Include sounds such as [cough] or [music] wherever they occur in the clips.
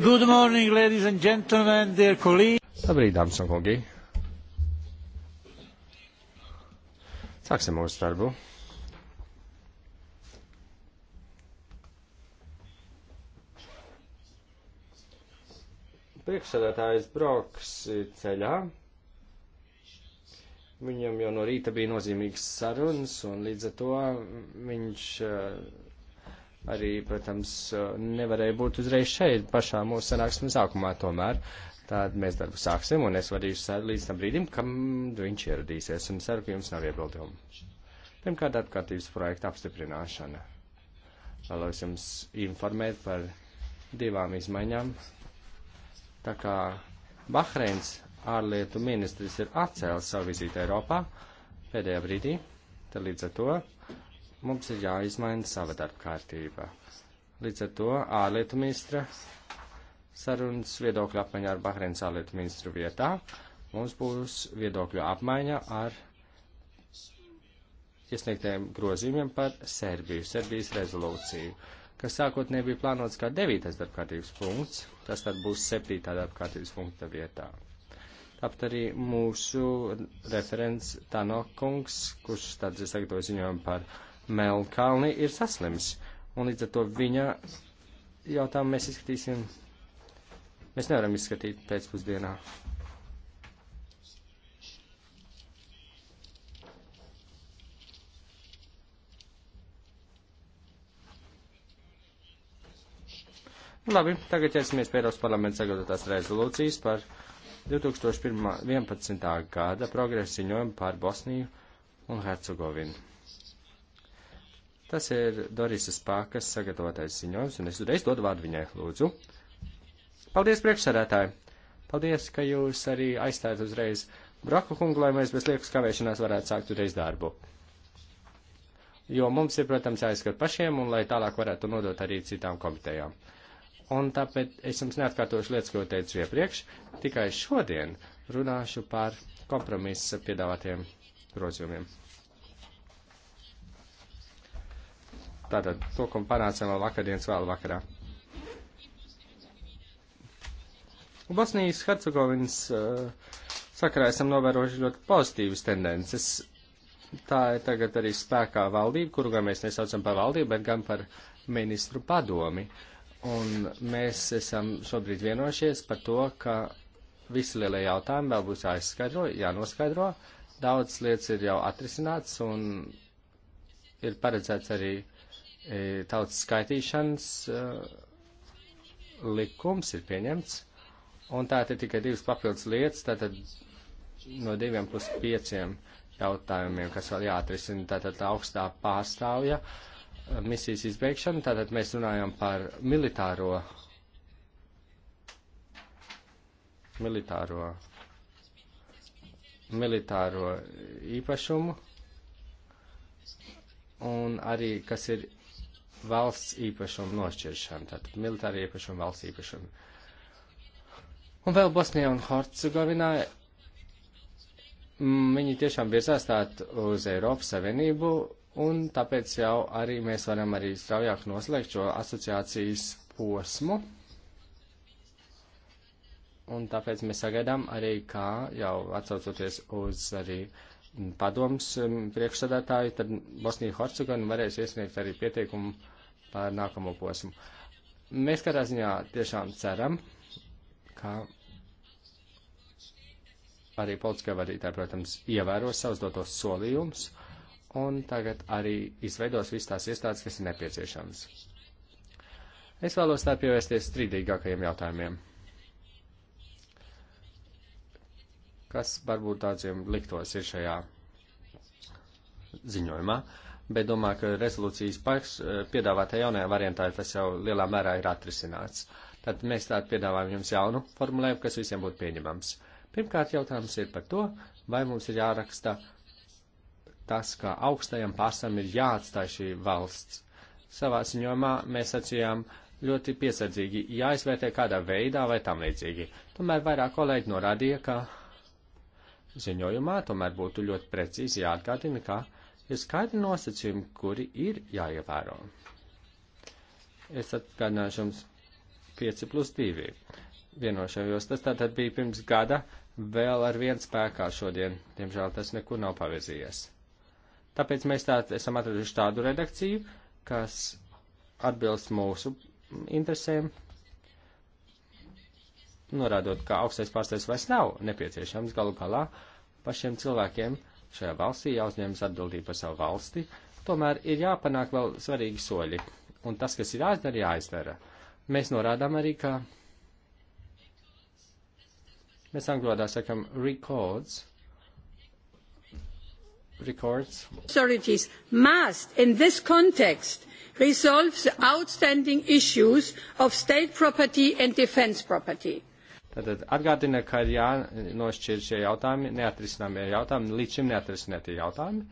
Good morning, ladies and gentlemen, dear colleagues. Labrīt, dāmas un kungi. Sāksim mūsu darbu. Priekšsēdētājs Broks ir ceļā. Viņam jau no rīta bija nozīmīgs sarunas, un līdz ar to viņš uh, arī, protams, nevarēja būt uzreiz šeit pašā mūsu sanāksmes sākumā tomēr. Tad mēs darbu sāksim, un es vadīšu līdz tam brīdim, kam viņš ieradīsies, un ceru, ka jums nav iebildumu. Pirmkārt, atkārtības projekta apstiprināšana. Vēlos jums informēt par divām izmaiņām. Tā kā Bahreins ārlietu ministrs ir atcēlis savu vizīti Eiropā pēdējā brīdī, tad līdz ar to mums ir jāizmaina sava darba kārtība. Līdz ar to ārlietu ministra sarunas viedokļu apmaiņa ar Bahreins ārlietu ministru vietā. Mums būs viedokļu apmaiņa ar iesniegtiem grozījumiem par Serbiju, Serbijas rezolūciju, kas sākotnēji bija plānots kā 9. darbkārtības punkts, tas tad būs 7. darbkārtības punkta vietā. Tāpat arī mūsu referents Tano Kungs, kurš tad ir sagatavojis ziņojumu par Melkalni ir saslims, un līdz ar to viņa jautājumu mēs izskatīsim. Mēs nevaram izskatīt pēcpusdienā. Labi, tagad ķersimies pie Eiropas parlamenta sagatavotās rezolūcijas par 2011. gada progresu ziņojumu par Bosniju un Hercegovinu. Tas ir Dorisas Pākas sagatavotais ziņojums, un es uzreiz dodu vārdu viņai, lūdzu. Paldies, priekšsarētāji! Paldies, ka jūs arī aizstājat uzreiz Braku kungu, lai mēs bez liekas kavēšanās varētu sākt uzreiz darbu. Jo mums ir, protams, jāizskat pašiem, un lai tālāk varētu nodot arī citām komitejām. Un tāpēc es jums neatkārtošu lietas, ko teicu iepriekš, tikai šodien runāšu par kompromisa piedāvātiem grozījumiem. Tātad to, ko panācām vēl vakardienas vēl vakarā. Bosnijas Hercegovinas uh, sakarā esam novērojuši ļoti pozitīvas tendences. Tā ir tagad arī spēkā valdība, kuru gan mēs nesaucam par valdību, bet gan par ministru padomi. Un mēs esam šobrīd vienojušies par to, ka visi lielie jautājumi vēl būs jāizskaidro, jānoskaidro. Daudz lietas ir jau atrisināts un ir paredzēts arī uh, E, tautas skaitīšanas e, likums ir pieņemts, un tā ir tikai divas papildus lietas, tātad no diviem plus pieciem jautājumiem, kas vēl jāatrisina, tātad augstā pārstāvja e, misijas izbeigšana, tātad mēs runājam par militāro, militāro, militāro īpašumu, un arī, kas ir valsts īpašumu nošķiršanu, tātad militāri īpašumu, valsts īpašumu. Un vēl Bosnijā un Hercegovinā mm, viņi tiešām virzās tāt uz Eiropas Savienību, un tāpēc jau arī mēs varam arī straujāk noslēgt šo asociācijas posmu. Un tāpēc mēs sagaidām arī, kā jau atsaucoties uz arī uh, padoms um, priekšsēdētāju, tad Bosnija Hercegovina varēs iesniegt arī pieteikumu par nākamo posmu. Mēs katrā ziņā tiešām ceram, ka arī politiskie vadītāji, protams, ievēros savus dotos solījumus un tagad arī izveidos visas tās iestādes, kas ir nepieciešamas. Es vēlos tā pievērsties strīdīgākajiem jautājumiem. kas varbūt daudziem liktos ir šajā ziņojumā, bet domāju, ka rezolūcijas paks eh, piedāvātā jaunajā variantā tas jau lielā mērā ir atrisināts. Tad mēs tādu piedāvājam jums jaunu formulējumu, kas visiem būtu pieņemams. Pirmkārt, jautājums ir par to, vai mums ir jāraksta tas, ka augstajam pārstam ir jāatstāj šī valsts. Savā ziņojumā mēs sacījām, ļoti piesardzīgi jāizvērtē kādā veidā vai tam līdzīgi. Tomēr vairāk kolēģi norādīja, ka ziņojumā tomēr būtu ļoti precīzi jāatgādina, ka ir skaidri nosacījumi, kuri ir jāievēro. Es atgādināšu jums 5 plus 2 vienošajos. Tas tātad bija pirms gada vēl ar vienu spēkā šodien. Diemžēl tas nekur nav pavirzījies. Tāpēc mēs tā, esam atraduši tādu redakciju, kas atbilst mūsu interesēm, norādot, ka augstais pārstāvis vairs nav nepieciešams galu galā pašiem cilvēkiem šajā valstī jāuzņemas atbildība par savu valsti, tomēr ir jāpanāk vēl svarīgi soļi. Un tas, kas ir jāizdara, jāizdara. Mēs norādām arī, ka mēs angļu valodā sakam records, records. Authorities must, in this context, resolve the outstanding issues of state property and defense property. Tātad atgādina, ka ir jānošķir šie jautājumi, neatrisināmie jautājumi, līdz šim neatrisinātie jautājumi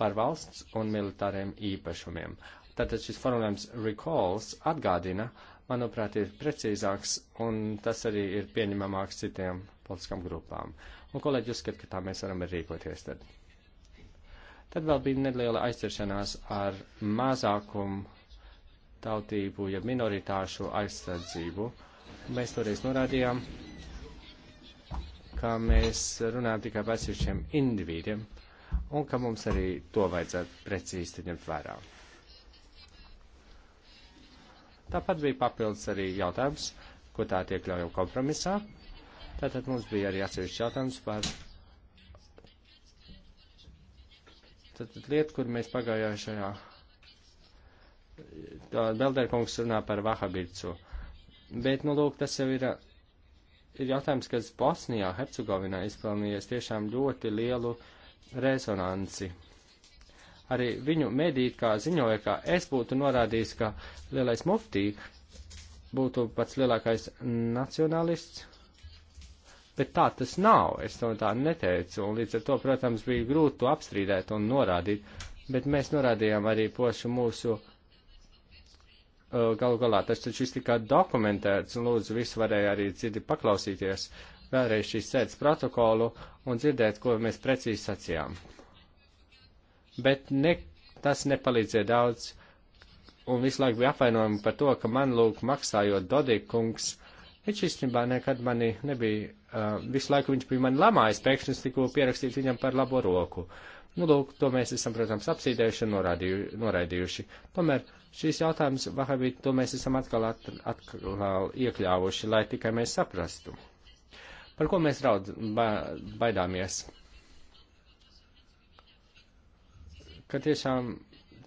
par valsts un militāriem īpašumiem. Tātad šis formulējums recalls atgādina, manuprāt, ir precīzāks un tas arī ir pieņemamāks citiem politiskām grupām. Un kolēģi uzskat, ka tā mēs varam arī rīkoties tad. Tad vēl bija neliela aizķeršanās ar mazākumu tautību, ja minoritāšu aizsardzību. Uh, Mēs toreiz norādījām, ka mēs runājam tikai par atsevišķiem individiem un ka mums arī to vajadzētu precīzi ņemt vērā. Tāpat bija papildus arī jautājums, ko tā tiek ļaujam kompromisā. Tātad mums bija arī atsevišķi jautājums par tātad lietu, kur mēs pagājušajā Belderkungs runā par Vahabircu Bet, nu, lūk, tas jau ir, ir jautājums, kas Bosnijā, Hercegovinā izpelnījies tiešām ļoti lielu rezonanci. Arī viņu medīt, kā ziņoja, kā es būtu norādījis, ka lielais muftī būtu pats lielākais nacionālists, bet tā tas nav, es to tā neteicu, un līdz ar to, protams, bija grūti to apstrīdēt un norādīt, bet mēs norādījām arī pošu mūsu Uh, galu galā tas taču viss tika dokumentēts, un lūdzu visu varēja arī dzirdi paklausīties vēlreiz šīs sēdes protokolu un dzirdēt, ko mēs precīzi sacījām. Bet ne, tas nepalīdzēja daudz, un visu laiku bija apvainojumi par to, ka man lūk maksājot Dodikungs, viņš īstenībā nekad mani nebija, uh, visu laiku viņš bija mani lamājis, pēkšņi es tikko pierakstīju viņam par labo roku. Nu, lūk, to mēs esam, protams, apsīdējuši un noraidījuši. Tomēr Šīs jautājums, Vahabīt, to mēs esam atkal, at, atkal iekļāvuši, lai tikai mēs saprastu. Par ko mēs raudz, ba, baidāmies? Ka tiešām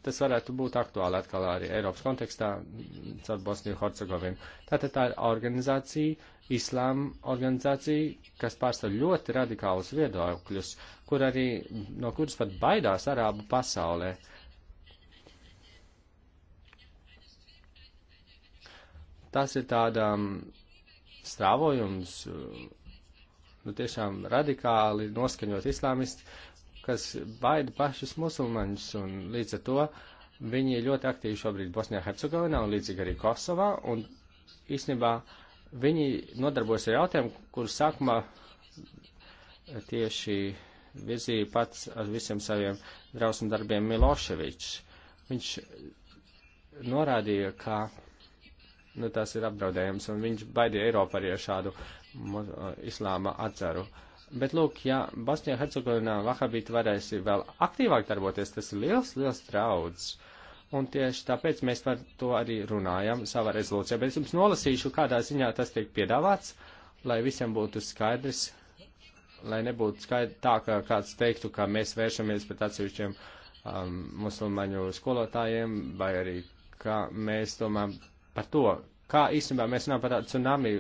tas varētu būt aktuāli atkal arī Eiropas kontekstā caur Bosniju Hercegovinu. Tātad tā ir organizācija, islāma organizācija, kas pārstāv ļoti radikālus viedokļus, kur arī, no kuras pat baidās arābu pasaulē. Uh, Tas ir tādām strāvojums, nu tiešām radikāli noskaņot islāmisti, kas baida pašus musulmaņus, un līdz ar to viņi ir ļoti aktīvi šobrīd Bosnijā, Hercegovinā un līdzīgi arī Kosovā, un īstenībā viņi nodarbojas ar jautājumu, kur sākumā tieši virzīja pats ar visiem saviem drausmu darbiem Miloševičs. Viņš norādīja, ka nu, tas ir apdraudējums, un viņš baidīja Eiropu arī ar šādu uh, islāma atceru. Bet, lūk, ja Bosnijā, Hercegovinā vahabīti varēs vēl aktīvāk darboties, tas ir liels, liels draudz. Un tieši tāpēc mēs par to arī runājam savā rezolūcijā. Bet es jums nolasīšu, kādā ziņā tas tiek piedāvāts, lai visiem būtu skaidrs, lai nebūtu skaidrs tā, ka kāds teiktu, ka mēs vēršamies pret atsevišķiem um, musulmaņu skolotājiem, vai arī, ka mēs tomēr par to, kā īstenībā mēs runājam par tādu tsunami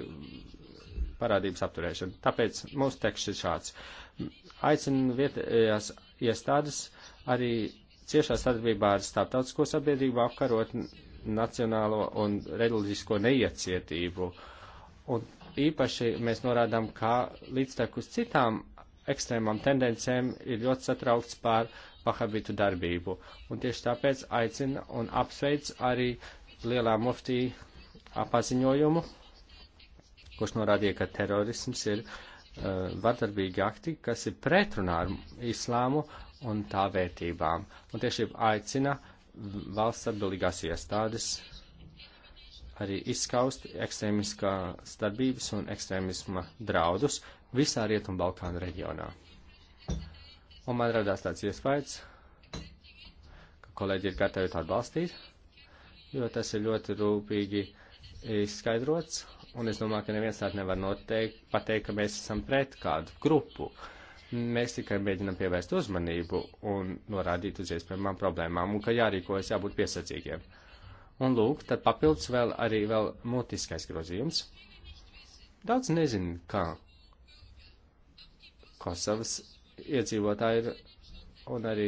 parādības apturēšanu. Tāpēc mūsu teksts ir šāds. Aicinu vietējās iestādes arī ciešā sadarbībā ar starptautisko sabiedrību apkarot nacionālo un reliģisko neiecietību. Un īpaši mēs norādām, ka līdztekus citām ekstrēmām tendencēm ir ļoti satraukts pār pahabitu darbību. Un tieši tāpēc aicina un apsveic arī lielā muftī paziņojumu, kurš norādīja, ka terorisms ir uh, vardarbīgi akti, kas ir pretrunā ar islāmu un tā vērtībām. Un tieši aicina valsts atbildīgās iestādes arī izskaust ekstrēmiskā starpības un ekstrēmisma draudus visā Rietumbalkānu reģionā. Un man radās tāds iespējas, ka kolēģi ir gatavi to atbalstīt jo tas ir ļoti rūpīgi eh, izskaidrots, un es domāju, ka neviens tāds nevar noteikt, pateikt, ka mēs esam pret kādu grupu. Mēs tikai mēģinam pievērst uzmanību un norādīt uz iespējamām problēmām, un ka jārīkojas jābūt piesacīgiem. Un lūk, tad papildus vēl arī vēl mutiskais grozījums. Daudz nezinu, kā Kosovas iedzīvotāji ir, un arī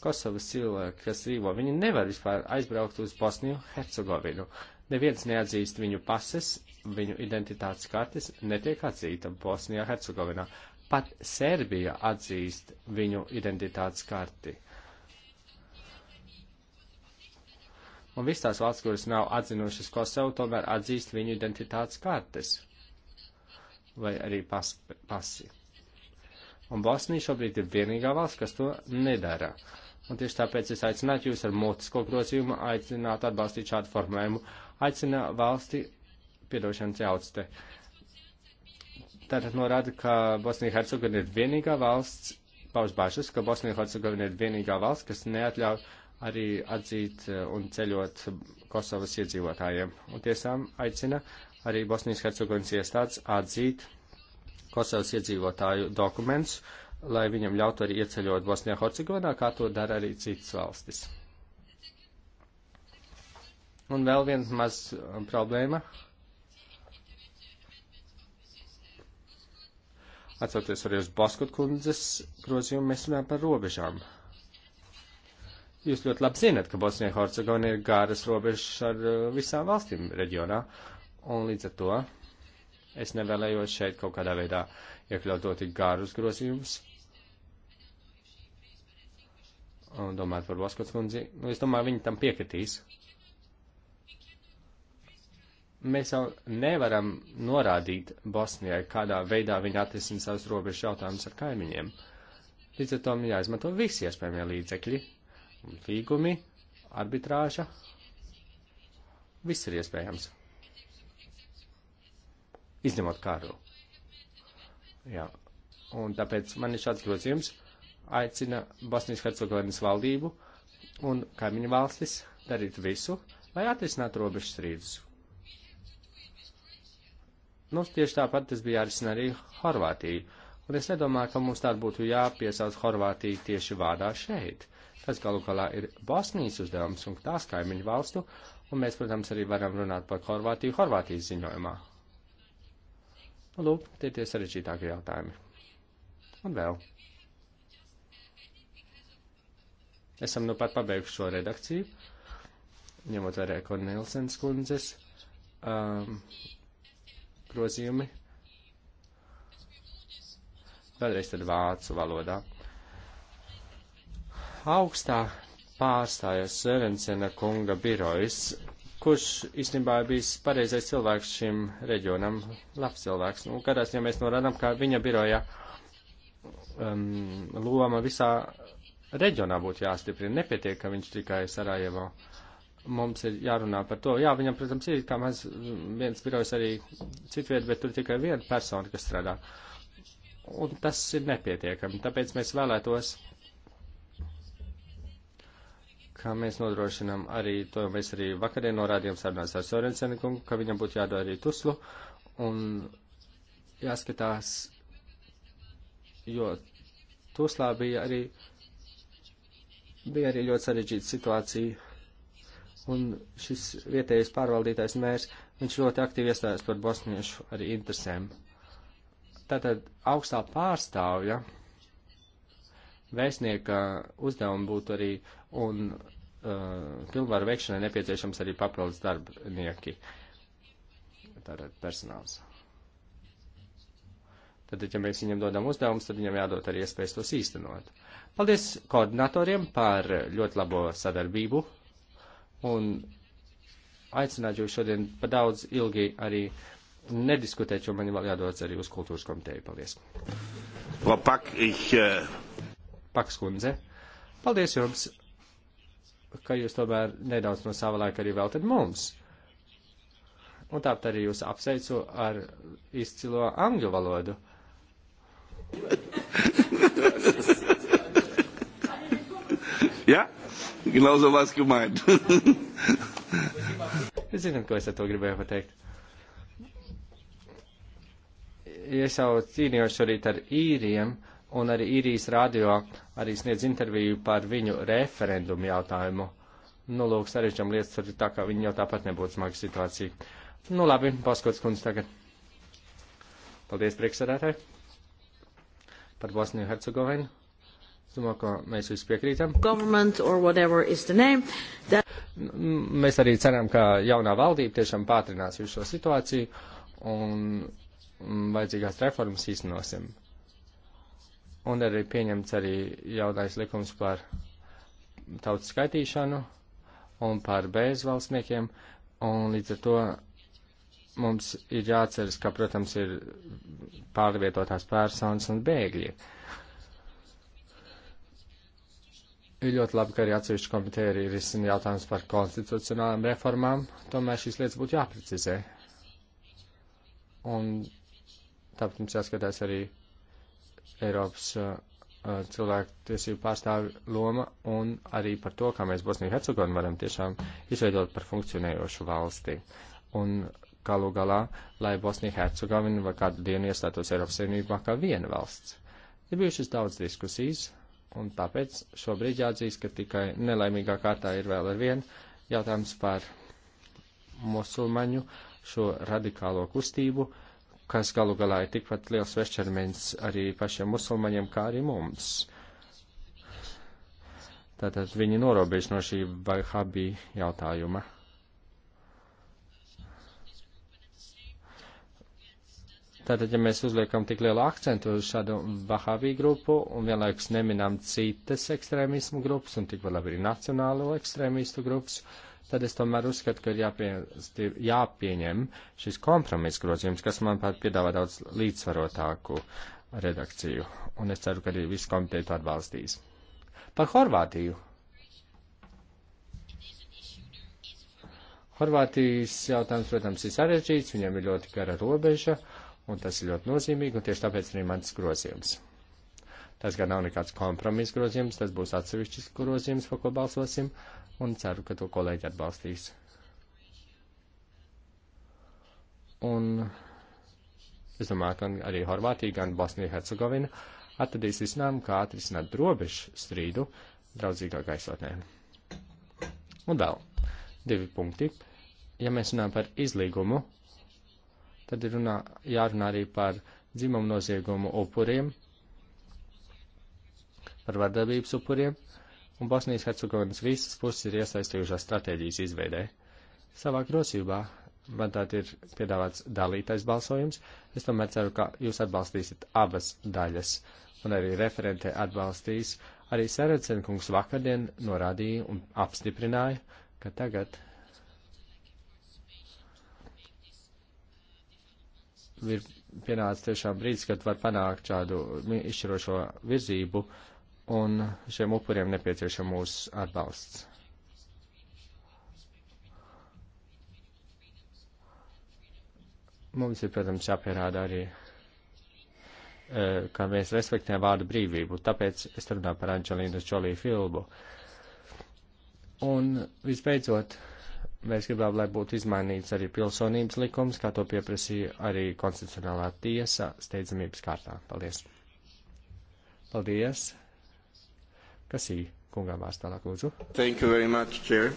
Kosovas cilvēki, kas dzīvo, viņi nevar vispār aizbraukt uz Bosniju Hercegovinu. Neviens neatzīst viņu pases, viņu identitātes kartes netiek atzīta Bosnijā Hercegovinā. Pat Serbija atzīst viņu identitātes karti. Un viss tās valsts, kuras nav atzinušas Kosovu, tomēr atzīst viņu identitātes kartes vai arī pas, pasi. Un Bosnija šobrīd ir vienīgā valsts, kas to nedara. Uh, Un tieši tāpēc es aicinātu jūs ar mutisko grozījumu aicināt atbalstīt šādu formulējumu. Aicina valsti, piedošanas jaucte. Tātad norāda, ka Bosnija-Hercegovina ir vienīgā valsts, pauž bažas, ka Bosnija-Hercegovina ir vienīgā valsts, kas neatļauj arī atzīt eh, un ceļot Kosovas iedzīvotājiem. Un tiesām aicina arī Bosnijas Hercegovinas iestādes atzīt Kosovas iedzīvotāju dokumentus, lai viņam ļautu arī ieceļot Bosnijā Hercegovinā, kā to dara arī citas valstis. Un vēl viens maz um, problēma. Atcauties arī uz Baskut kundzes grozījumu, mēs runājam par robežām. Jūs ļoti labi zinat, ka Bosnija Hercegovina ir gāras robežas ar uh, visām valstīm reģionā, un līdz ar to es nevēlējos šeit kaut kādā veidā iekļaut ļoti gārus grozījumus, domāt par Vaskots kundzi. Nu, es domāju, viņi tam piekritīs. Mēs jau nevaram norādīt Bosnijai, kādā veidā viņi atrisina savus robežu jautājumus ar kaimiņiem. Līdz ar to mums jāizmanto visi iespējamie līdzekļi, līgumi, arbitrāža. Viss ir iespējams. Izņemot kāru. Jā. Un tāpēc man ir šāds grozījums aicina Bosnijas Hercegovinas valdību un kaimiņu valstis darīt visu, lai atrisinātu robežu strīdus. Nu, tieši tāpat tas bija jārisina arī Horvātija, un es nedomāju, ka mums tādu būtu jāpiesauc Horvātija tieši vārdā šeit. Tas galu galā ir Bosnijas uzdevums un tās kaimiņu valstu, un mēs, protams, arī varam runāt par Horvātiju Horvātijas ziņojumā. Nu, lūk, tie tie sarežģītākie jautājumi. Un vēl. Esam nu pat pabeiguši šo redakciju, ņemot vērā Kornelsens kundzes um, grozījumi. Vēlreiz tad vācu valodā. Augstā pārstājas Sērensena kunga birojas, kurš īstenībā bijis pareizais cilvēks šim reģionam, labs cilvēks. Nu, kādās, ja mēs norādām, ka viņa biroja um, loma visā reģionā būtu jāstiprina. Nepietiek, ka viņš tikai Sarajevo. Mums ir jārunā par to. Jā, viņam, protams, ir kā maz viens birojs arī citviet, bet tur tikai viena persona, kas strādā. Un tas ir nepietiekami. Tāpēc mēs vēlētos, kā mēs nodrošinām arī, to mēs arī vakarien norādījām sarunās ar Sorenseniku, ka viņam būtu jādod arī tuslu. Un jāskatās, jo tuslā bija arī uh, bija arī ļoti sarežģīta situācija, un šis vietējais pārvaldītais mērs, viņš ļoti aktīvi iestājās par bosniešu arī interesēm. Tātad augstā pārstāvja vēstnieka uzdevumi būtu arī un uh, pilnvaru veikšanai nepieciešams arī papildus darbinieki, tātad personāls. Tad, ja mēs viņam dodam uzdevumus, tad viņam jādod arī iespējas tos īstenot. Uh, Paldies koordinatoriem par ļoti labo sadarbību un aicinātu jūs šodien pa daudz ilgi arī nediskutēt, jo man vēl jādodas arī uz kultūras komiteju. Paldies. Pak, ich, uh... Äh, Paks kundze, paldies jums, ka jūs tomēr nedaudz no sava laika arī veltat mums. Un tāpat arī jūs apsveicu ar izcilo angļu valodu. [laughs] Ja? Genau so war es gemeint. Jūs [laughs] zināt, ko es ar to gribēju pateikt. Es jau cīnījos šorīt ar īriem, un arī īrijas radio arī sniedz interviju par viņu referendumu jautājumu. Nu, lūk, sarežģam lietas, tur tā kā viņi jau tāpat nebūtu smaga situācija. Nu, labi, paskots kundze tagad. Paldies, priekšsēdētāji, par Bosniju Hercegovinu. Es domāju, ka mēs visi piekrītam. Name, that... Mēs arī ceram, ka jaunā valdība tiešām pātrinās visu šo situāciju un mm, vajadzīgās reformas īstenosim. Un arī pieņemts arī jaunais likums par tautas skaitīšanu un par bezvalstniekiem. Un līdz ar to mums ir jāatceras, ka, protams, ir pārvietotās personas un bēgļi. Uh, Ir ļoti labi, ka arī atsevišķi komiteja ir izsina jautājums par konstitucionālām reformām, tomēr šīs lietas būtu jāprecizē. Un tāpēc mums jāskatās arī Eiropas uh, uh cilvēku tiesību pārstāvi loma un arī par to, kā mēs Bosniju Hercegovinu varam tiešām izveidot par funkcionējošu valsti. Un galu galā, lai Bosnija Hercegovina vai kādu dienu iestātos Eiropas Savienībā kā viena valsts. Ir bijušas daudz diskusijas, Un tāpēc šobrīd jāatzīst, ka tikai nelaimīgā kārtā ir vēl ar vienu jautājums par musulmaņu šo radikālo kustību, kas galu galā ir tikpat liels vešķermenis arī pašiem musulmaņiem, kā arī mums. Tātad viņi norobež no šī Vaihabī jautājuma. Tātad, ja mēs uzliekam tik lielu akcentu uz šādu Bahāvī grupu un vienlaikus neminām citas ekstrēmismu grupas un tikpat labi arī nacionālo ekstrēmistu grupas, tad es tomēr uzskatu, ka ir jāpie, jāpieņem šis kompromiss grozījums, kas, manuprāt, piedāvā daudz līdzsvarotāku redakciju. Un es ceru, ka arī viss komiteja to atbalstīs. Par Horvātiju. Horvātijas jautājums, protams, ir sarežģīts, viņam ir ļoti gara robeža. Uh, un tas ir ļoti nozīmīgi, un tieši tāpēc arī mans grozījums. Tas gan nav nekāds kompromiss grozījums, tas būs atsevišķis grozījums, par ko balsosim, un ceru, ka to kolēģi atbalstīs. Un es domāju, ka arī Horvātija, gan Bosnija Hercegovina atradīs risinājumu, kā atrisināt robežu strīdu draudzīgā gaisotnē. Un vēl divi punkti. Ja mēs runājam par izlīgumu Tad ir runā, jārunā arī par dzimumu noziegumu upuriem, par vardarbības upuriem, un Bosnijas Hercegovinas visas puses ir iesaistījušās stratēģijas izveidē. Savā grosībā man tātad ir piedāvāts dalītais balsojums. Es tomēr ceru, ka jūs atbalstīsiet abas daļas, un arī referente atbalstīs. Arī Serecenkungs vakardien norādīja un apstiprināja, ka tagad ir pienācis tiešām brīdis, kad var panākt šādu izšķirošo virzību, un šiem upuriem nepieciešams mūsu atbalsts. Mums ir, protams, jāpierāda arī, e, ka mēs respektējam vārdu brīvību, tāpēc es runāju par Anģelīnas Čolī filmu. Un visbeidzot, mēs gribētu, lai būtu izmainīts arī pilsonības likums, kā to pieprasīja arī konstitucionālā tiesa steidzamības kārtā. Paldies! Paldies! Kas ir kungām vārds tālāk, lūdzu? Thank you very much, Chair.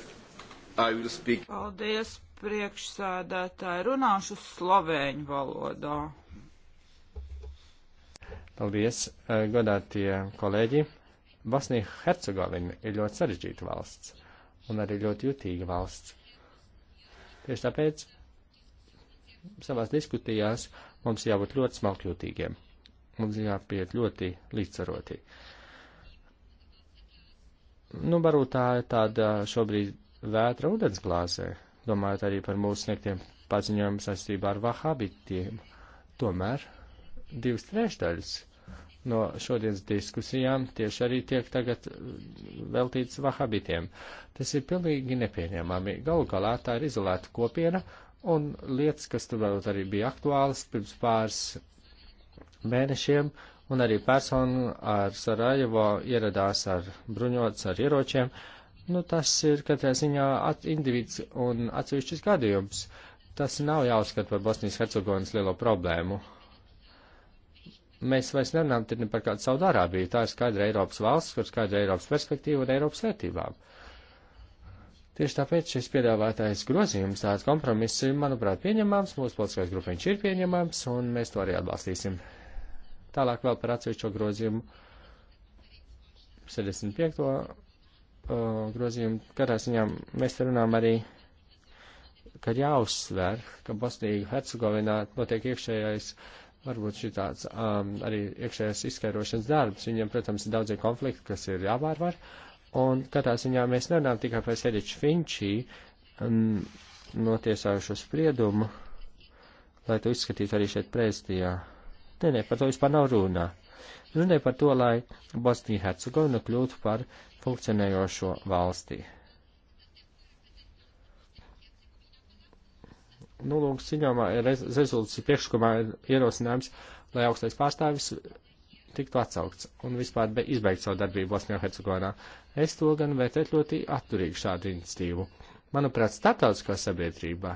I will speak. Paldies, priekšsēdētāji. Runāšu slovēņu valodā. Paldies, eh, godātie kolēģi. Bosnija Hercegovina ir ļoti sarežģīta valsts un arī ļoti jutīga valsts. Tieši tāpēc savās diskutijās mums jābūt ļoti smalkjūtīgiem. Mums jāpiet ļoti līdzsvaroti. Nu, varbūt tā ir tāda šobrīd vētra ūdensglāzē, domājot arī par mūsu sniegtiem paziņojumiem saistībā ar vahabitiem. Tomēr divas trešdaļas no šodienas diskusijām tieši arī tiek tagad mm, veltīts vahabitiem. Tas ir pilnīgi nepieņemami. Galu galā tā ir izolēta kopiena, un lietas, kas tur vēl arī bija aktuālas pirms pāris mēnešiem, un arī persona ar Sarajevo ieradās ar bruņots, ar ieročiem, nu tas ir katrā ziņā at, individs un atsevišķis gadījums. Tas nav jāuzskata par Bosnijas Hercegovinas lielo problēmu mēs vairs nerunājam te ne par kādu Saudārābiju, tā ir skaidra Eiropas valsts, kur skaidra Eiropas perspektīva un Eiropas vērtībām. Tieši tāpēc šis piedāvātais grozījums, tāds kompromiss ir, manuprāt, pieņemams, mūsu politiskais grupiņš ir pieņemams, un mēs to arī atbalstīsim. Tālāk vēl par atsevišķo grozījumu 75. Uh, grozījumu, katrā ziņā mēs te runājam arī ka jāuzsver, ka Bosnija Hercegovinā notiek iekšējais uh, varbūt šī tāds um, arī iekšējais izskairošanas darbs. Viņam, protams, ir daudzie konflikti, kas ir jāvārvar. Un katrā ziņā mēs nerunājam tikai par Sediču Finčī um, notiesājušo spriedumu, lai to izskatītu arī šeit prezidijā. Nē, nē, par to vispār nav runā. Runē par to, lai Bosnija Hercegovina kļūtu par funkcionējošo valstī. Nu, lūk, ziņojumā rezolūcija priekšlikumā ir ierosinājums, lai augstais pārstāvis tiktu atsaukts un vispār izbeigt savu darbību Bosnijā Hercegovinā. Es to gan vērtētu ļoti atturīgi šādu iniciatīvu. Manuprāt, starptautiskā sabiedrība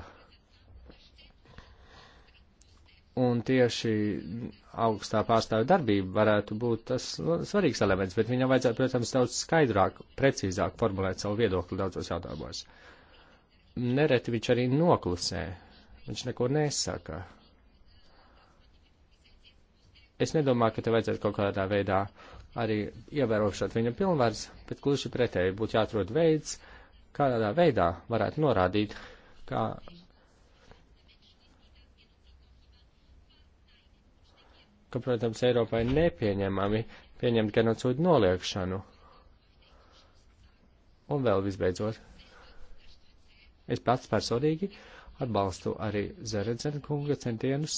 un tieši augstā pārstāvja darbība varētu būt tas svarīgs elements, bet viņam vajadzētu, protams, daudz skaidrāk, precīzāk formulēt savu viedokli daudzos jautājumos. Nereti viņš arī noklusē Viņš neko nesaka. Es nedomāju, ka te vajadzētu kaut kādā veidā arī ievērošot viņa pilnvars, bet gluži pretēji būtu jāatrod veids, kādā veidā varētu norādīt, kā. ka, protams, Eiropai nepieņemami pieņemt genocīdu noliekšanu. Un vēl visbeidzot, es pats personīgi Atbalstu arī Zeredzena kunga centienus,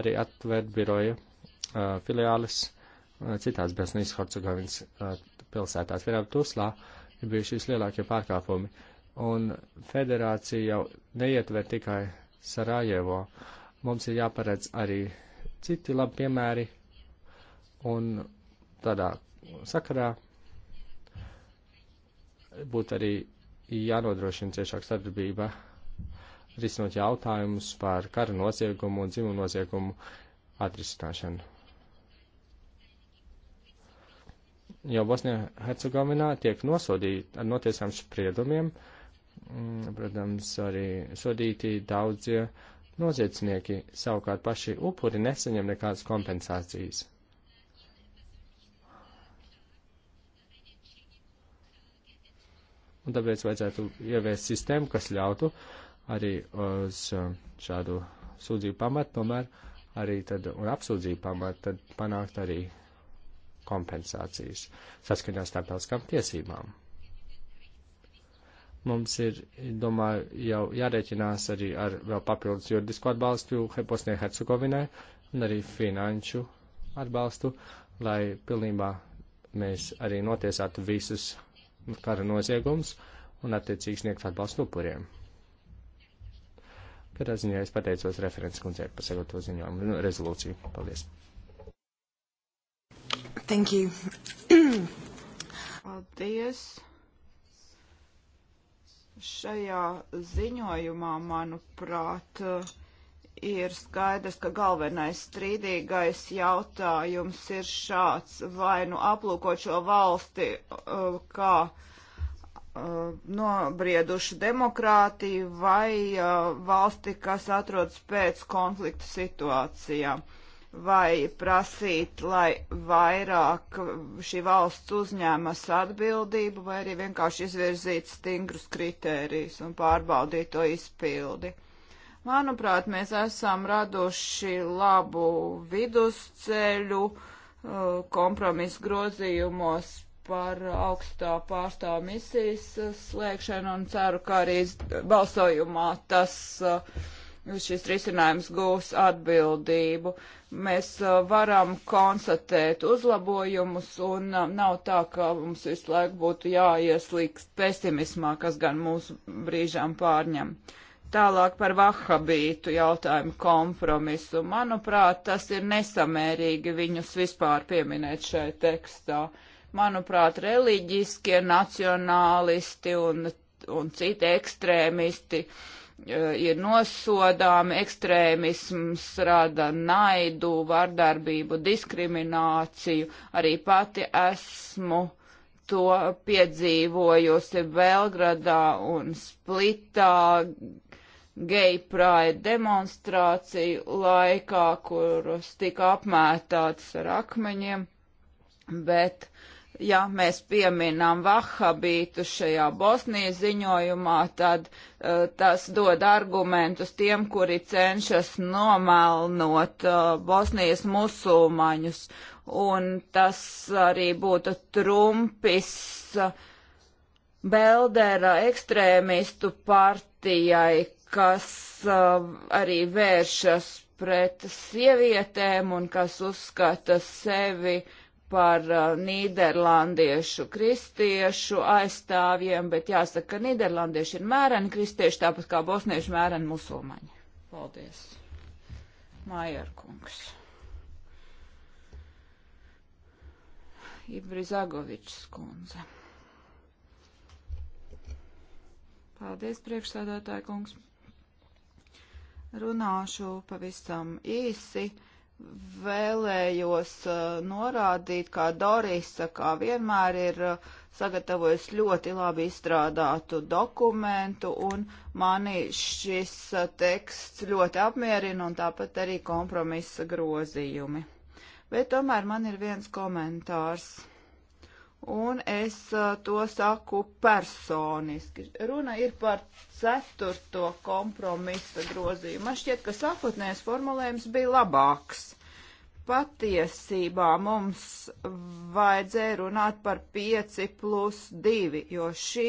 arī atvērt biroja uh, filiālis uh, citās Bēsnijas Hercegovinas uh, pilsētās. Vienā Tuslā ir bijuši vislielākie pārkāpumi, un federācija jau neietver tikai Sarajevo. Mums ir jāparedz arī citi labi piemēri, un tādā sakarā būtu arī jānodrošina ciešāka sadarbība risinot jautājumus par kara noziegumu un dzimumu noziegumu atrisināšanu. Jo Bosnijā-Hercegovinā tiek nosodīti ar notiesām spriedumiem, mm, protams, arī sodīti daudzie noziedznieki, savukārt paši upuri nesaņem nekādas kompensācijas. Un tāpēc vajadzētu ieviest sistēmu, kas ļautu uh, arī uz uh, šādu sūdzību pamatu, tomēr arī tad, un apsūdzību pamatu, tad panākt arī kompensācijas saskaņā starptautiskām tiesībām. Mums ir, domāju, jau jārēķinās arī ar vēl papildus juridisku atbalstu Bosnijai Hercegovinai un arī finanšu atbalstu, lai pilnībā mēs arī notiesātu visus kara noziegums un attiecīgi sniegtu atbalstu upuriem. Katrā ziņā es pateicos referents kundzei par sagatavotu ziņojumu nu, rezolūciju. Paldies! Thank you. Paldies! Šajā ziņojumā, manuprāt, ir skaidrs, ka galvenais strīdīgais jautājums ir šāds, vai nu aplūkot šo valsti uh, kā Uh, nobriedušu demokrātiju vai uh, valsti, kas atrodas pēc konflikta situācijā, vai prasīt, lai vairāk šī valsts uzņēmas atbildību, vai arī vienkārši izvirzīt stingrus kritērijus un pārbaudīt to izpildi. Manuprāt, mēs esam raduši labu vidusceļu uh, kompromisu grozījumos par augstā pārstāvu misijas uh, slēgšanu un ceru, ka arī balsojumā tas uh, šis risinājums gūs atbildību. Mēs uh, varam konstatēt uzlabojumus un nav tā, ka mums visu laiku būtu jāieslīgst pesimismā, kas gan mūsu brīžām pārņem. Tālāk par vahabītu jautājumu kompromisu. Manuprāt, tas ir nesamērīgi viņus vispār pieminēt šai tekstā. Uh, Manuprāt, reliģiskie nacionālisti un, un citi ekstrēmisti e, ir nosodāmi, ekstrēmisms rada naidu, vardarbību, diskrimināciju. Arī pati esmu to piedzīvojusi Belgradā un Splitā geju pride demonstrāciju laikā, kuras tika apmētātas ar akmeņiem, bet uh, ja mēs pieminām vahabītu šajā Bosnijas ziņojumā, tad uh, tas dod argumentus tiem, kuri cenšas nomelnot uh, Bosnijas musulmaņus. Un tas arī būtu trumpis uh, Beldera ekstrēmistu partijai, kas uh, arī vēršas pret sievietēm un kas uzskata sevi uh, par uh, nīderlandiešu kristiešu aizstāvjiem, bet jāsaka, ka nīderlandieši ir mēreni kristieši, tāpat kā bosnieši mēreni musulmaņi. Paldies. Mājerkungs. Ibri Zagovičs kundze. Paldies, priekšsādātāja kungs. Runāšu pavisam īsi. Uh, vēlējos uh, norādīt, ka Dorisa, kā vienmēr, ir uh, sagatavojis ļoti labi izstrādātu dokumentu, un mani šis uh, teksts ļoti apmierina, un tāpat arī kompromisa grozījumi. Bet tomēr man ir viens komentārs un es uh, to saku personiski. Runa ir par ceturto kompromisa grozījumu. Man šķiet, ka sākotnējais formulējums bija labāks. Patiesībā mums vajadzēja runāt par 5 plus 2, jo šī,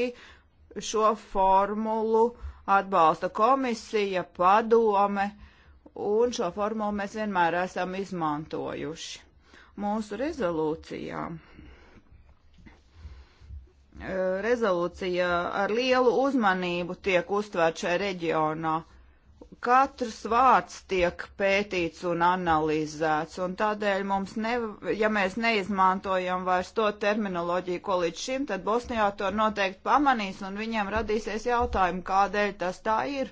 šo formulu atbalsta komisija, padome, un šo formulu mēs vienmēr esam izmantojuši mūsu rezolūcijām rezolūcija ar lielu uzmanību tiek uztvērta šajā reģionā. Katrs vārds tiek pētīts un analizēts, un tādēļ mums, ne, ja mēs neizmantojam vairs to terminoloģiju, ko līdz šim, tad Bosnijā to noteikti pamanīs, un viņiem radīsies jautājumi, kādēļ tas tā ir.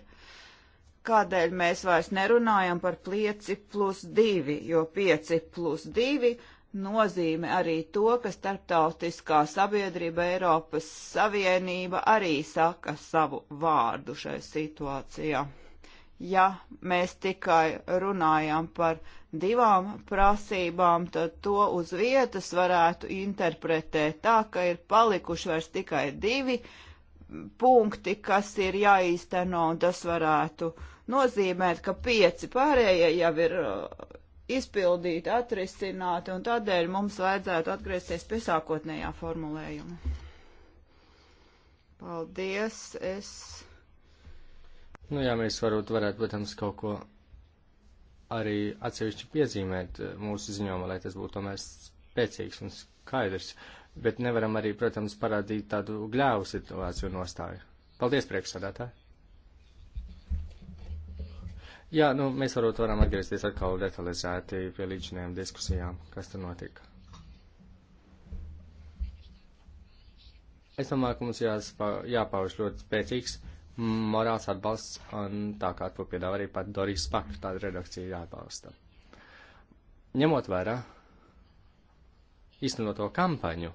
Kādēļ mēs vairs nerunājam par 5 plus 2, jo 5 plus 2 nozīmē arī to, ka starptautiskā sabiedrība Eiropas Savienība arī saka savu vārdu šai situācijā. Ja mēs tikai runājam par divām prasībām, tad to uz vietas varētu interpretēt tā, ka ir palikuši vairs tikai divi punkti, kas ir jāīsteno, un tas varētu nozīmēt, ka pieci pārējie jau ir uh, izpildīti, atrisināti, un tādēļ mums vajadzētu atgriezties pie sākotnējā formulējuma. Paldies, es. Nu jā, mēs varbūt varētu, protams, kaut ko arī atsevišķi piezīmēt eh, mūsu ziņojumā, lai tas būtu tomēr spēcīgs un skaidrs, bet nevaram arī, protams, parādīt tādu gļēvu situāciju nostāju. Paldies, priekšsādātāji! Jā, nu, mēs varbūt varam atgriezties atkal detalizēti pie līdzinējām diskusijām, kas tur notika. Es domāju, ka mums jāspā, jāpauž ļoti spēcīgs morāls atbalsts, un tā kā to piedāvā arī pat Doris Pak, tāda redakcija jāatbalsta. Ņemot vērā īstenot to kampaņu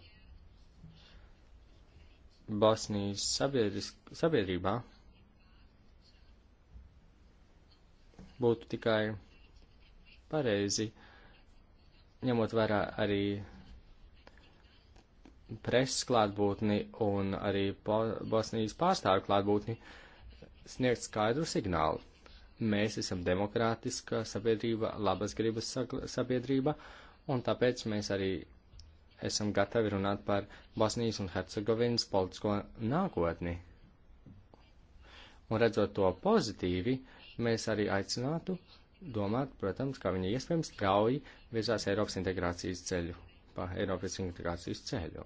Bosnijas sabiedrībā, būtu tikai pareizi, ņemot vērā arī preses klātbūtni un arī Bosnijas pārstāvju klātbūtni, sniegt skaidru signālu. Mēs esam demokrātiska sabiedrība, labas gribas sabiedrība, un tāpēc mēs arī esam gatavi runāt par Bosnijas un Hercegovinas politisko nākotni. Un redzot to pozitīvi, mēs arī aicinātu domāt, protams, kā viņa iespējams strauji virzās Eiropas integrācijas ceļu, pa Eiropas integrācijas ceļu.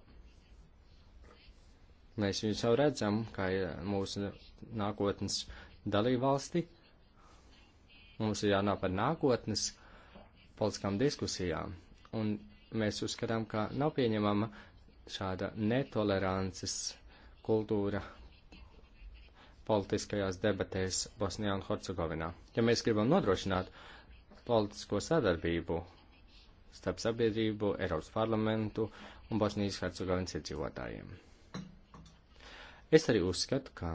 Mēs viņus jau redzam, kā mūsu nākotnes dalībvalsti. Mums ir jānāk par nākotnes politiskām diskusijām, un mēs uzskatām, ka nav pieņemama šāda netolerances kultūra politiskajās debatēs Bosnijā un Hercegovinā. Ja mēs gribam nodrošināt politisko sadarbību starp sabiedrību, Eiropas parlamentu un Bosnijas Hercegovinas iedzīvotājiem. Es arī uzskatu, ka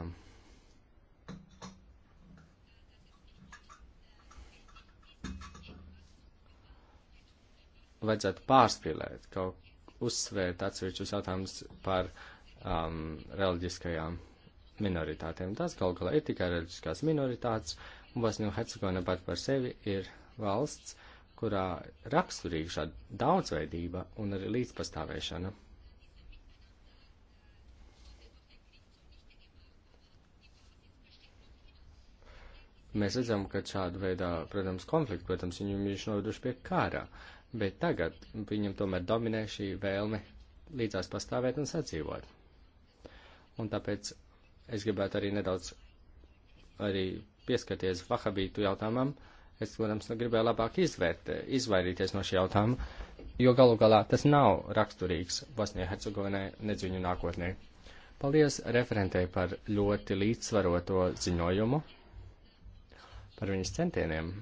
vajadzētu pārspīlēt, kaut uzsvērt atsevišķus jautājumus par um, reliģiskajām minoritātēm. Tās gal galā ir tikai reliģiskās minoritātes, un Bosnija un Hercegovina pat par sevi ir valsts, kurā raksturīga šāda daudzveidība un arī līdzpastāvēšana. Mēs redzam, ka šāda veidā, protams, konflikti, protams, viņu viņš noveduši pie kara, bet tagad viņam tomēr dominē šī vēlme līdzās pastāvēt un sadzīvot. Un tāpēc Es gribētu arī nedaudz arī pieskarties vahabītu jautājumam. Es, protams, gribēju labāk izvērt, izvairīties no šī jautājuma, jo galu galā tas nav raksturīgs Bosnijai Hercegovinai nedziņu nākotnē. Paldies referentei par ļoti līdzsvaroto ziņojumu, par viņas centieniem.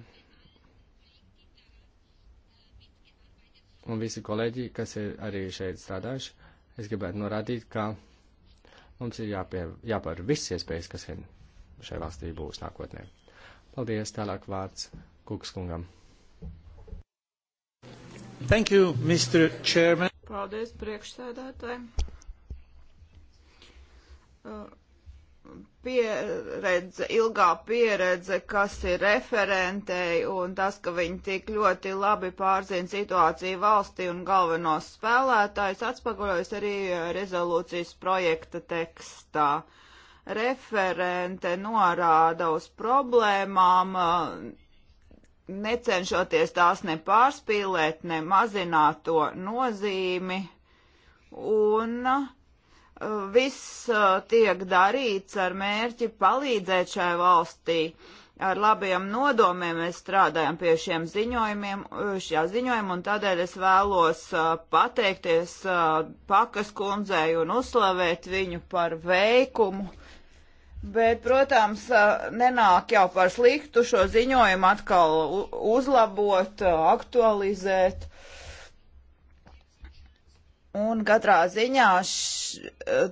un visi kolēģi, kas ir arī šeit strādājuši, es gribētu norādīt, ka Mums ir jāpie, jāpar viss iespējas, kas vien šai valstī būs nākotnē. Paldies, tālāk vārds Kukas kungam. Thank you, Mr. Chairman. Paldies, priekšsēdētāji. Uh pieredze, ilgā pieredze, kas ir referentei un tas, ka viņi tik ļoti labi pārzina situāciju valstī un galvenos spēlētājs atspaguļojas arī rezolūcijas projekta tekstā. Referente norāda uz problēmām, necenšoties tās ne pārspīlēt, ne mazināt to nozīmi un uh, viss uh, tiek darīts ar mērķi palīdzēt šai valstī. Ar labiem nodomiem mēs strādājam pie šiem ziņojumiem, uh, šā ziņojuma, un tādēļ es vēlos uh, pateikties Pakas kundzei un uzslavēt viņu par veikumu. Bet, protams, nenāk jau par sliktu šo ziņojumu atkal uzlabot, aktualizēt. Un katrā ziņā š,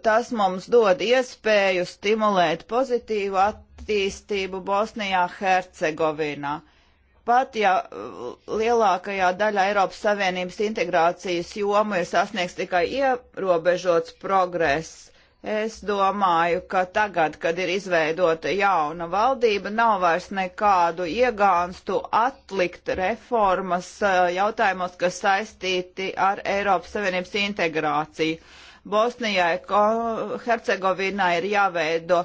tas mums dod iespēju stimulēt pozitīvu attīstību Bosnijā, Hercegovinā. Pat ja uh, lielākajā daļā Eiropas Savienības integrācijas jomu ir sasniegts tikai ierobežots progress, Es domāju, ka tagad, kad ir izveidota jauna valdība, nav vairs nekādu iegānstu atlikt reformas eh, jautājumos, kas saistīti ar Eiropas Savienības integrāciju. Bosnijai, Hercegovinai ir jāveido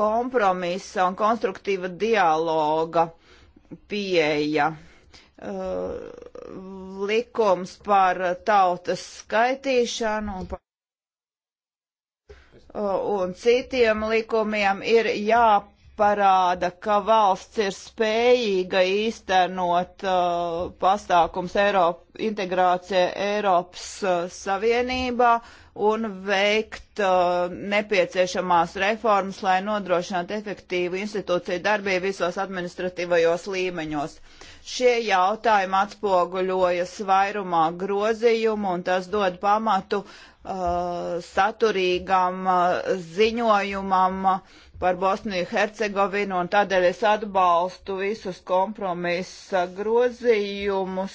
kompromisa un konstruktīva dialoga pieeja. Uh, likums par tautas skaitīšanu un par un citiem likumiem ir jāpārādās parāda, ka valsts ir spējīga īstenot uh, pasākums Eiropa, integrācija Eiropas uh, Savienībā un veikt uh, nepieciešamās reformas, lai nodrošinātu efektīvu institūciju darbību visos administratīvajos līmeņos. Šie jautājumi atspoguļojas vairumā grozījumu un tas dod pamatu uh, Uh, saturīgam uh, ziņojumam par Bosniju Hercegovinu, un tādēļ es atbalstu visus kompromisa grozījumus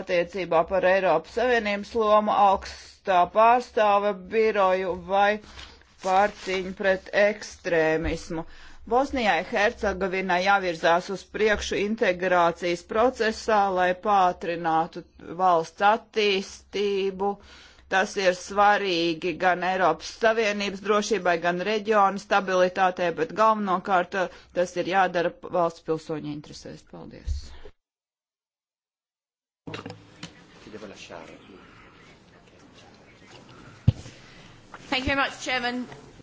attiecībā par Eiropas Savienības lomu augstā pārstāve biroju vai par cīņu pret ekstrēmismu. Bosnijai Hercegovinai jāvirzās uz priekšu integrācijas procesā, lai pātrinātu valsts attīstību, uh, Tas ir svarīgi gan Eiropas Savienības drošībai, gan reģiona stabilitātei, bet galvenokārt uh, tas ir jādara valsts pilsoņu interesēs. Paldies! Much,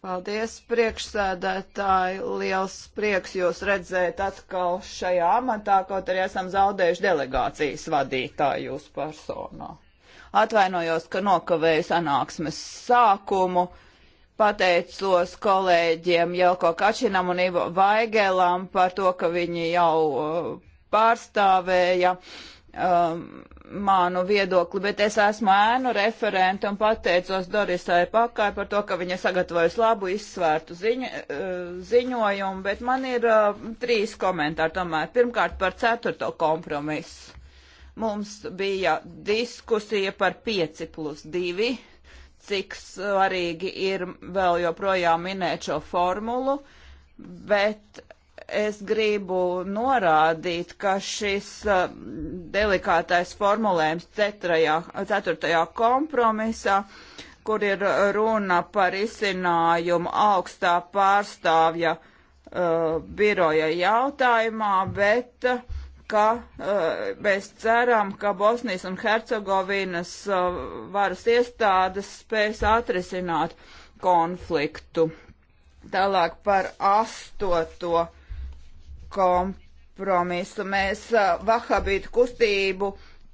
Paldies, priekšsēdētāji. Liels prieks jūs redzēt atkal šajā amatā, kaut arī esam zaudējuši delegācijas vadītāju jūsu personā. Atvainojos, ka nokavēju sanāksmes sākumu. Pateicos kolēģiem Jelko Kačinam un Ivo Vaigelam par to, ka viņi jau uh, pārstāvēja um, manu viedokli, bet es esmu ēnu referente un pateicos Dorisai Pakai par to, ka viņa sagatavojas labu izsvērtu ziņu, uh, ziņojumu, bet man ir uh, trīs komentāri tomēr. Pirmkārt par ceturto kompromisu. Mums bija diskusija par 5 plus 2, cik svarīgi ir vēl joprojām minēt šo formulu, bet es gribu norādīt, ka šis uh, delikātais formulējums cetrajā, ceturtajā kompromisā, kur ir runa par izcinājumu augstā pārstāvja uh, biroja jautājumā, bet uh, ka uh, mēs ceram, ka Bosnijas un Hercegovinas uh, varas iestādes spēs atrisināt konfliktu. Tālāk par astoto kompromisu mēs uh, Vahabītu kustību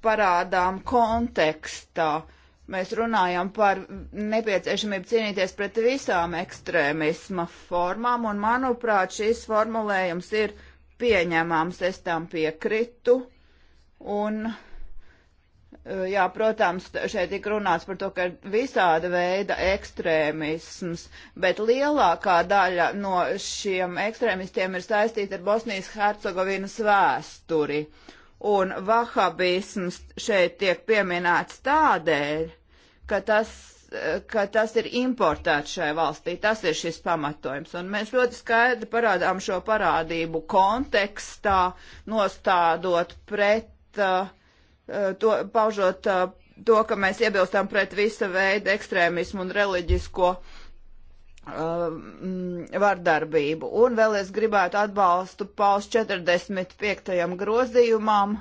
parādām kontekstā. Mēs runājam par nepieciešamību cīnīties pret visām ekstrēmisma formām, un manuprāt, šis formulējums ir uh, pieņemams, es tam piekritu. Un, e, jā, protams, šeit tik runāts par to, ka ir visāda veida ekstrēmisms, bet lielākā daļa no šiem ekstrēmistiem ir saistīta ar Bosnijas Hercegovinas vēsturi. Un vahabisms šeit tiek pieminēts tādēļ, ka tas ka tas ir importēts šai valstī. Tas ir šis pamatojums. Un mēs ļoti skaidri parādām šo parādību kontekstā, nostādot pret uh, to, paužot uh, to, ka mēs iebilstam pret visa veida ekstrēmismu un reliģisko uh, Um, vardarbību. Un vēl es gribētu atbalstu paust 45. grozījumam.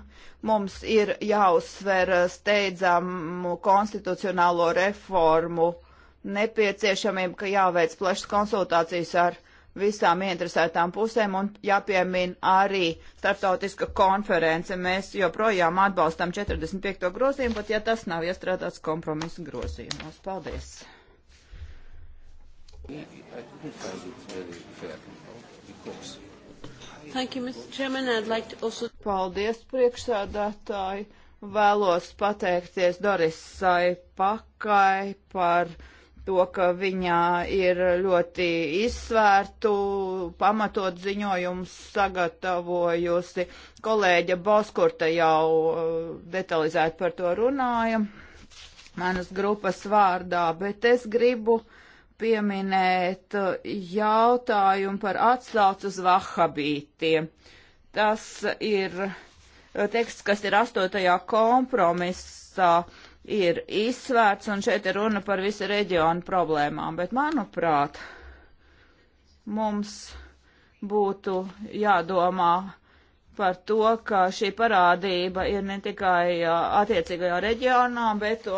Mums ir jāuzsver uh, steidzamu konstitucionālo reformu nepieciešamību, ka jāveic plašas konsultācijas ar visām interesētām pusēm un jāpiemina arī starptautiska konference. Mēs joprojām atbalstam 45. grozījumu, pat ja tas nav iestrādāts kompromisa grozījumos. Paldies! Paldies, priekšsēdētāji! Vēlos pateikties Doris Saipakai par to, ka viņā ir ļoti izsvērtu, pamatot ziņojumus sagatavojusi. Kolēģa Boskurta jau eh, detalizēti par to runāja manas grupas vārdā, bet es gribu uh, pieminēt uh, jautājumu par atsaucu uz vahabītiem. Tas ir uh, teksts, kas ir astotajā kompromisā, ir izsvērts, un šeit ir runa par visu reģionu problēmām. Bet, manuprāt, mums būtu jādomā par to, ka šī parādība ir ne tikai attiecīgajā reģionā, bet to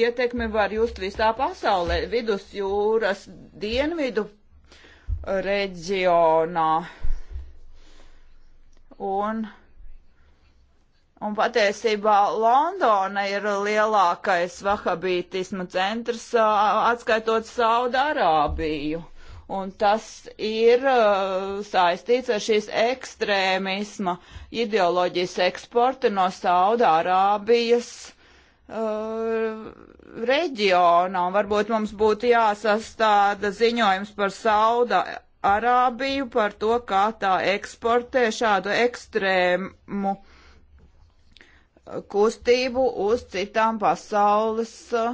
ietekmi var just visā pasaulē, vidusjūras dienvidu reģionā. Un, un patiesībā Londona ir lielākais vahabītisma centrs, atskaitot Saudārābiju. Arābiju un tas ir uh, saistīts ar šīs ekstrēmisma ideoloģijas eksportu no Saudārābijas uh, reģiona. Un varbūt mums būtu jāsastāda ziņojums par Saudārābiju, par to, kā tā eksportē šādu ekstrēmu kustību uz citām pasaules uh,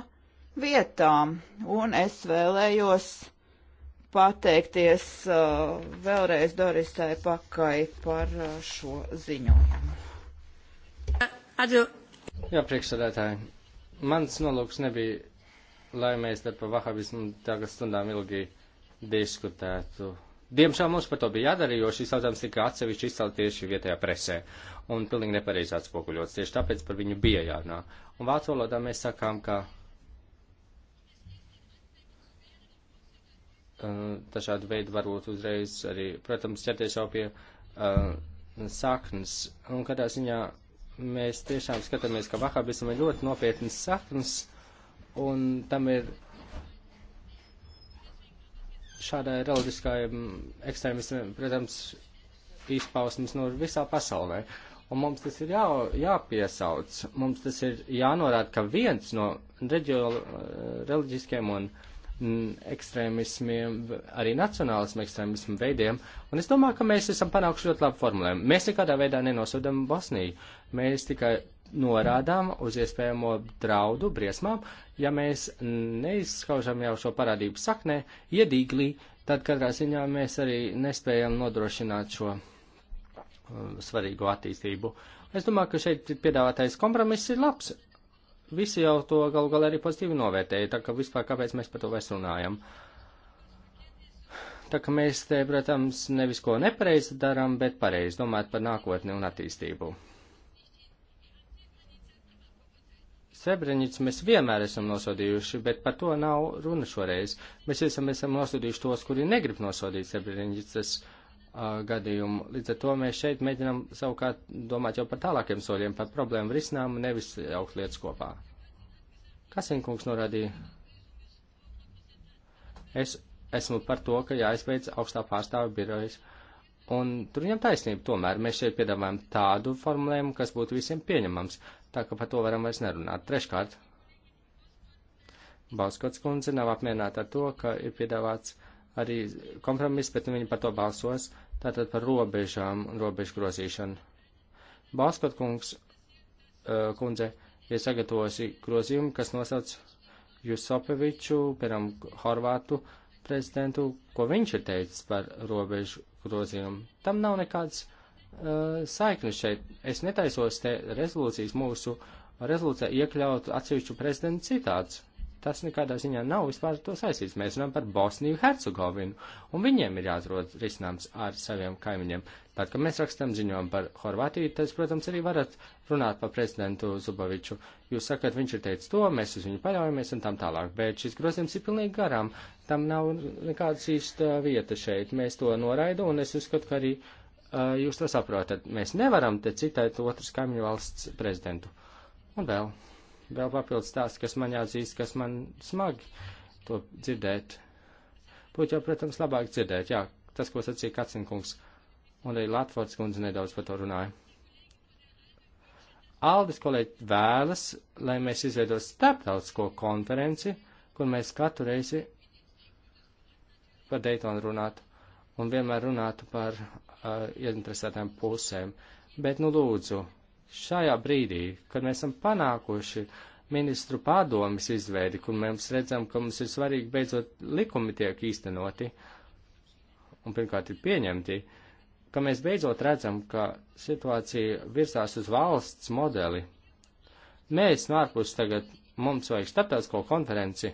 vietām. Un es vēlējos pateikties uh, vēlreiz Dorisai Pakai par uh, šo ziņojumu. Jā, priekšsēdētāji, mans nolūks nebija, lai mēs te pa vahabismu tagad stundām ilgi diskutētu. Diemžēl mums par to bija jādara, jo šis jautājums tika atsevišķi izcelt tieši vietējā presē un pilnīgi nepareizi atspoguļots. Tieši tāpēc par viņu bija jārunā. Un vācu valodā mēs sakām, ka Eh, dažādu veidu varbūt uzreiz arī, protams, ķerties jau pie uh, saknes. Un kādā ziņā mēs tiešām skatāmies, ka vahabismam ir ļoti nopietnas saknes, un tam ir šādai reliģiskajai mm, ekstrēmismam, protams, izpausmes no visā pasaulē. Un mums tas ir jā, jāpiesauc, mums tas ir jānorāda, ka viens no reģio, eh, reliģiskiem un uh, ekstrēmismiem, arī nacionālismu ekstrēmismu veidiem, un es domāju, ka mēs esam panākuši ļoti labu formulējumu. Mēs nekādā veidā nenosodam Bosniju, mēs tikai norādām uz iespējamo draudu, briesmām, ja mēs neizskaužam jau šo parādību saknē, iedīglī, tad katrā ziņā mēs arī nespējam nodrošināt šo uh, svarīgo attīstību. Es domāju, ka šeit piedāvātais kompromiss ir labs, visi jau to galu galā arī pozitīvi novērtēja, tā ka vispār kāpēc mēs par to vairs runājam. Tā ka mēs te, protams, nevis ko nepareizi darām, bet pareizi domāt par nākotni un attīstību. Srebrenicu mēs vienmēr esam nosodījuši, bet par to nav runa šoreiz. Mēs esam, esam nosodījuši tos, kuri negrib nosodīt Srebrenicas uh, gadījumu. Līdz ar to mēs šeit mēģinām savukārt domāt jau par tālākiem soļiem, par problēmu risinājumu, nevis jaukt lietas kopā. Kasinkungs norādīja. Es esmu par to, ka jāizbeidz augstā pārstāva birojas. Un tur viņam taisnība, tomēr mēs šeit piedāvājam tādu formulējumu, kas būtu visiem pieņemams, tā ka par to varam vairs nerunāt. Treškārt, Balskots kundze nav apmierināta ar to, ka ir piedāvāts arī kompromiss, bet nu viņi par to balsos. Uh, Tātad par robežām un robežu grozīšanu. Balskot kungs, eh, kundze, ir sagatavojusi grozījumu, kas nosauc Jusopeviču, piemēram, Horvātu prezidentu, ko viņš ir teicis par robežu grozījumu. Tam nav nekāds uh, saiknes šeit. Es netaisos te rezolūcijas mūsu rezolūcijā iekļaut atsevišķu prezidentu citāts tas nekādā ziņā nav vispār to saistīts. Mēs runājam par Bosniju Hercegovinu, un viņiem ir jāatrod risinājums ar saviem kaimiņiem. Tad, kad mēs rakstam ziņojumu par Horvātiju, tad, protams, arī varat runāt par prezidentu Zuboviču. Jūs sakat, viņš ir teicis to, mēs uz viņu paļaujamies un tam tālāk, bet šis grozījums ir pilnīgi garām. Tam nav nekādas īsta uh, vieta šeit. Mēs to noraidu, un es uzskatu, ka arī uh, jūs to saprotat. Mēs nevaram te citēt otras kaimiņu valsts prezidentu. Un vēl vēl papildus stāsts, kas man jāatzīst, kas man smagi to dzirdēt. Būtu jau, protams, labāk dzirdēt, jā, tas, ko sacīja Kacinkungs, un arī Latvārds kundze nedaudz par to runāja. Aldis kolēģi vēlas, lai mēs izveidot starptautisko konferenci, kur mēs katru reizi par Daytonu runātu un vienmēr runātu par uh, ieinteresētām pusēm. Bet, nu, lūdzu, šajā brīdī, kad mēs esam panākuši ministru pārdomas izveidi, kur mēs redzam, ka mums ir svarīgi beidzot likumi tiek īstenoti un pirmkārt ir pieņemti, ka mēs beidzot redzam, ka situācija virsās uz valsts modeli. Mēs no ārpus tagad mums vajag starptautisko konferenci,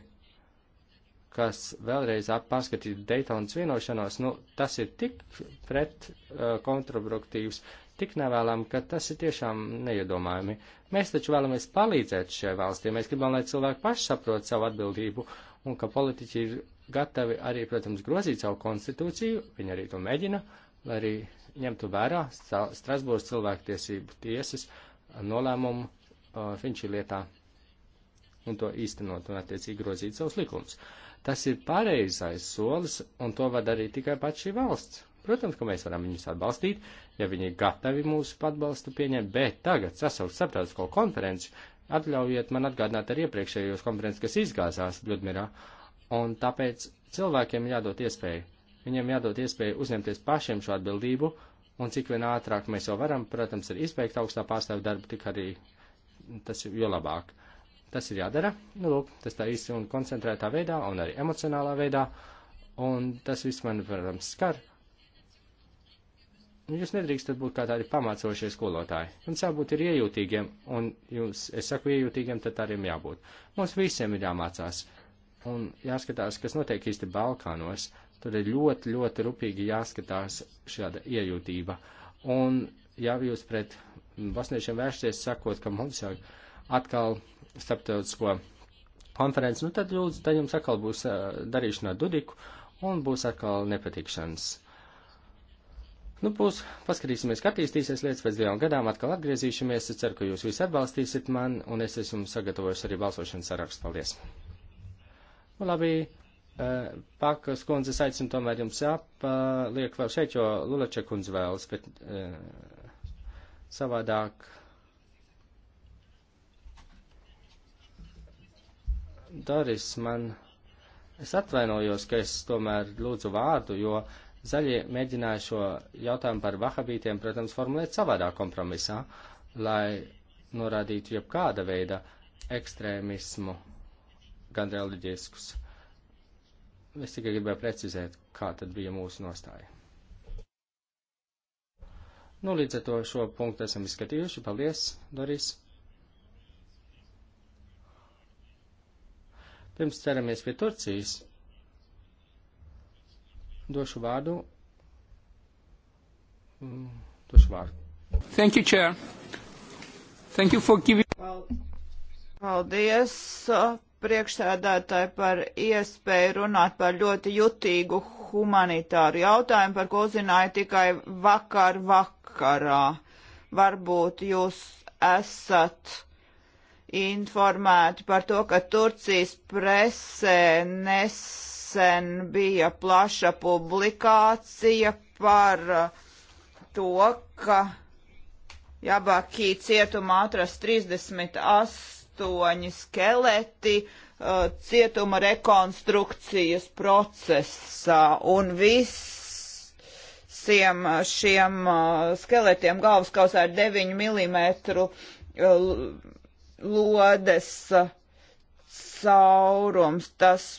kas vēlreiz pārskatītu Daytonas vienošanos, nu, tas ir tik pret uh, kontraproduktīvs, uh, tik nevēlam, ka tas ir tiešām neiedomājami. Mēs taču vēlamies palīdzēt šai valstī, mēs gribam, lai cilvēki paši saprot savu atbildību un ka politiķi ir gatavi arī, protams, grozīt savu konstitūciju, viņi arī to mēģina, lai arī ņemtu vērā Strasbūras cilvēktiesību tiesas uh, nolēmumu uh, Finčī lietā un to īstenot un attiecīgi grozīt savus likumus. Tas ir pareizais solis, un to var darīt tikai pats šī valsts. Protams, ka mēs varam viņus atbalstīt, ja viņi ir gatavi mūsu atbalstu pieņemt, bet tagad sasaukt starptautisko konferenci, atļaujiet man atgādināt ar iepriekšējos konferences, kas izgāzās Ludmirā, un tāpēc cilvēkiem jādod iespēju, viņiem jādod iespēju uzņemties pašiem šo atbildību, un cik vien ātrāk mēs jau varam, protams, ir izbeigt augstā pārstāvja darbu, tik arī tas ir jo labāk. Tas ir jādara, nu lūk, tas tā īsti un koncentrētā veidā, un arī emocionālā veidā, un tas viss man, protams, skar Nu, jūs nedrīkstat būt kā tādi pamācošie skolotāji. Jums jābūt ir iejūtīgiem, un jūs, es saku iejūtīgiem, tad arī jābūt. Mums visiem ir jāmācās, un jāskatās, kas notiek īsti Balkānos, tad ir ļoti, ļoti rūpīgi jāskatās šāda iejūtība. Un ja jūs pret bosniešiem vēršties, sakot, ka mums jau atkal starptautisko konferenci, nu tad lūdzu, tad jums atkal būs darīšana dudiku, un būs atkal nepatikšanas. Nu, būs, paskatīsimies, kā attīstīsies lietas pēc divām gadām, atkal atgriezīsimies. Es ceru, ka jūs visi atbalstīsiet man, un es esmu sagatavojis arī balsošanas sarakstu. Paldies! Nu, labi, eh, Pakas kundzes aicinu tomēr jums apliek vēl šeit, jo Lulača kundze vēlas, bet eh, savādāk. Doris, man, es atvainojos, ka es tomēr lūdzu vārdu, jo Zaļie mēģināja šo jautājumu par vahabītiem, protams, formulēt savādā kompromisā, lai norādītu jebkāda veida ekstrēmismu, gan reliģiskus. Es tikai gribēju precizēt, kā tad bija mūsu nostāja. Nu, līdz ar to šo punktu esam izskatījuši. Paldies, Doris! Pirms ceramies pie Turcijas Došu vārdu. Mm, došu vārdu. Thank you, Chair. Thank you for giving. Paldies uh, priekšsēdētāji par iespēju runāt par ļoti jutīgu humanitāru jautājumu, par ko uzzināju tikai vakar vakarā. Varbūt jūs esat informēti par to, ka Turcijas presē nes nesen bija plaša publikācija par uh, to, ka Jabakī cietumā atrast 38 skeleti uh, cietuma rekonstrukcijas procesā un viss visiem šiem uh, skeletiem galvaskausā ir 9 mm lodes caurums. Tas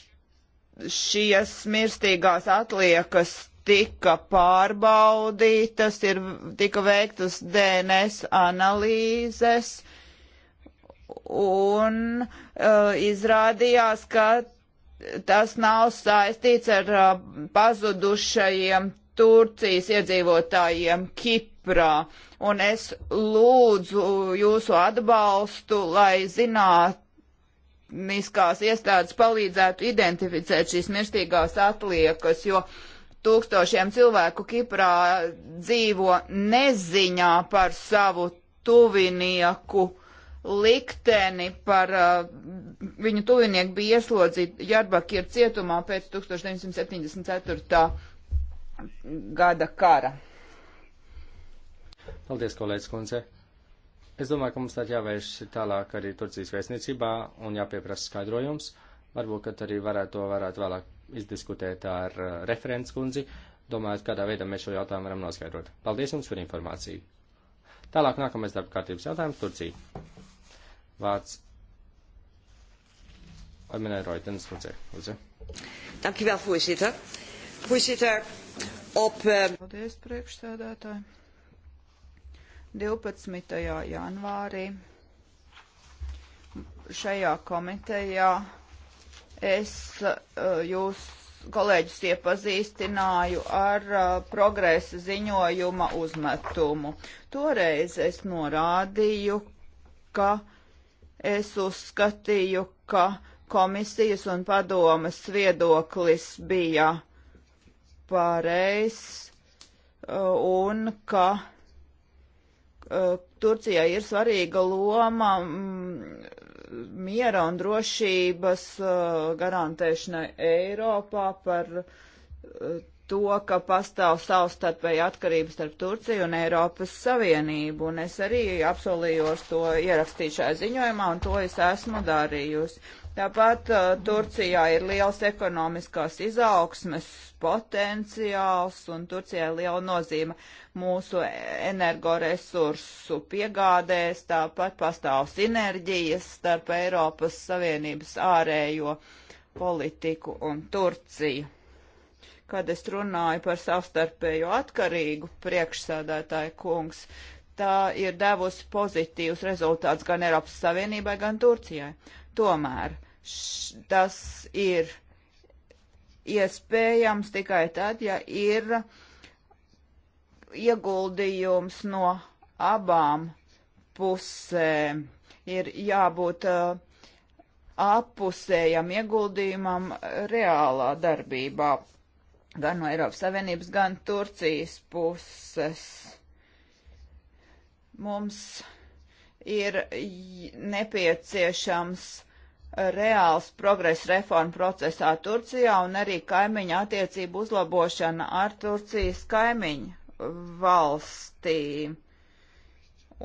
šīs mirstīgās atliekas tika pārbaudītas, ir, tika veiktas DNS analīzes, un uh, izrādījās, ka tas nav saistīts ar uh, pazudušajiem Turcijas iedzīvotājiem Kiprā, un es lūdzu jūsu atbalstu, lai zināt, miskās iestādes palīdzētu identificēt šīs mirstīgās atliekas, jo tūkstošiem cilvēku Kiprā dzīvo neziņā par savu tuvinieku likteni, par uh, viņu tuvinieku bija ieslodzīti Jarbakir cietumā pēc 1974. gada kara. Paldies, kolēģis Konce. Es domāju, ka mums tad jāvērš tālāk arī Turcijas vēstniecībā un jāpieprasa skaidrojums. Varbūt, ka arī varētu to varētu vēlāk izdiskutēt ar uh, referents kundzi, domājot, kādā veidā mēs šo jautājumu varam noskaidrot. Paldies jums par informāciju. Tālāk nākamais darba kārtības jautājums - Turcija. Vārds Aminai Roitens, lūdzu. lūdzu. Dank u wel, voorzitter. Voorzitter, op... Uh... Paldies, priekšsēdētāji. 12. janvārī šajā komitejā es uh, jūs kolēģus iepazīstināju ar uh, progresa ziņojuma uzmetumu. Toreiz es norādīju, ka es uzskatīju, ka komisijas un padomas viedoklis bija pareizs uh, un ka uh, Eh, Turcijai ir svarīga loma mm, miera un drošības eh, garantēšanai Eiropā par eh, to, ka pastāv savstarpēja atkarības starp Turciju un Eiropas Savienību, un es arī apsolījos to ierakstīt šajā ziņojumā, un to es esmu darījusi. Tāpat uh, Turcijā ir liels ekonomiskās izaugsmes potenciāls, un Turcijai liela nozīme mūsu energoresursu piegādēs, tāpat pastāv sinerģijas starp Eiropas Savienības ārējo politiku un Turciju. Kad es runāju par savstarpējo atkarīgu priekšsādātāju kungs, tā ir devusi pozitīvus rezultātus gan Eiropas Savienībai, gan Turcijai. Tomēr š, tas ir iespējams tikai tad, ja ir ieguldījums no abām pusēm. Ir jābūt uh, apusējam ieguldījumam reālā darbībā, gan no Eiropas Savienības, gan Turcijas puses. Mums ir nepieciešams reāls progress reformu procesā Turcijā un arī kaimiņa attiecību uzlabošana ar Turcijas kaimiņu valstīm.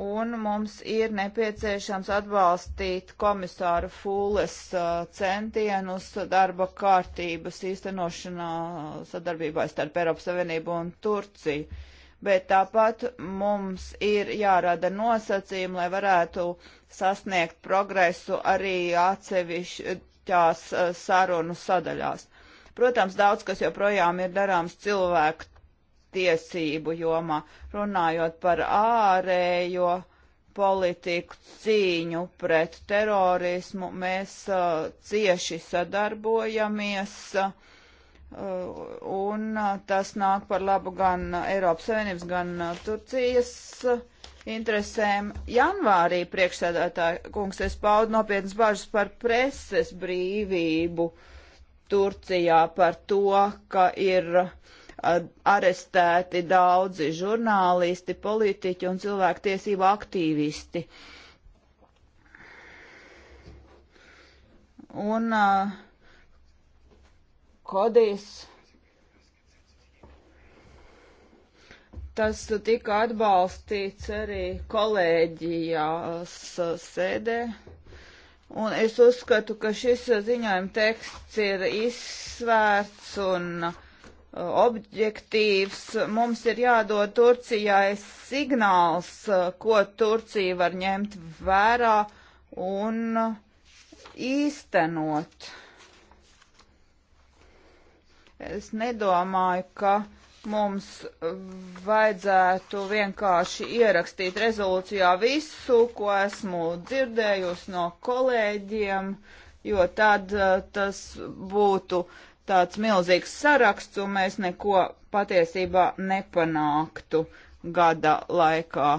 Un mums ir nepieciešams atbalstīt komisāru Fūles uh, centienus darba kārtības īstenošanā sadarbībā starp Eiropas Savienību un Turciju bet tāpat mums ir jārada nosacījumi, lai varētu sasniegt progresu arī atsevišķās eh, sarunu sadaļās. Protams, daudz kas joprojām ir darāms cilvēku tiesību jomā, runājot par ārējo politiku cīņu pret terorismu, mēs uh, cieši sadarbojamies. Uh, Uh, un uh, tas nāk par labu gan uh, Eiropas Savienības, gan Turcijas interesēm. Janvārī priekšsēdētāja kungs es paudu nopietnas bažas par preses brīvību Turcijā, par to, ka ir arestēti daudzi žurnālisti, politiķi un cilvēktiesību aktīvisti. Un uh, Kodijs. Tas tika atbalstīts arī kolēģijās uh, sēdē. Un es uzskatu, ka šis ziņojuma teksts ir izsvērts un uh, objektīvs. Mums ir jādod Turcijai signāls, uh, ko Turcija var ņemt vērā un īstenot. Es nedomāju, ka mums vajadzētu vienkārši ierakstīt rezolūcijā visu, ko esmu dzirdējusi no kolēģiem, jo tad eh, tas būtu tāds milzīgs saraksts, un mēs neko patiesībā nepanāktu gada laikā.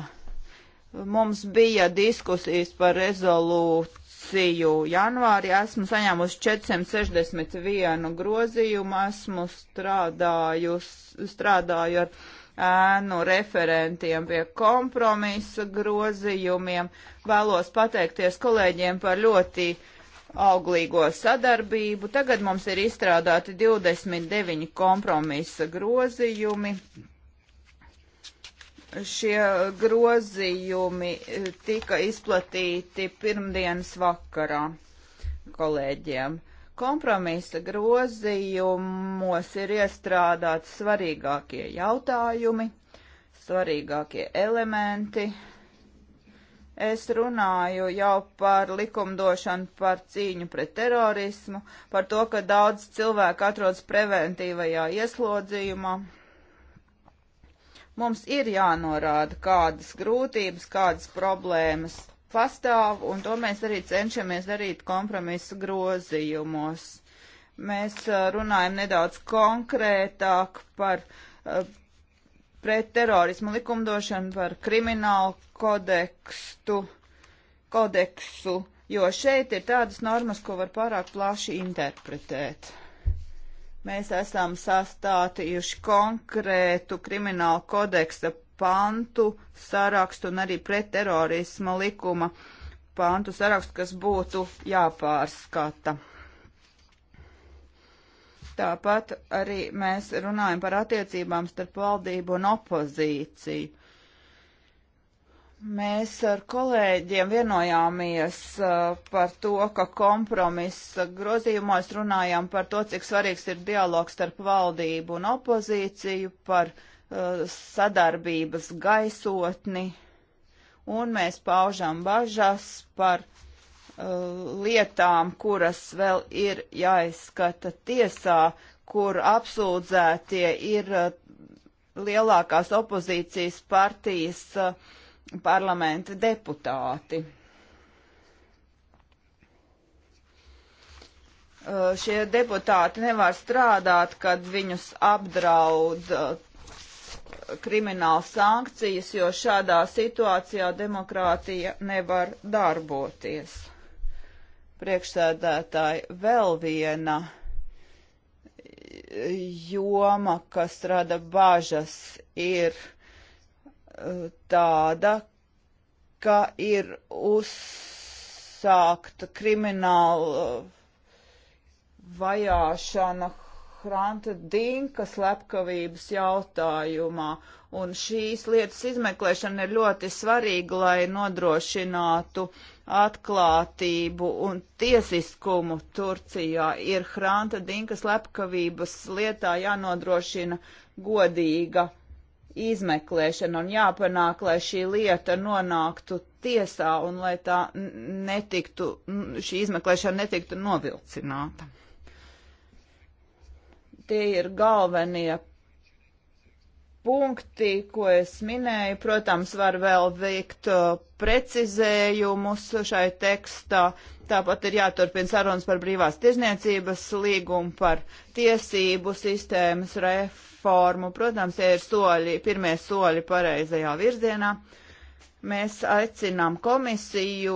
Mums bija diskusijas par rezolūciju diskusiju janvārī esmu saņēmusi 461 grozījumu, esmu strādājusi, strādāju ar ēnu referentiem pie kompromisa grozījumiem. Vēlos pateikties kolēģiem par ļoti auglīgo sadarbību. Tagad mums ir izstrādāti 29 kompromisa grozījumi. Šie grozījumi eh, tika izplatīti pirmdienas vakarā kolēģiem. Kompromisa grozījumos ir iestrādāti svarīgākie jautājumi, svarīgākie elementi. Es runāju jau par likumdošanu, par cīņu pret terorismu, par to, ka daudz cilvēku atrodas preventīvajā ieslodzījumā, Mums ir jānorāda, kādas grūtības, kādas problēmas pastāv, un to mēs arī cenšamies darīt kompromisu grozījumos. Mēs uh, runājam nedaudz konkrētāk par uh, pret terorismu likumdošanu, par kriminālu kodekstu, kodeksu, jo šeit ir tādas normas, ko var pārāk plaši interpretēt. Mēs esam sastātījuši konkrētu kriminālu kodeksa pantu sarakstu un arī pretterorisma likuma pantu sarakstu, kas būtu jāpārskata. Tāpat arī mēs runājam par attiecībām starp valdību un opozīciju. Mēs ar kolēģiem vienojāmies uh, par to, ka kompromisa grozījumos runājām par to, cik svarīgs ir dialogs starp valdību un opozīciju, par uh, sadarbības gaisotni, un mēs paužam bažas par uh, lietām, kuras vēl ir jāizskata tiesā, kur apsūdzētie ir uh, lielākās opozīcijas partijas uh, parlamenta deputāti. Uh, šie deputāti nevar strādāt, kad viņus apdraud uh, krimināla sankcijas, jo šādā situācijā demokrātija nevar darboties. Priekšsēdētāji, vēl viena joma, kas rada bažas, ir tāda, ka ir uzsākta krimināla vajāšana Hranta Dinka slepkavības jautājumā, un šīs lietas izmeklēšana ir ļoti svarīga, lai nodrošinātu atklātību un tiesiskumu Turcijā. Ir Hranta Dinka slepkavības lietā jānodrošina godīga izmeklēšana un jāpanāk, lai šī lieta nonāktu tiesā un lai tā netiktu, šī izmeklēšana netiktu novilcināta. Tie ir galvenie punkti, ko es minēju. Protams, var vēl veikt uh, precizējumus šai tekstā. Tāpat ir jāturpina sarunas par brīvās tirzniecības līgumu, par tiesību sistēmas ref reformu. Protams, tie ir soļi, pirmie soļi pareizajā virzienā. Mēs aicinām komisiju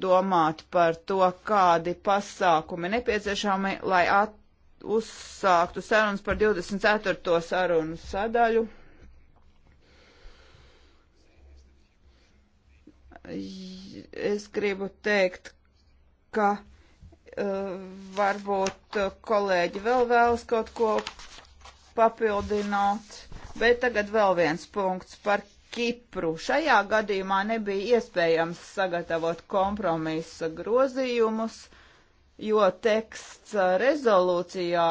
domāt par to, kādi pasākumi nepieciešami, lai at, uzsāktu sarunas par 24. sarunu sadaļu. Es gribu teikt, ka uh, varbūt kolēģi vēl vēlas kaut ko papildināt. Bet tagad vēl viens punkts par Kipru. Šajā gadījumā nebija iespējams sagatavot kompromisa grozījumus, jo teksts rezolūcijā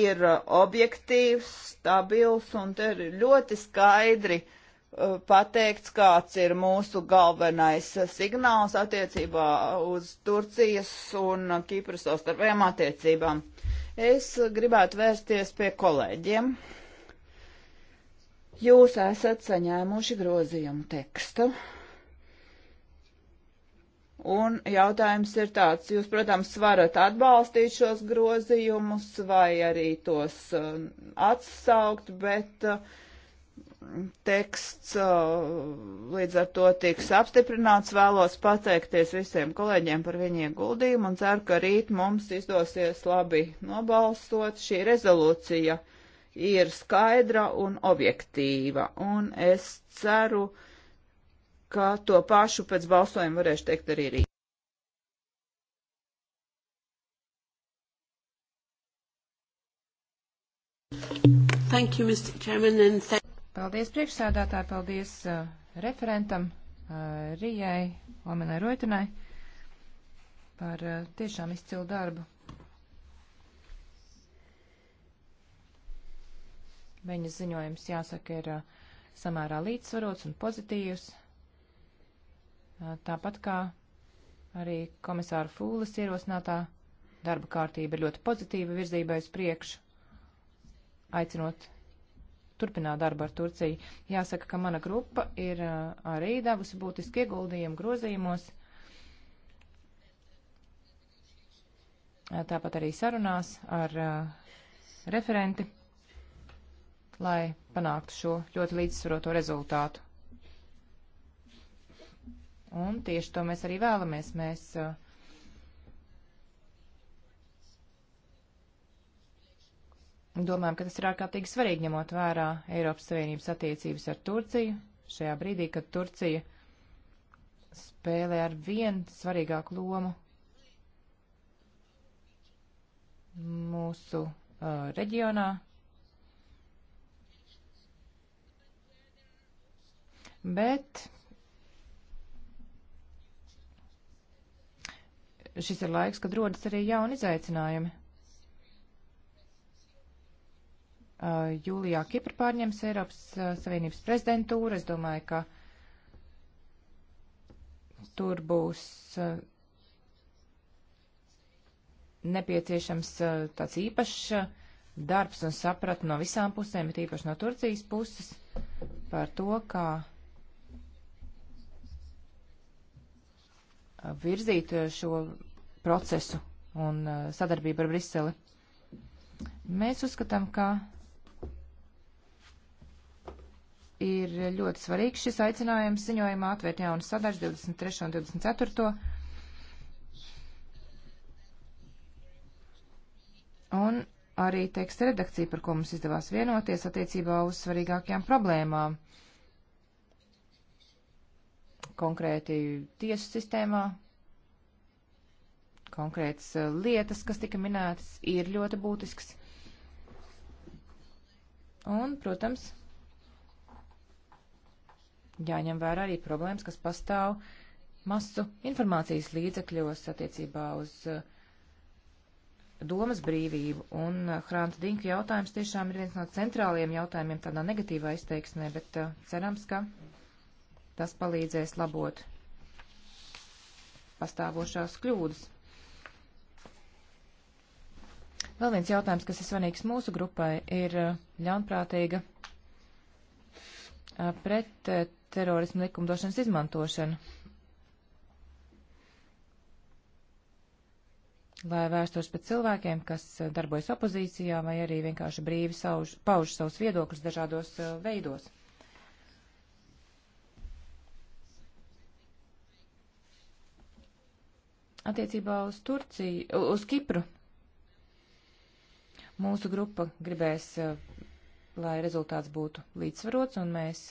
ir objektīvs, stabils un te ir ļoti skaidri uh, pateikts, kāds ir mūsu galvenais signāls attiecībā uz Turcijas un Kipras savstarpējām attiecībām. Uh, Es gribētu vērsties pie kolēģiem. Jūs esat saņēmuši grozījumu tekstu. Un jautājums ir tāds, jūs, protams, varat atbalstīt šos grozījumus vai arī tos uh, atsaukt, bet uh, teksts uh, līdz ar to tiks apstiprināts. Vēlos pateikties visiem kolēģiem par viņu ieguldījumu un ceru, ka rīt mums izdosies labi nobalstot. Šī rezolūcija ir skaidra un objektīva, un es ceru, ka to pašu pēc balsojuma varēšu teikt arī rīt. Thank you, Mr. Chairman, and thank Paldies priekšsēdētāji, paldies uh, referentam uh, Rijai Omenai Roitinai par uh, tiešām izcilu darbu. Viņas ziņojums, jāsaka, ir uh, samērā līdzsvarots un pozitīvs. Uh, tāpat kā arī komisāra Fūles ierosinātā darba kārtība ir ļoti pozitīva virzībai uz priekšu, aicinot turpināt darbu ar Turciju. Jāsaka, ka mana grupa ir uh, arī devusi būtiski ieguldījumu grozījumos. Uh, tāpat arī sarunās ar uh, referenti, lai panāktu šo ļoti līdzsvaroto rezultātu. Un tieši to mēs arī vēlamies. Mēs uh, Domājam, ka tas ir ārkārtīgi svarīgi ņemot vērā Eiropas Savienības attiecības ar Turciju šajā brīdī, kad Turcija spēlē ar vien svarīgāku lomu mūsu uh, reģionā. Bet šis ir laiks, kad rodas arī jauni izaicinājumi. Jūlijā Kipra pārņems Eiropas Savienības prezidentūru. Es domāju, ka tur būs nepieciešams tāds īpašs darbs un sapratni no visām pusēm, bet īpaši no Turcijas puses, par to, kā virzīt šo procesu un sadarbību ar Briseli. Mēs uzskatām, ka ir ļoti svarīgs šis aicinājums ziņojumā atvērt jaunu sadaļu 23. un 24. Un arī teksta redakcija, par ko mums izdevās vienoties attiecībā uz svarīgākajām problēmām. Konkrēti tiesu sistēmā, konkrētas eh, lietas, kas tika minētas, ir ļoti būtisks. Un, protams, jāņem vērā arī problēmas, kas pastāv masu informācijas līdzekļos attiecībā uz eh, domas brīvību. Un eh, Hrānta Dinku jautājums tiešām ir viens no centrālajiem jautājumiem tādā negatīvā izteiksmē, bet eh, cerams, ka tas palīdzēs labot pastāvošās kļūdas. Vēl viens jautājums, kas ir svarīgs mūsu grupai, ir ļaunprātīga pret terorismu likumdošanas izmantošanu. Lai vērstos pēc cilvēkiem, kas eh, darbojas opozīcijā vai arī vienkārši brīvi sauž, pauž savus viedokļus dažādos uh, veidos. Attiecībā uz Turciju, uz Kipru. Mūsu grupa gribēs, uh, lai rezultāts būtu līdzsvarots, un mēs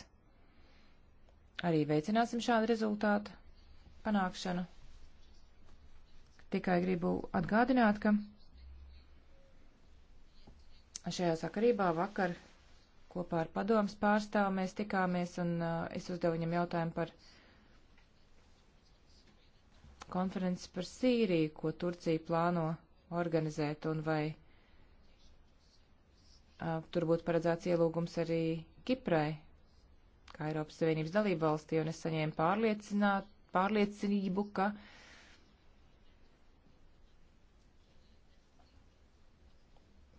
arī veicināsim šādu rezultātu panākšanu. Tikai gribu atgādināt, ka šajā sakarībā vakar kopā ar padomas pārstāvu mēs tikāmies un uh, es uzdevu viņam jautājumu par konferenci par Sīriju, ko Turcija plāno organizēt un vai uh, tur būtu paredzēts ielūgums arī Kiprai kā Eiropas Savienības dalība valstī, un es saņēmu pārliecinību, ka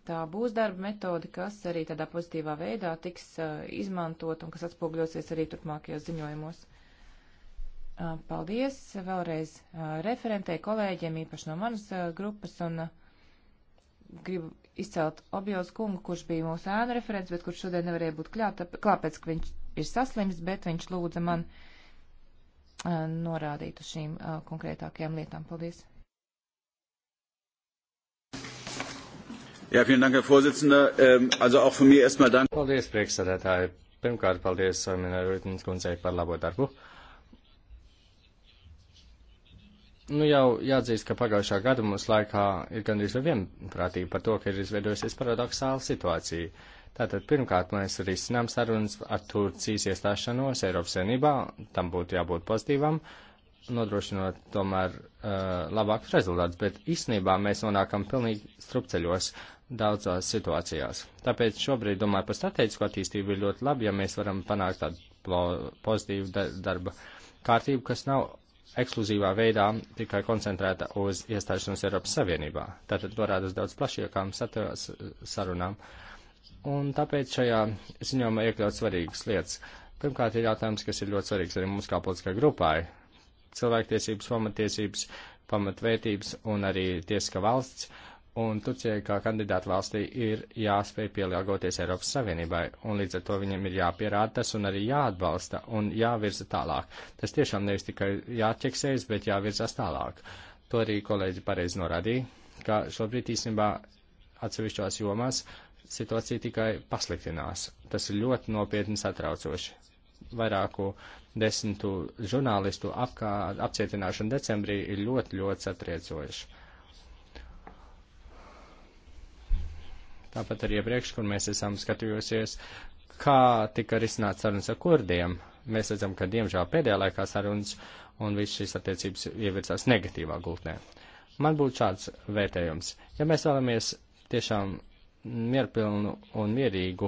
tā būs darba metode, kas arī tādā pozitīvā veidā tiks uh, izmantot un kas atspogļosies arī turpmākajos ziņojumos. Uh, paldies vēlreiz uh, referentei, kolēģiem, īpaši no manas uh, grupas, un uh, gribu izcelt objos kungu, kurš bija mūsu ēnu referents, bet kurš šodien nevarēja būt klāt, klāpēc, ka viņš ir saslims, bet viņš lūdza man uh, norādīt uz šīm uh, konkrētākajām lietām. Paldies! Jā, vielen Dank, Herr Vorsitzender. Ähm, also auch von mir erstmal danke. Paldies, priekšsēdētāji. Pirmkārt, paldies Soiminai äh, Rūtins kundzei par labo darbu. Nu jau jāatzīst, ka pagājušā gada mums laikā ir gandrīz vai vienprātība par to, ka ir izveidojusies paradoxāla situācija. Uh, Tātad pirmkārt mēs risinām sarunas ar Turcijas iestāšanos Eiropas Savienībā, tam būtu jābūt pozitīvam, nodrošinot tomēr uh, labākus rezultātus, bet īstenībā mēs nonākam pilnīgi strupceļos daudzās situācijās. Tāpēc šobrīd, domāju, par strateģisko attīstību ir ļoti labi, ja mēs varam panākt tādu pozitīvu darba kārtību, kas nav ekskluzīvā veidā tikai koncentrēta uz iestāšanos Eiropas Savienībā. Tātad norāda uz daudz plašākām sarunām. Uh, Un tāpēc šajā ziņojumā iekļaut svarīgas lietas. Pirmkārt, ir jautājums, kas ir ļoti svarīgs arī mums kā politiskai grupai. Cilvēktiesības, pamatiesības, pamatvērtības un arī tiesiska valsts. Un Turcijai kā kandidātu valstī ir jāspēj pielāgoties Eiropas Savienībai, un līdz ar to viņam ir jāpierāda tas un arī jāatbalsta un jāvirza tālāk. Tas tiešām nevis tikai jāķeksējas, bet jāvirzas tālāk. To arī kolēģi pareizi norādīja, ka šobrīd īstenībā atsevišķos jomās uh, situācija tikai pasliktinās. Tas ir ļoti nopietni satraucoši. Vairāku desmitu žurnālistu apkā, apcietināšana decembrī ir ļoti, ļoti satriecoši. Tāpat arī iepriekš, kur mēs esam skatījusies, kā tika risināts sarunas ar kurdiem. Mēs redzam, ka diemžēl pēdējā laikā sarunas un viss šīs attiecības ievirzās negatīvā gultnē. Man būtu šāds vērtējums. Ja mēs vēlamies tiešām mierpilnu un mierīgu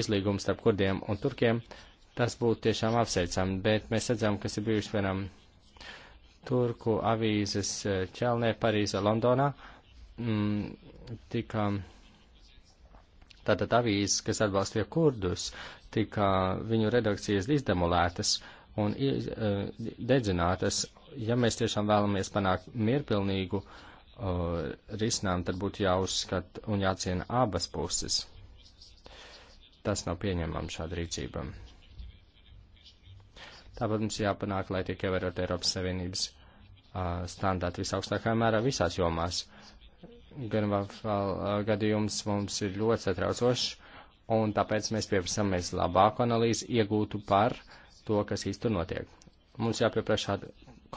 izlīgumu starp kurdiem un turkiem, tas būtu tiešām apsveicami, bet mēs redzam, kas ir bijuši vienam turku avīzes ķelnē eh, Parīzē, Londonā. Mm, tika tātad avīzes, kas atbalstīja kurdus, tika viņu redakcijas izdemolētas un iz, eh, dedzinātas. Ja mēs tiešām vēlamies panākt mierpilnīgu uh, Uh, risinājumu, tad būtu jāuzskata un jāciena abas puses. Tas nav pieņemams šāda rīcība. Tāpat mums jāpanāk, lai tiek ievērot Eiropas Savienības uh, standārti visaugstākā mērā visās jomās. Gan vēl uh, gadījums mums ir ļoti satraucošs, un tāpēc mēs pieprasām mēs labāku analīzi iegūtu par to, kas īsti notiek. Mums jāpieprasa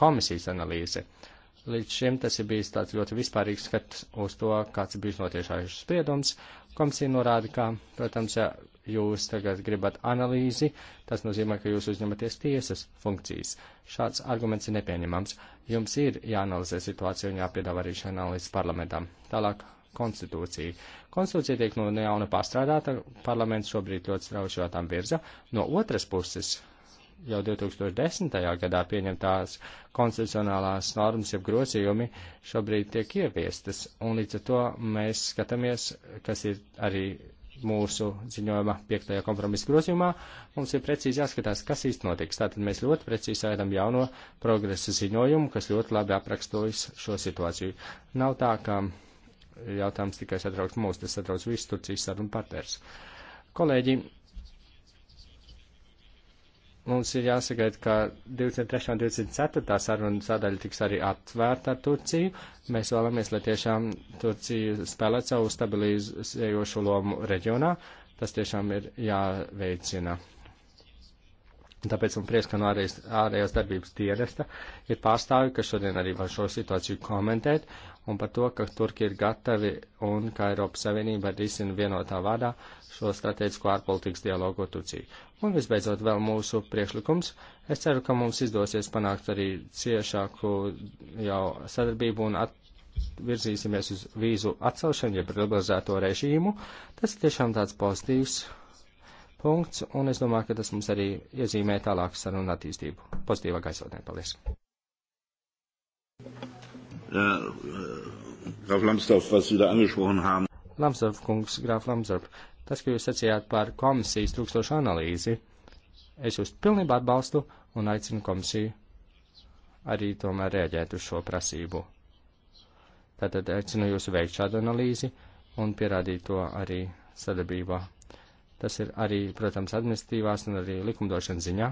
komisijas analīze. Uh, Līdz šim tas ir bijis tāds ļoti vispārīgs skats uz to, kāds ir bijis notiešājušas spriedums. Komisija norāda, ka, protams, ja jūs tagad gribat analīzi, tas nozīmē, ka jūs uzņematies tiesas funkcijas. Šāds arguments ir nepieņemams. Jums ir jāanalizē situācija un jāpiedāvā arī šī analīze parlamentam. Tālāk konstitūcija. Konstitūcija tiek no jauna pārstrādāta, parlaments šobrīd ļoti strauši jau tam virza. No otras puses, jau 2010. gadā pieņemtās konstitucionālās normas, jeb grozījumi šobrīd tiek ieviestas, un līdz ar to mēs skatāmies, kas ir arī mūsu ziņojuma piektajā kompromisa grozījumā, mums ir precīzi jāskatās, kas īsti notiks. Tātad mēs ļoti precīzi ēdam jauno progresa ziņojumu, kas ļoti labi aprakstojas šo situāciju. Nav tā, ka jautājums tikai satrauc mūs, tas satrauc visus Turcijas sarunu partners. Kolēģi, mums ir jāsagaida, ka 23. un 24. saruna sadaļa tiks arī atvērta ar Turciju. Mēs vēlamies, lai tiešām Turcija spēlē savu stabilizējošu lomu reģionā. Tas tiešām ir jāveicina. Un tāpēc man prieks, ka no ārējas, ārējās darbības dienesta ir pārstāvi, kas šodien arī var šo situāciju komentēt un par to, ka Turki ir gatavi un ka Eiropas Savienība risina vienotā vārdā šo strateģisko ārpolitikas dialogu ar Turciju. Un visbeidzot vēl mūsu priekšlikums. Es ceru, ka mums izdosies panākt arī ciešāku jau sadarbību un at virzīsimies uz vīzu atcelšanu, jeb liberalizēto režīmu. Tas ir tiešām tāds pozitīvs punkts, un es domāju, ka tas mums arī iezīmē tālāku sarunu attīstību. Pozitīvā gaisotnē, paldies. Eh, graf Lamsdorf, was Sie da angesprochen haben. Lamsdorf, kungs, Graf Lamsdorf, tas, ka jūs sacījāt par komisijas trūkstošu analīzi, es jūs pilnībā atbalstu un aicinu komisiju arī tomēr rēģēt uz šo prasību. Tātad aicinu jūs veikt šādu analīzi un pierādīt to arī sadarbībā Tas ir arī, protams, administratīvās un arī likumdošanas ziņā.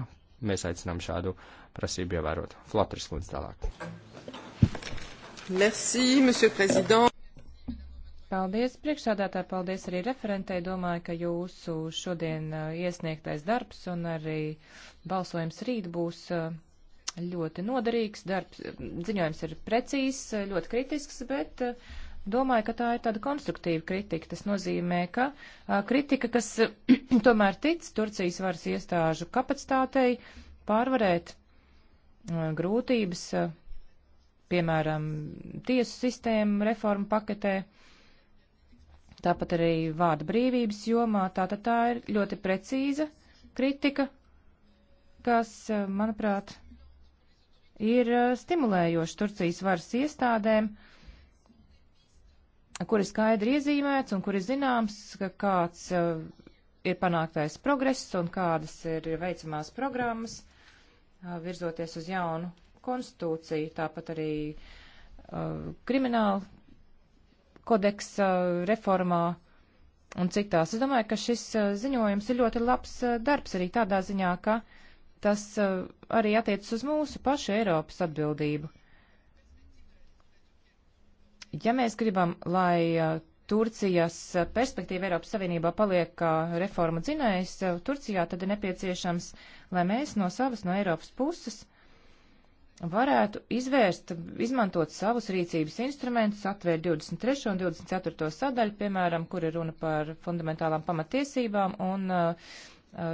Mēs aicinām šādu prasību ievērot. Flotris lūdzu tālāk. Merci, monsieur président. Paldies priekšsādātāji, paldies arī referentei. Domāju, ka jūsu šodien uh, iesniegtais darbs un arī balsojums rīt būs uh, ļoti noderīgs. Darbs, uh, ziņojums ir precīzs, ļoti kritisks, bet uh, Domāju, ka tā ir tāda konstruktīva kritika. Tas nozīmē, ka a, kritika, kas [clears throat] tomēr tic Turcijas varas iestāžu kapacitātei pārvarēt a, grūtības, a, piemēram, tiesu sistēmu reformu paketē, tāpat arī vārda brīvības jomā. Tātad tā ir ļoti precīza kritika, kas, manuprāt, ir stimulējoši Turcijas varas iestādēm. Uh, kur ir skaidri iezīmēts un kur ir zināms, ka kāds uh, ir panāktais progress un kādas ir veicamās programmas uh, virzoties uz jaunu konstitūciju, tāpat arī uh, kriminālu kodeksa uh, reformā un citās. Es domāju, ka šis uh, ziņojums ir ļoti labs uh, darbs arī tādā ziņā, ka tas arī attiecas uz mūsu pašu Eiropas atbildību. Ja mēs gribam, lai Turcijas perspektīva Eiropas Savienībā paliek kā reformu dzinējs Turcijā, tad ir nepieciešams, lai mēs no savas, no Eiropas puses varētu izvērst, izmantot savus rīcības instrumentus, atvērt 23. un 24. sadaļu, piemēram, kur ir runa par fundamentālām pamatiesībām un uh,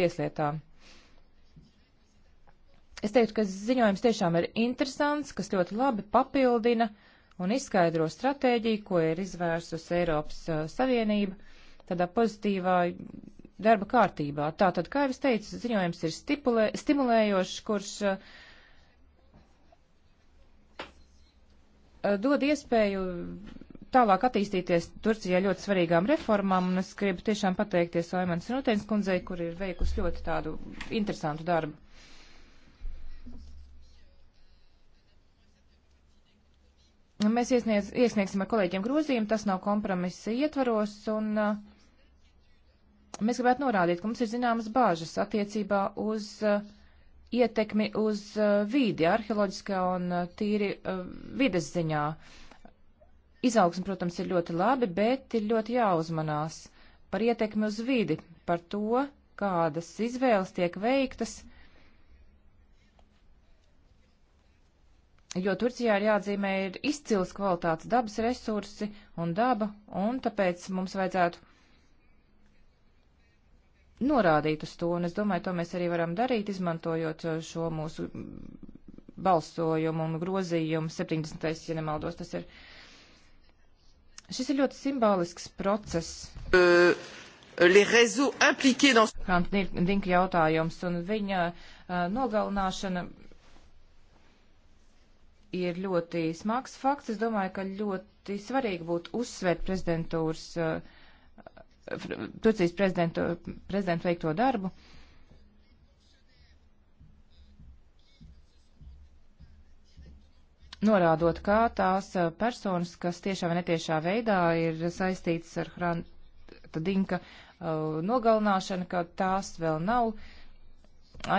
tieslietām. Es teiktu, ka ziņojums tiešām ir interesants, kas ļoti labi papildina un izskaidro stratēģiju, ko ir izvērsusi Eiropas uh, Savienība tādā pozitīvā darba kārtībā. Tātad, kā jau es teicu, ziņojums ir stipulē, stimulējošs, kurš uh, dod iespēju tālāk attīstīties Turcijai ļoti svarīgām reformām, un es gribu tiešām pateikties Oimans Rutēns kundzei, kur ir veikusi ļoti tādu interesantu darbu. Mēs iesniedz, iesniegsim ar kolēģiem grozījumu, tas nav kompromisa ietvaros, un uh, mēs gribētu norādīt, ka mums ir zināmas bāžas attiecībā uz uh, ietekmi uz uh, vīdi, arheoloģiskā un uh, tīri uh, vides ziņā. Izaugsme, protams, ir ļoti labi, bet ir ļoti jāuzmanās par ietekmi uz vidi, par to, kādas izvēles tiek veiktas jo Turcijā ir jāatzīmē ir izcils kvalitātes dabas resursi un daba, un tāpēc mums vajadzētu norādīt uz to, un es domāju, to mēs arī varam darīt, izmantojot šo mūsu balsojumu un grozījumu 70. ja nemaldos, tas ir. Šis ir ļoti simbolisks process. Uh, dans... Kā Dinka jautājums un viņa uh, nogalināšana ir ļoti smags fakts. Es domāju, ka ļoti svarīgi būtu uzsvērt prezidentūras, eh, Turcijas prezidentu, prezidentu veikto darbu. Norādot, kā tās eh, personas, kas tiešā vai netiešā veidā ir saistītas ar Hranta Dinka eh, nogalināšanu, ka tās vēl nav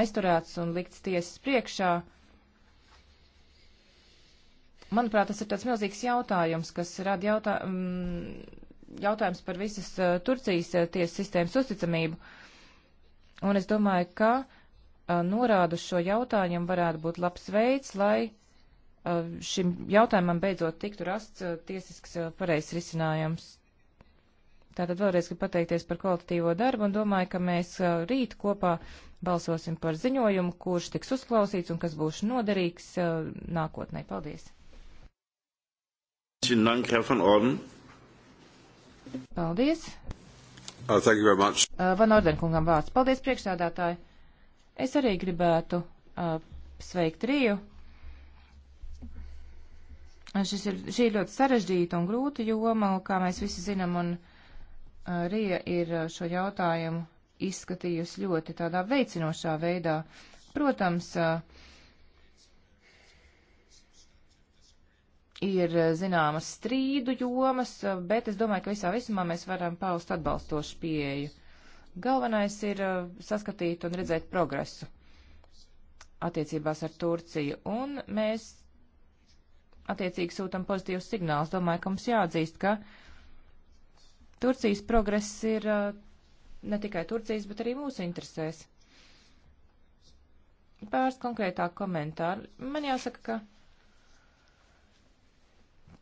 aizturētas un liktas tiesas priekšā. Uh, Manuprāt, tas ir tāds milzīgs jautājums, kas rada jautā, mm, jautājums par visas Turcijas tiesas sistēmas uzticamību. Un es domāju, ka norādu šo jautājumu varētu būt labs veids, lai šim jautājumam beidzot tiktu rasts tiesisks pareizs risinājums. Tātad vēlreiz gribu pateikties par kvalitatīvo darbu un domāju, ka mēs rīt kopā balsosim par ziņojumu, kurš tiks uzklausīts un kas būs noderīgs nākotnē. Paldies! Vielen Dank, Herr van Orden. Paldies. Oh, thank you very much. Uh, van Ordenkungam vārds. Paldies, priekšsādātāji. Es arī gribētu uh, sveikt Riju. Šis ir, šī ir ļoti sarežģīta un grūta joma, kā mēs visi zinām, un uh, Rija ir uh, šo jautājumu izskatījusi ļoti tādā veicinošā veidā. Protams, uh, ir eh, zināmas strīdu jomas, bet es domāju, ka visā visumā mēs varam paust atbalstošu pieeju. Galvenais ir eh, saskatīt un redzēt progresu attiecībās ar Turciju, un mēs attiecīgi sūtam pozitīvus signālus. Domāju, ka mums jāatzīst, ka Turcijas progress ir eh, ne tikai Turcijas, bet arī mūsu interesēs. Pāris konkrētāk komentāri. Man jāsaka, ka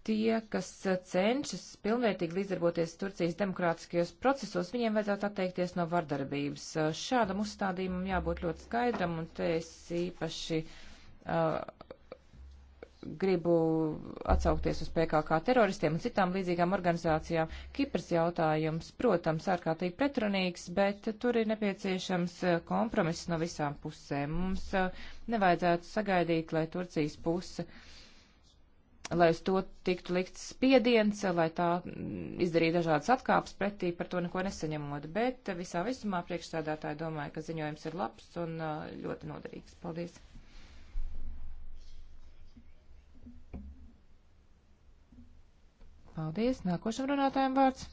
tie, kas uh, cenšas pilnvērtīgi līdzdarboties Turcijas demokrātiskajos procesos, viņiem vajadzētu atteikties no vardarbības. Uh, šādam uzstādījumam jābūt ļoti skaidram, un te es īpaši uh, gribu atsaukties uz PKK teroristiem un citām līdzīgām organizācijām. Kipras jautājums, protams, ārkārtīgi pretrunīgs, bet tur ir nepieciešams uh, kompromiss no visām pusēm. Mums uh, nevajadzētu sagaidīt, lai Turcijas puse uh, lai uz to tiktu likts spiediens, lai tā mm, izdarīja dažādas atkāpes pretī, par to neko nesaņemot. Bet visā visumā priekšsēdētāji domāja, ka ziņojums ir labs un ļoti noderīgs. Paldies! Paldies! Nākošam runātājiem vārds.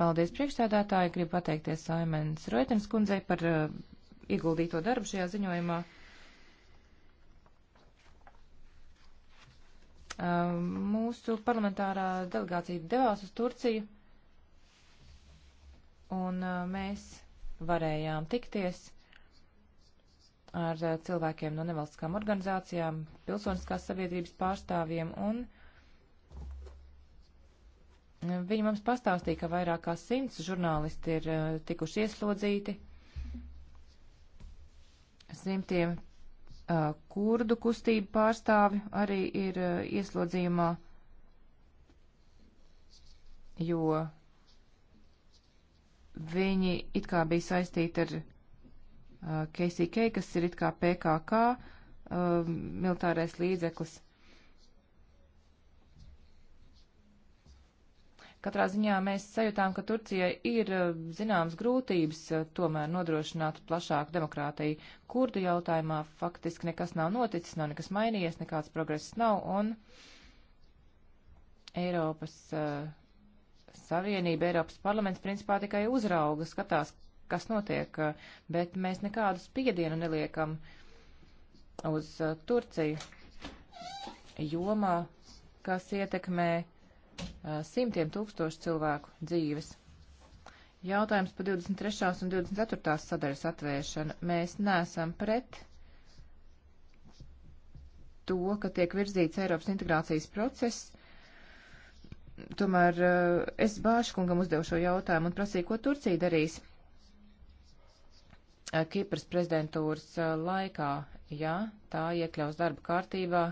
Paldies priekšstādātāji, gribu pateikties Saimens Roitens kundzei par uh, ieguldīto darbu šajā ziņojumā. Uh, Um, mūsu parlamentārā delegācija devās uz Turciju, un uh, mēs varējām tikties ar uh, cilvēkiem no nevalstiskām organizācijām, pilsoniskās sabiedrības pārstāvjiem, un uh, viņi mums pastāstīja, ka vairāk kā simts žurnālisti ir tikuši ieslodzīti, simtiem Uh, kurdu kustību pārstāvi arī ir uh, ieslodzījumā, jo viņi it kā bija saistīti ar uh, KCK, kas ir it kā PKK militārais līdzeklis. Katrā ziņā mēs sajūtām, ka Turcijai ir eh, zināmas grūtības eh, tomēr nodrošināt plašāku demokrātiju. Kurdu jautājumā faktiski nekas nav noticis, nav nekas mainījies, nekāds progress nav, un Eiropas uh, Savienība, Eiropas parlaments principā tikai uzrauga, skatās, kas notiek, bet mēs nekādu spiedienu neliekam uz uh, Turciju jomā, kas ietekmē uh, simtiem tūkstošu cilvēku dzīves. Jautājums par 23. un 24. sadaļas atvēršanu. Mēs neesam pret to, ka tiek virzīts Eiropas integrācijas process. Tomēr es Bāškungam uzdevu šo jautājumu un prasīju, ko Turcija darīs Kipras prezidentūras laikā, ja tā iekļaus darba kārtībā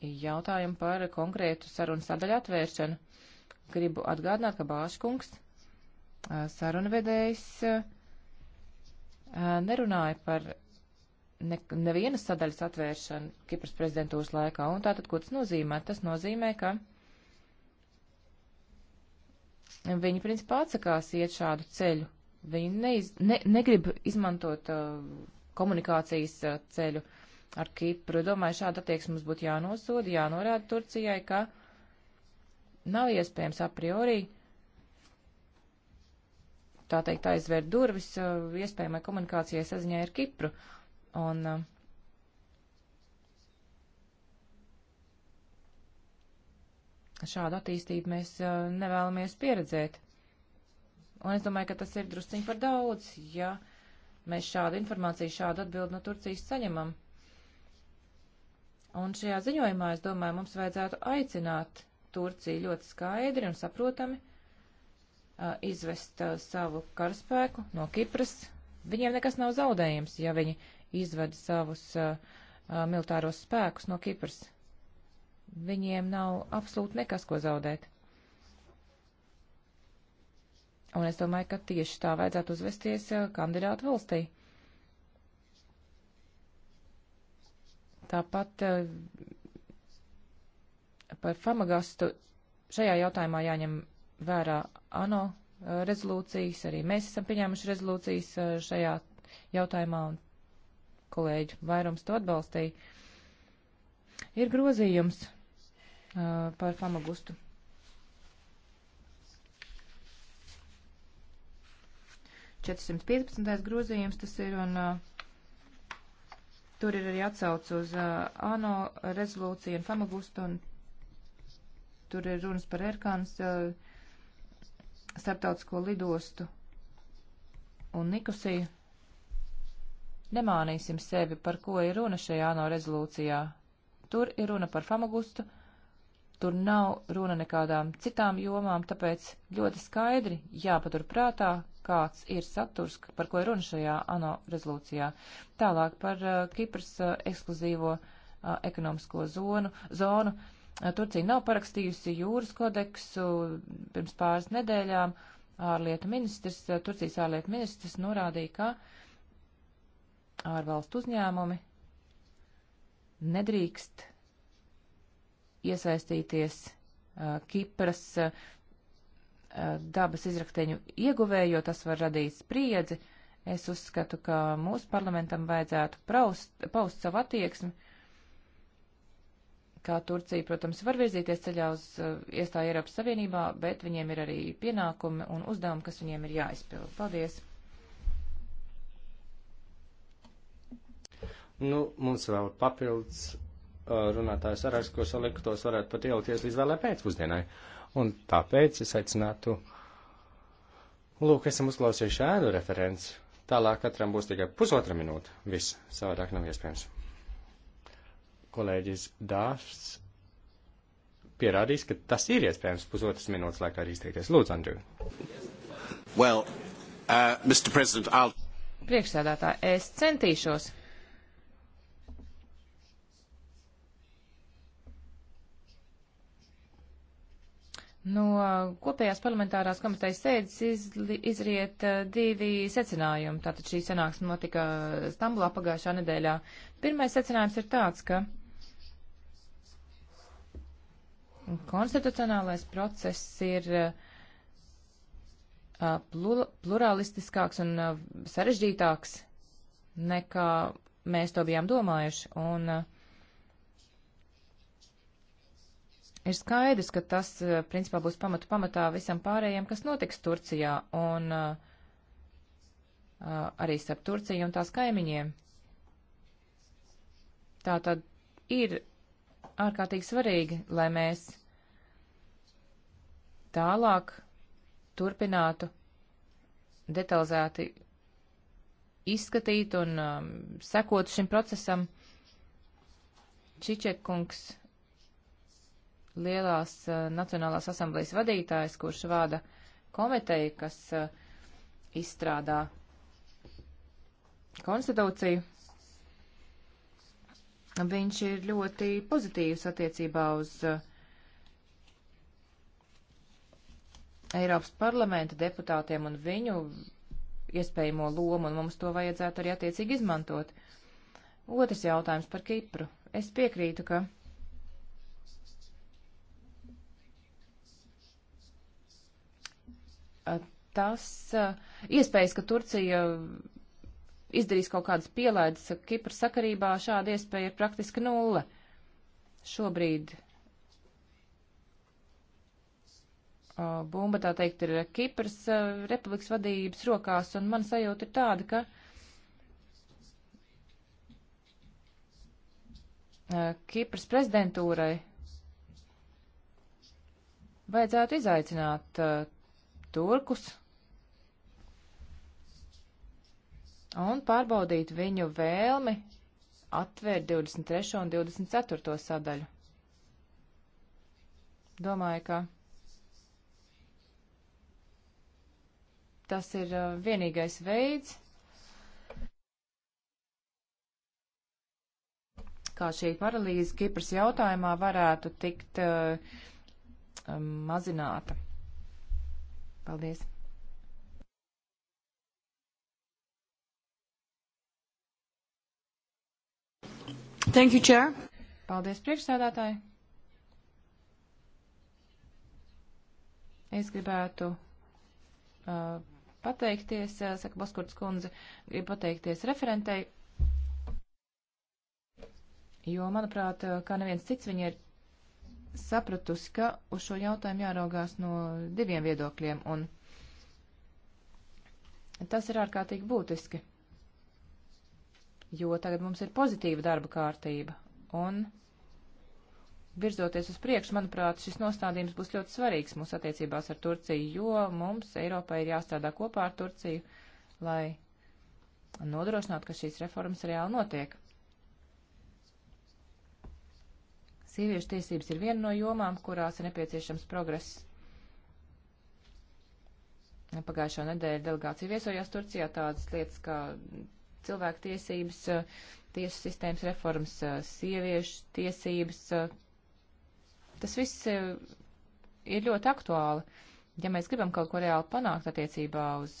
jautājumu par konkrētu sarunu sadaļu atvēršanu. Gribu atgādināt, ka Bāškungs, sarunvedējs, nerunāja par ne, nevienas sadaļas atvēršanu Kipras prezidentūras laikā. Un tātad, ko tas nozīmē? Tas nozīmē, ka viņi, principā, atsakās iet šādu ceļu. Viņi neiz, ne, negrib izmantot uh, komunikācijas uh, ceļu. Uh, ar Kipru. Domāju, šāda attieksme mums būtu jānosoda, jānorāda Turcijai, ka nav iespējams a priori tā teikt aizvērt durvis uh, iespējamai komunikācijai saziņai ar Kipru. Un, uh, šādu attīstību mēs uh, nevēlamies pieredzēt. Un es domāju, ka tas ir drusciņi par daudz, ja mēs šādu informāciju, šādu atbildi no Turcijas saņemam. Un šajā ziņojumā, es domāju, mums vajadzētu aicināt Turciju ļoti skaidri un saprotami uh, izvest uh, savu karaspēku no Kipras. Viņiem nekas nav zaudējams, ja viņi izved savus uh, militāros spēkus no Kipras. Viņiem nav absolūti nekas, ko zaudēt. Un es domāju, ka tieši tā vajadzētu uzvesties kandidātu valstī. Tāpat eh, par famagastu šajā jautājumā jāņem vērā ANO eh, rezolūcijas, arī mēs esam pieņēmuši rezolūcijas eh, šajā jautājumā, un kolēģi vairums to atbalstīja. Ir grozījums par famagustu. Četrsimt piecpadsmitais grozījums tas ir, un uh, Tur ir arī atsauc uz uh, ANO rezolūciju un famagustu, un tur ir runas par Erkāns uh, starptautisko lidostu un Nikusiju. Nemānīsim sevi, par ko ir runa šajā ANO rezolūcijā. Tur ir runa par famagustu, Tur nav runa nekādām citām jomām, tāpēc ļoti skaidri jāpatur prātā, kāds ir saturs, par ko ir runa šajā ANO rezolūcijā. Tālāk par uh, Kipras uh, ekskluzīvo uh, ekonomisko zonu. zonu. Uh, Turcija nav parakstījusi jūras kodeksu pirms pāris nedēļām. Ārlietu ministrs, uh, Turcijas ārlietu ministrs norādīja, ka ārvalstu uzņēmumi nedrīkst iesaistīties uh, Kipras uh, dabas izrakteņu ieguvēju, jo tas var radīt spriedzi. Es uzskatu, ka mūsu parlamentam vajadzētu praust, paust savu attieksmi, kā Turcija, protams, var virzīties ceļā uz uh, iestāju Eiropas Savienībā, bet viņiem ir arī pienākumi un uzdevumi, kas viņiem ir jāizpild. Paldies! Nu, mums vēl papildus Uh, runātāju sarakstu, ko saliktos varētu pat ielikties līdz vēlē pēcpusdienai. Un tāpēc es aicinātu, lūk, esam uzklausījuši ēnu referents. Tālāk katram būs tikai pusotra minūte. Viss savādāk nav iespējams. Kolēģis Dārs pierādīs, ka tas ir iespējams pusotras minūtes laikā arī izteikties. Lūdzu, Andriju. Well, uh, Priekšsēdētāji, es centīšos. No uh, kopējās parlamentārās komitejas sēdes izriet uh, divi secinājumi. Tātad šī sanāksme notika uh, Stambulā pagājušā nedēļā. Pirmais secinājums ir tāds, ka konstitucionālais process ir pluralistiskāks un sarežģītāks nekā mēs to bijām domājuši. Un, uh, Ir skaidrs, ka tas, eh, principā, būs pamatu pamatā visam pārējiem, kas notiks Turcijā un eh, eh, arī starp Turciju un tās kaimiņiem. Tā tad ir ārkārtīgi svarīgi, lai mēs tālāk turpinātu detalizēti izskatīt un um, sekot šim procesam. Čičekungs lielās eh, Nacionālās asamblejas vadītājs, kurš vada komiteju, kas eh, izstrādā konstitūciju. Viņš ir ļoti pozitīvs attiecībā uz eh, Eiropas parlamenta deputātiem un viņu iespējamo lomu, un mums to vajadzētu arī attiecīgi izmantot. Otrs jautājums par Kipru. Es piekrītu, ka tas iespējas, ka Turcija izdarīs kaut kādas pielaides Kipras sakarībā, šāda iespēja ir praktiski nulle. Šobrīd bumba, tā teikt, ir Kipras republikas vadības rokās, un man sajūta ir tāda, ka Kipras prezidentūrai vajadzētu izaicināt turkus un pārbaudīt viņu vēlmi atvērt 23. un 24. sadaļu. Domāju, ka tas ir uh, vienīgais veids, kā šī paralīze Kipras jautājumā varētu tikt uh, um, mazināta. Paldies! Thank you, Chair. Paldies, priekšsēdētāji. Es gribētu uh, pateikties, uh, saka Baskurts kundze, gribu pateikties referentei, jo, manuprāt, uh, kā neviens cits, viņa ir sapratusi, ka uz šo jautājumu jāraugās no diviem viedokļiem, un tas ir ārkārtīgi būtiski, jo tagad mums ir pozitīva darba kārtība, un virzoties uz priekšu, manuprāt, šis nostādījums būs ļoti svarīgs mūsu attiecībās ar Turciju, jo mums Eiropai ir jāstrādā kopā ar Turciju, lai nodrošinātu, ka šīs reformas reāli notiek. Sieviešu tiesības ir viena no jomām, kurās ir nepieciešams progress. Pagājušo nedēļu delegācija viesojās Turcijā tādas lietas kā cilvēku tiesības, eh, tiesu sistēmas reformas, eh, sieviešu tiesības. Eh. Tas viss ir ļoti aktuāli. Ja mēs gribam kaut ko reāli panākt attiecībā uz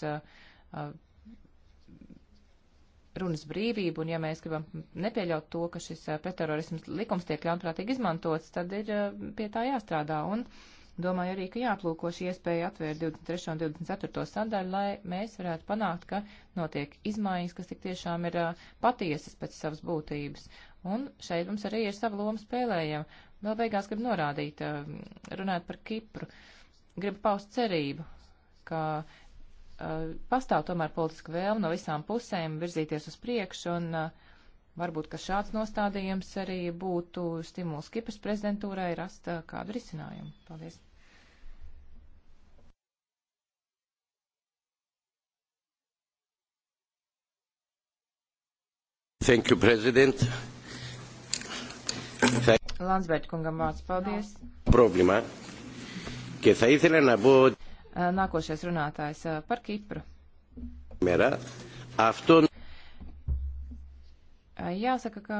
runas brīvību, un ja mēs gribam nepieļaut to, ka šis pretterorismas likums tiek ļaunprātīgi izmantots, tad ir pie tā jāstrādā. Un domāju arī, ka jāplūko šī iespēja atvērt 23. un 24. sadaļu, lai mēs varētu panākt, ka notiek izmaiņas, kas tik tiešām ir patiesas pēc savas būtības. Un šeit mums arī ir sava loma spēlējama. Vēl beigās gribu norādīt, runāt par Kipru. Gribu paust cerību, ka uh, pastāv tomēr politiska vēlme no visām pusēm virzīties uz priekšu, un uh, varbūt, ka šāds nostādījums arī būtu stimuls Kipras prezidentūrai rast uh, kādu risinājumu. Paldies! Thank you, President. Landsberg kungam vārds, paldies. Problēma. Και θα ήθελα να πω Nākošais runātājs par Kipru. Mērā. Afton. Jāsaka, ka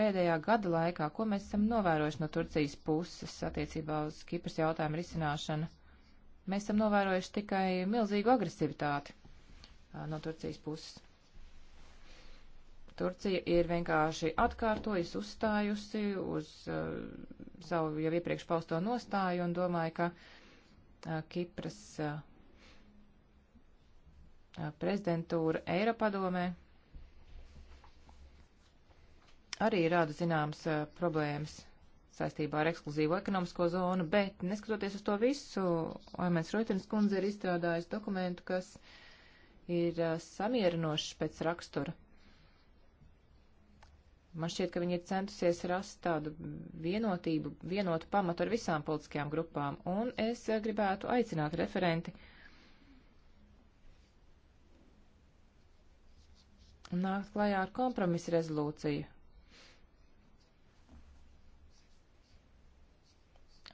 pēdējā gada laikā, ko mēs esam novērojuši no Turcijas puses attiecībā uz Kipras jautājumu risināšanu, mēs esam novērojuši tikai milzīgu agresivitāti no Turcijas puses. Turcija ir vienkārši atkārtojusi, uzstājusi uz uh, savu jau iepriekš pausto nostāju un domāju, ka uh, Kipras prezidentūra Eiropadomē arī rāda zināmas problēmas saistībā ar ekskluzīvo ekonomisko zonu, bet neskatoties uz to visu, Oemens Roitins kundze ir izstrādājusi dokumentu, kas ir samierinošs pēc rakstura. Man šķiet, ka viņi ir centusies rast tādu vienotību, vienotu pamatu ar visām politiskajām grupām, un es eh, gribētu aicināt referenti nākt klajā ar kompromisu rezolūciju.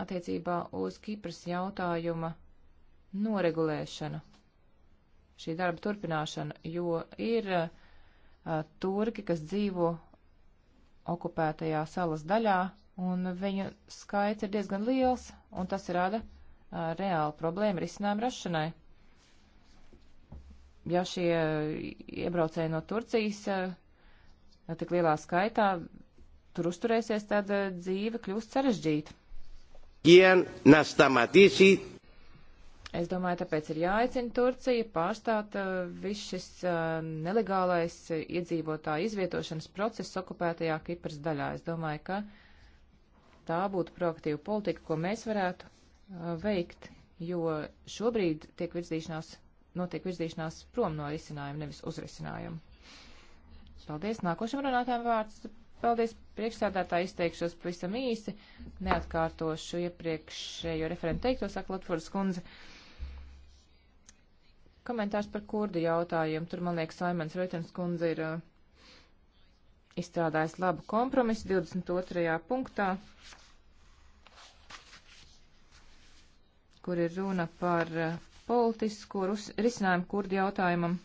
Attiecībā uz Kipras jautājuma noregulēšanu, šī darba turpināšanu, jo ir uh, turki, kas dzīvo okupētajā salas daļā, un viņu skaits ir diezgan liels, un tas rada uh, reāli problēmu risinājumu rašanai. Ja šie iebraucēji no Turcijas uh, tik lielā skaitā tur uzturēsies, tad dzīve kļūst sarežģīta. Ien nastamatisi Es domāju, tāpēc ir jāaicina Turcija pārstāt uh, viss šis uh, nelegālais iedzīvotāju izvietošanas process okupētajā Kipras daļā. Es domāju, ka tā būtu proaktīva politika, ko mēs varētu uh, veikt, jo šobrīd tiek virzīšanās, notiek virzīšanās prom no risinājuma, nevis uzrisinājuma. Paldies. Nākošam runātājam vārds. Paldies, priekšsēdētāji, izteikšos pavisam īsi, neatkārtošu iepriekšējo referentu teikto, saka Latvijas kundze. Uh, Komentārs par kurdu jautājumu. Tur, man liekas, Saimens Reitens kundze ir uh, izstrādājis labu kompromisu 22. punktā, kur ir runa par uh, politisku risinājumu kurdu jautājumam.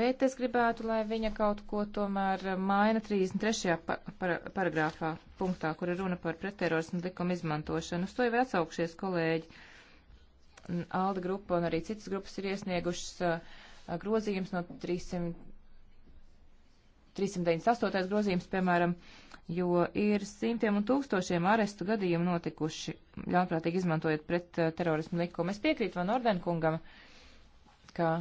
Bet es gribētu, lai viņa kaut ko tomēr uh, maina 33. Pa par paragrāfā punktā, kur ir runa par pretterorismu likumu izmantošanu. Uz to jau ir atsaukšies kolēģi. Uh, Alda grupa un arī citas grupas ir iesniegušas uh, grozījums no 300, 398. grozījums, piemēram, jo ir simtiem un tūkstošiem arestu gadījumu notikuši, ļaunprātīgi izmantojot pret uh, terorismu likumu. Es piekrītu Van Ordenkungam, ka,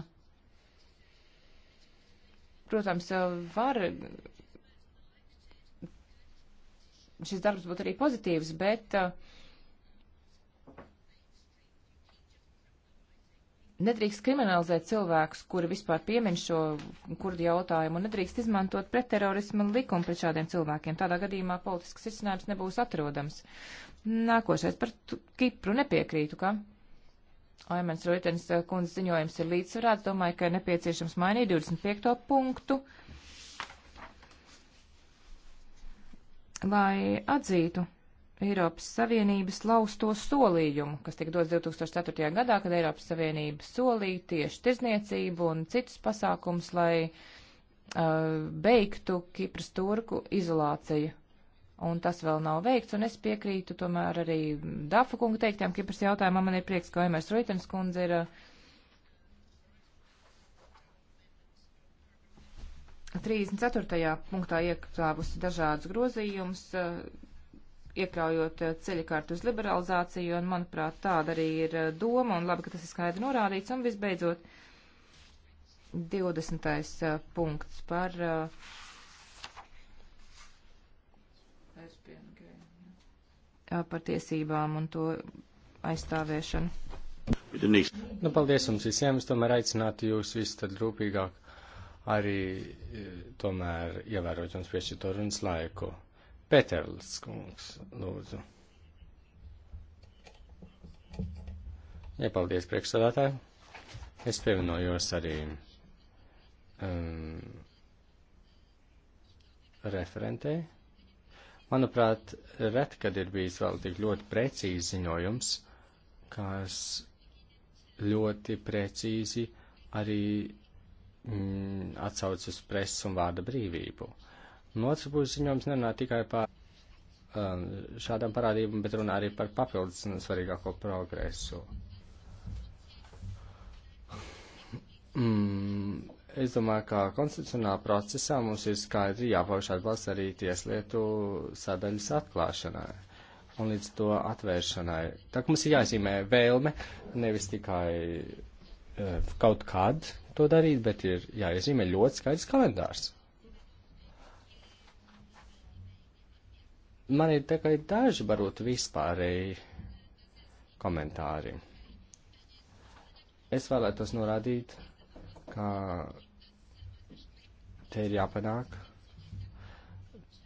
protams, uh, var šis darbs būt arī pozitīvs, bet uh, Nedrīkst kriminalizēt cilvēkus, kuri vispār piemin šo kurdu jautājumu, un nedrīkst izmantot pretterorismu likumu pret šādiem cilvēkiem. Tādā gadījumā politisks risinājums nebūs atrodams. Nākošais par Kipru nepiekrītu, ka Aimens Roitens eh, kundze ziņojums ir līdzsvarāts. Domāju, ka ir nepieciešams mainīt 25. punktu, lai atzītu Eiropas Savienības lausto solījumu, kas tika dots 2004. gadā, kad Eiropas Savienība solīja tieši tirzniecību un citus pasākums, lai uh, beigtu Kipras turku izolāciju. Un tas vēl nav veikts, un es piekrītu tomēr arī Dafa kunga teiktiem Kipras jautājumam. Man ir prieks, ka Emers Ruitens kundze ir uh, 34. punktā iekļāvusi dažādus grozījumus. Uh, iekļaujot eh, ceļakārtu uz liberalizāciju, un, manuprāt, tāda arī ir eh, doma, un labi, ka tas ir skaidri norādīts, un visbeidzot, 20. Eh, punkts par. par tiesībām un to aizstāvēšanu. Nu, paldies jums visiem. Es tomēr aicinātu jūs visus tad rūpīgāk arī tomēr ievērot jums piešķirto runas laiku. Pēterlis kungs, lūdzu. Iepaldies priekšsādātāju. Es pievienojos arī um, referentei. Manuprāt, ret, kad ir bijis vēl tik ļoti precīzi ziņojums, kas ļoti precīzi arī mm, atsauc uz presas un vārda brīvību. Uh, No otras puses ziņojums nerunā tikai par um, šādām parādībām, bet runā arī par papildus svarīgāko progresu. Mm, es domāju, ka konstitucionālā procesā mums ir skaidri jāpauž atbalsts arī tieslietu sadaļas atklāšanai un līdz to atvēršanai. Tā kā mums ir jāzīmē vēlme, nevis tikai e, kaut kad to darīt, bet ir jāiezīmē ļoti skaidrs kalendārs. man ir tikai daži varbūt vispārēji komentāri. Es vēlētos norādīt, ka te ir jāpanāk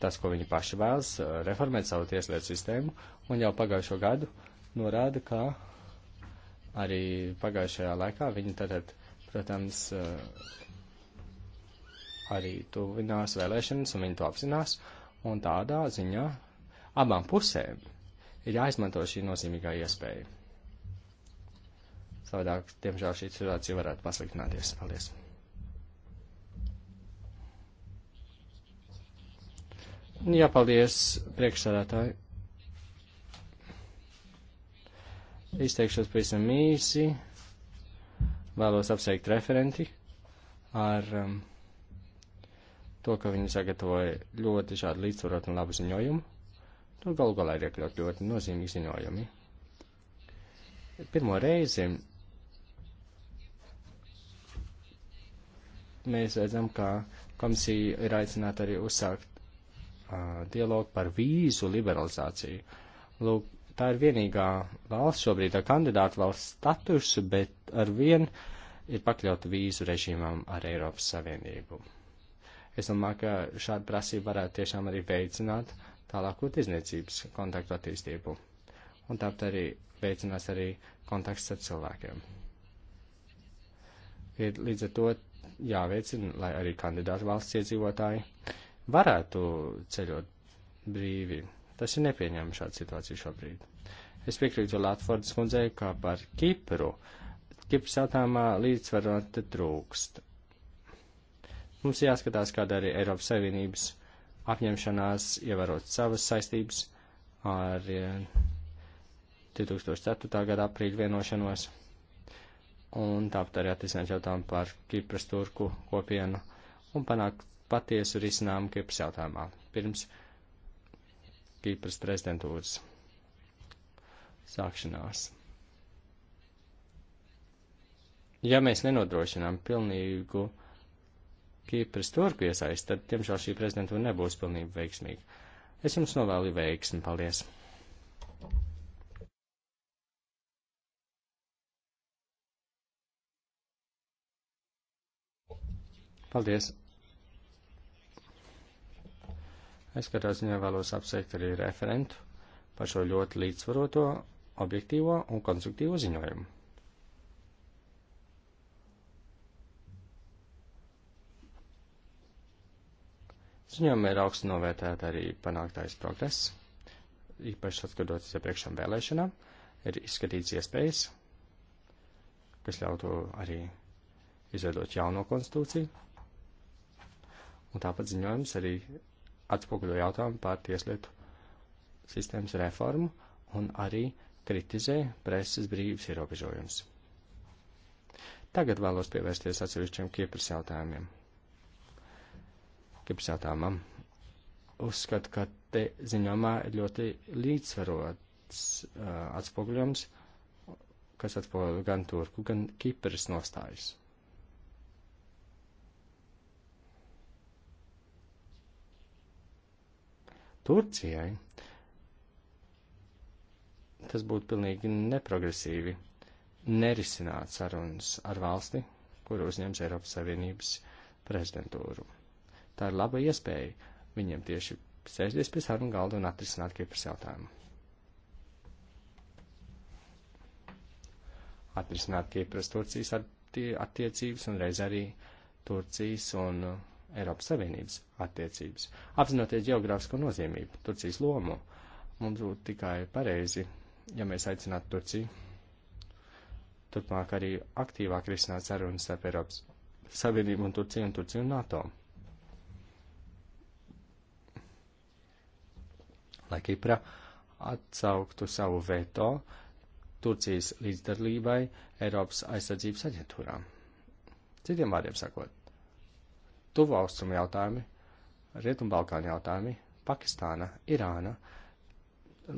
tas, ko viņi paši vēlas, reformēt savu tieslietu sistēmu, un jau pagājušo gadu norāda, ka arī pagājušajā laikā viņi tātad, protams, arī tuvinās vēlēšanas, un viņi to apzinās, un tādā ziņā abām pusēm ir jāizmanto šī nozīmīgā iespēja. Savādāk, diemžēl, šī situācija varētu pasliktināties. Paldies! Jā, paldies, priekšsādātāji. Izteikšos pavisam īsi. Vēlos apsveikt referenti ar um, to, ka viņi sagatavoja ļoti šādu līdzsvarotu un labu ziņojumu. Nu, galu galā ir iekļaut ļoti nozīmīgi ziņojumi. Pirmo reizi mēs redzam, ka komisija ir aicināta arī uzsākt uh, dialogu par vīzu liberalizāciju. Lūk, tā ir vienīgā valsts šobrīd ar kandidātu valsts statusu, bet ar vien ir pakļauta vīzu režīmam ar Eiropas Savienību. Es domāju, ka šāda prasība varētu tiešām arī veicināt uh, tālāko tirzniecības kontaktu attīstību. Un tāpat arī veicinās arī kontakts ar cilvēkiem. Ir līdz ar to jāveicina, lai arī kandidātu valsts iedzīvotāji varētu ceļot brīvi. Tas ir nepieņēmums šāda situācija šobrīd. Es piekrītu Latvijas kundzei, kā par Kipru. Kipras jautājumā līdzsvarot trūkst. Mums jāskatās, kāda arī Eiropas Savienības apņemšanās ievērot savas saistības ar 2004. Eh, gada aprīļa vienošanos, un tāpat arī atrisināt jautājumu par Kipras turku kopienu un panākt patiesu risinājumu Kipras jautājumā pirms Kipras prezidentūras sākšanās. Ja mēs nenodrošinām pilnīgu Kīpras turku iesaist, tad, tiemžēl, šī prezidentūra nebūs pilnīgi veiksmīga. Es jums novēlu veiksmi. Paldies! Paldies! Es katrā ziņā vēlos apsveikt arī referentu par šo ļoti līdzsvaroto, objektīvo un konstruktīvo ziņojumu. Ziņojumā ir augstu novērtēta arī panāktais progress, īpaši atskatoties iepriekšām vēlēšanām, ir izskatīts iespējas, kas ļautu arī izveidot jauno konstitūciju. Un tāpat ziņojums arī atspoguļo jautājumu par tieslietu sistēmas reformu un arī kritizē preses brīvības ierobežojums. Tagad vēlos pievērsties atsevišķiem Kipras jautājumiem. Kipsātāmam. Uzskatu, ka te ziņojumā ir ļoti līdzsvarots uh, atspoguļojums, kas atspoguļo gan Turku, gan Kipras nostājus. Turcijai tas būtu pilnīgi neprogresīvi nerisināt sarunas ar valsti, kur uzņems Eiropas Savienības prezidentūru. Tā ir laba iespēja viņiem tieši sēžties pie sarunu galda un atrisināt Kipras jautājumu. Atrisināt Kipras Turcijas attiecības un reiz arī Turcijas un uh, Eiropas Savienības attiecības. Apzinoties geogrāfisko nozīmību, Turcijas lomu, mums būtu tikai pareizi, ja mēs aicinātu Turciju turpmāk arī aktīvāk risināt sarunas starp Eiropas Savienību un Turciju un Turciju un NATO. lai Kipra atsauktu savu veto Turcijas līdzdarbībai Eiropas aizsardzības aģentūrā. Citiem vārdiem sakot, tuvu austrumu jautājumi, Rietumbalkānu jautājumi, Pakistāna, Irāna,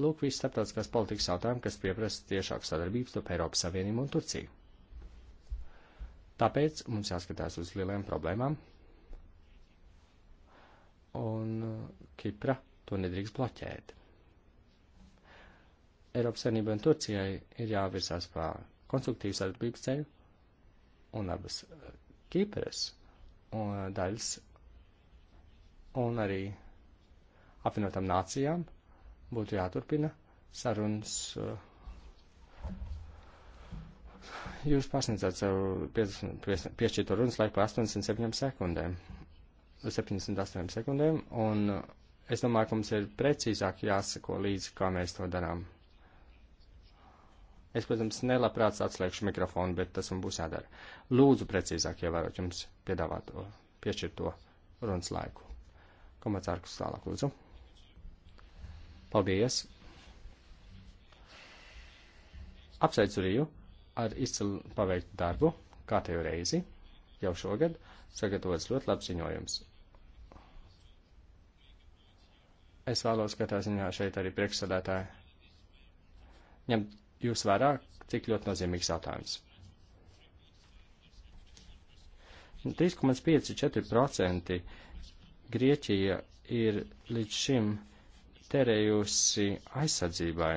lūk visi starptautiskās politikas jautājumi, kas pieprasa tiešāku sadarbību starp Eiropas Savienību un Turciju. Tāpēc mums jāskatās uz lielajām problēmām. Un uh, Kipra To nedrīkst bloķēt. Eiropas Savienībai un Turcijai ir jāvirzās pa konstruktīvu sadarbības ceļu, un abas eh, Kīperes un eh, daļas, un arī apvienotām nācijām būtu jāturpina sarunas. Eh, jūs pārsniedzāt savu piešķirto runas laiku par 87 sekundēm, 78 sekundēm, un Es domāju, ka mums ir precīzāk jāsako līdzi, kā mēs to darām. Es, protams, nelabprāt atslēgšu mikrofonu, bet tas man būs jādara. Lūdzu, precīzāk ievērot jums piedāvāto, piešķirto runas laiku. Komatsārkus tālāk, lūdzu. Paldies! Apsveicu Riju ar izcilu paveiktu darbu, kā tev reizi, jau šogad sagatavots ļoti labs ziņojums. es vēlos katrā ziņā šeit arī priekšsādātāji ņemt jūs vērā, cik ļoti nozīmīgs jautājums. 3,54% Grieķija ir līdz šim terējusi aizsardzībai.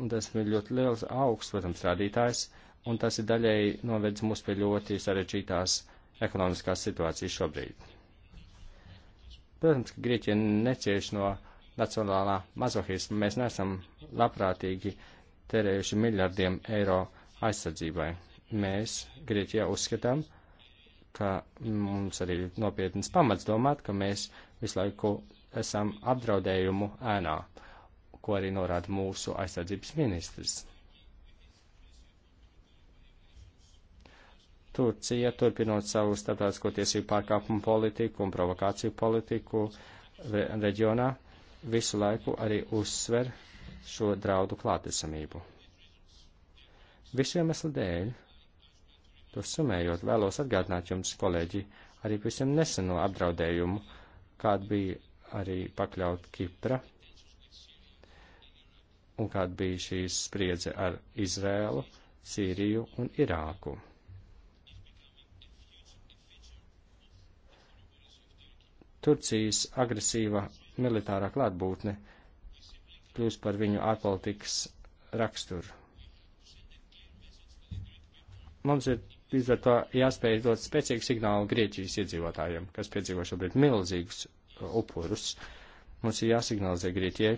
Un tas ir ļoti liels augsts, protams, rādītājs, un tas ir daļēji novedz mūs pie ļoti sarežģītās ekonomiskās situācijas šobrīd. Protams, ka Grieķija necieš no nacionālā mazohisma. Mēs neesam labprātīgi terējuši miljardiem eiro aizsardzībai. Mēs Grieķijā uzskatām, ka mums arī ir nopietnas pamats domāt, ka mēs visu laiku esam apdraudējumu ēnā, ko arī norāda mūsu aizsardzības ministrs. Turcija, turpinot savu starptautisko tiesību pārkāpumu politiku un provokāciju politiku re reģionā, visu laiku arī uzsver šo draudu klātesamību. Visu iemeslu dēļ, to sumējot, vēlos atgādināt jums, kolēģi, arī visiem neseno apdraudējumu, kāda bija arī pakļaut Kipra un kāda bija šīs spriedze ar Izrēlu, Sīriju un Irāku. Turcijas agresīva militārā klātbūtne kļūst par viņu ārpolitikas raksturu. Mums ir līdz ar to jāspēj dot spēcīgu signālu Grieķijas iedzīvotājiem, kas piedzīvo šobrīd milzīgus uh, upurus. Mums ir jāsignalizē Grieķijai,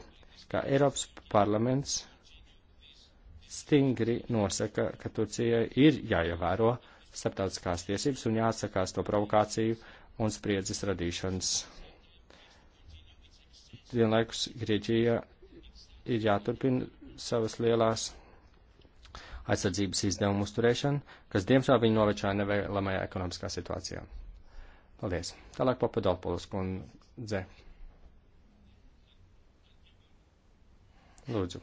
ka Eiropas parlaments stingri nosaka, ka Turcijai ir jāievēro starptautiskās tiesības un jāatsakās to provokāciju, uh, un spriedzes radīšanas. Vienlaikus Grieķija ir jāturpina savas lielās aizsardzības izdevumu uzturēšana, kas diemžēl viņu novečāja nevēlamajā ekonomiskā situācijā. Paldies. Tālāk Papadopoulos kundze. Lūdzu.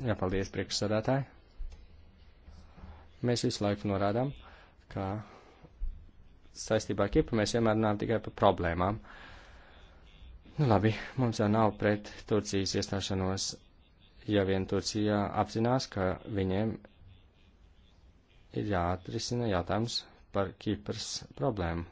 Jā, paldies priekšsādātāji. Mēs visu laiku norādām, ka saistībā ar Kipru mēs vienmēr runājam tikai par problēmām. Nu labi, mums jau nav pret Turcijas iestāšanos, ja vien Turcija apzinās, ka viņiem ir jāatrisina jautājums par Kipras problēmu.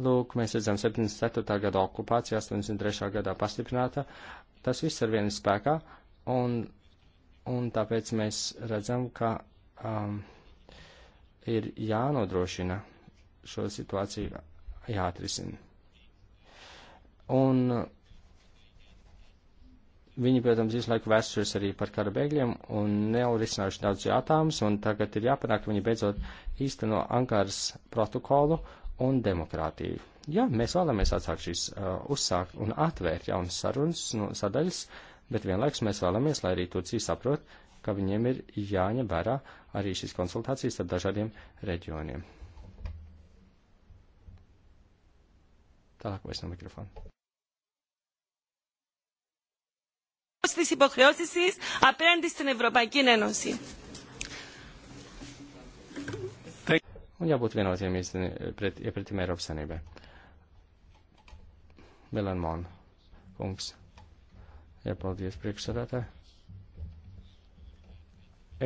Lūk, mēs redzam 74. gada okupācija, 83. gadā pastiprināta. Tas viss ar vienu spēkā, un, un tāpēc mēs redzam, ka um, ir jānodrošina šo situāciju jāatrisina. Un viņi, protams, visu laiku vēsturies arī par kara bēgļiem un nav risinājuši daudz jātāms, un tagad ir jāpanāk, ka viņi beidzot īsteno Ankaras protokolu, uh, un demokrātiju. Jā, mēs vēlamies atsākt šīs, uh, uzsākt un atvērt jaunas sarunas nu, sadaļas, bet vienlaiks mēs vēlamies, lai arī Turcija saprot, ka viņiem ir jāņem vērā arī šīs konsultācijas ar dažādiem reģioniem. Tālāk vairs no mikrofona. Στις υποχρεώσεις απέναντι στην Ευρωπαϊκή Ένωση. un jābūt vienotiem pret, iepratim Eiropas Sanībai. Belanmon, kungs. Jā, paldies priekšsādātāji.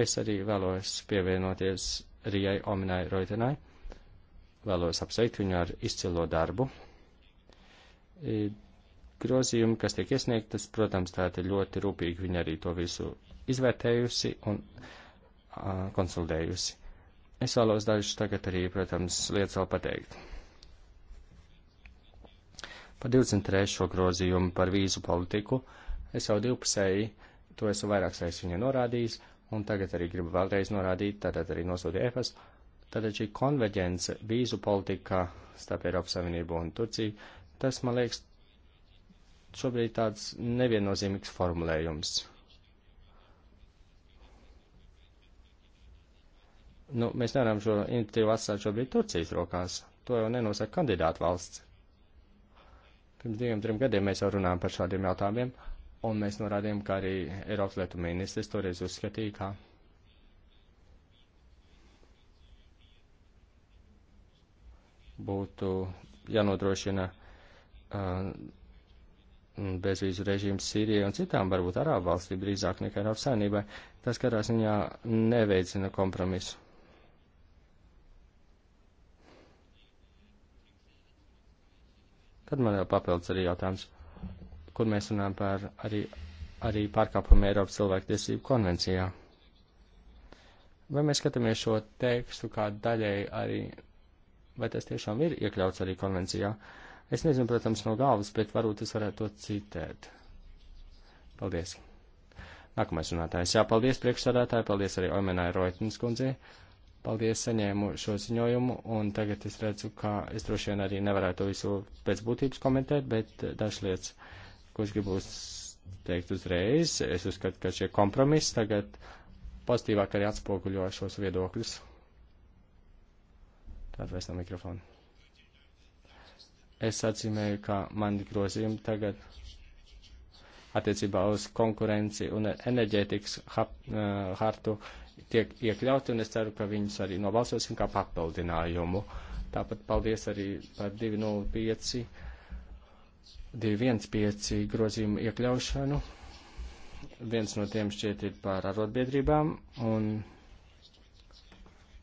Es arī vēlos pievienoties Rijai Ominai Roitenai. Vēlos apsveikt viņu ar izcilo darbu. E, grozījumi, kas tiek iesniegtas, protams, tā ir ļoti rūpīgi viņa arī to visu izvērtējusi un uh, konsolidējusi Es vēlos dažus tagad arī, protams, lietas vēl pateikt. Par 23. grozījumu par vīzu politiku es jau divpusēji to esmu vairākas reizes viņai norādījis, un tagad arī gribu vēlreiz norādīt, tātad arī nosūtīju EFAS, tātad šī konverģence vīzu politika starp Eiropas Savienību un Turciju, tas, man liekas, šobrīd tāds neviennozīmīgs formulējums. Nu, mēs nevaram šo iniciatīvu atstāt šobrīd Turcijas rokās. To jau nenosaka kandidāta valsts. Pirms diviem, trim gadiem mēs jau runājām par šādiem jautājumiem, un mēs norādījām, ka arī Eiropas lietu ministrs toreiz uzskatīja, ka būtu jānodrošina uh, bezvīzu režīms Sīrijai un citām varbūt arābu valstīm drīzāk nekā Eiropas saimnībai, tas katrā ziņā neveicina kompromisu. Tad man vēl papildus arī jautājums, kur mēs runājam par arī, arī pārkāpumu Eiropas cilvēktiesību konvencijā. Vai mēs skatāmies šo tekstu kā daļai arī, vai tas tiešām ir iekļauts arī konvencijā? Es nezinu, protams, no galvas, bet varbūt es varētu to citēt. Paldies! Nākamais runātājs. Jā, paldies priekšsādātāji, paldies arī Omenai Roitins kundzei Paldies, saņēmu šo ziņojumu, un tagad es redzu, ka es droši vien arī nevarētu visu pēc būtības komentēt, bet dažas lietas, ko es gribu teikt uzreiz, es uzskatu, ka šie kompromisi tagad pozitīvāk arī atspoguļo šos viedokļus. Tātad vairs nav mikrofona. Es atzīmēju, ka mani grozījumi tagad attiecībā uz konkurenci un enerģētikas hap, hartu tiek iekļauti, un es ceru, ka viņus arī nobalsosim kā papildinājumu. Tāpat paldies arī par 205, 215 grozījumu iekļaušanu. Viens no tiem šķiet ir par arotbiedrībām, un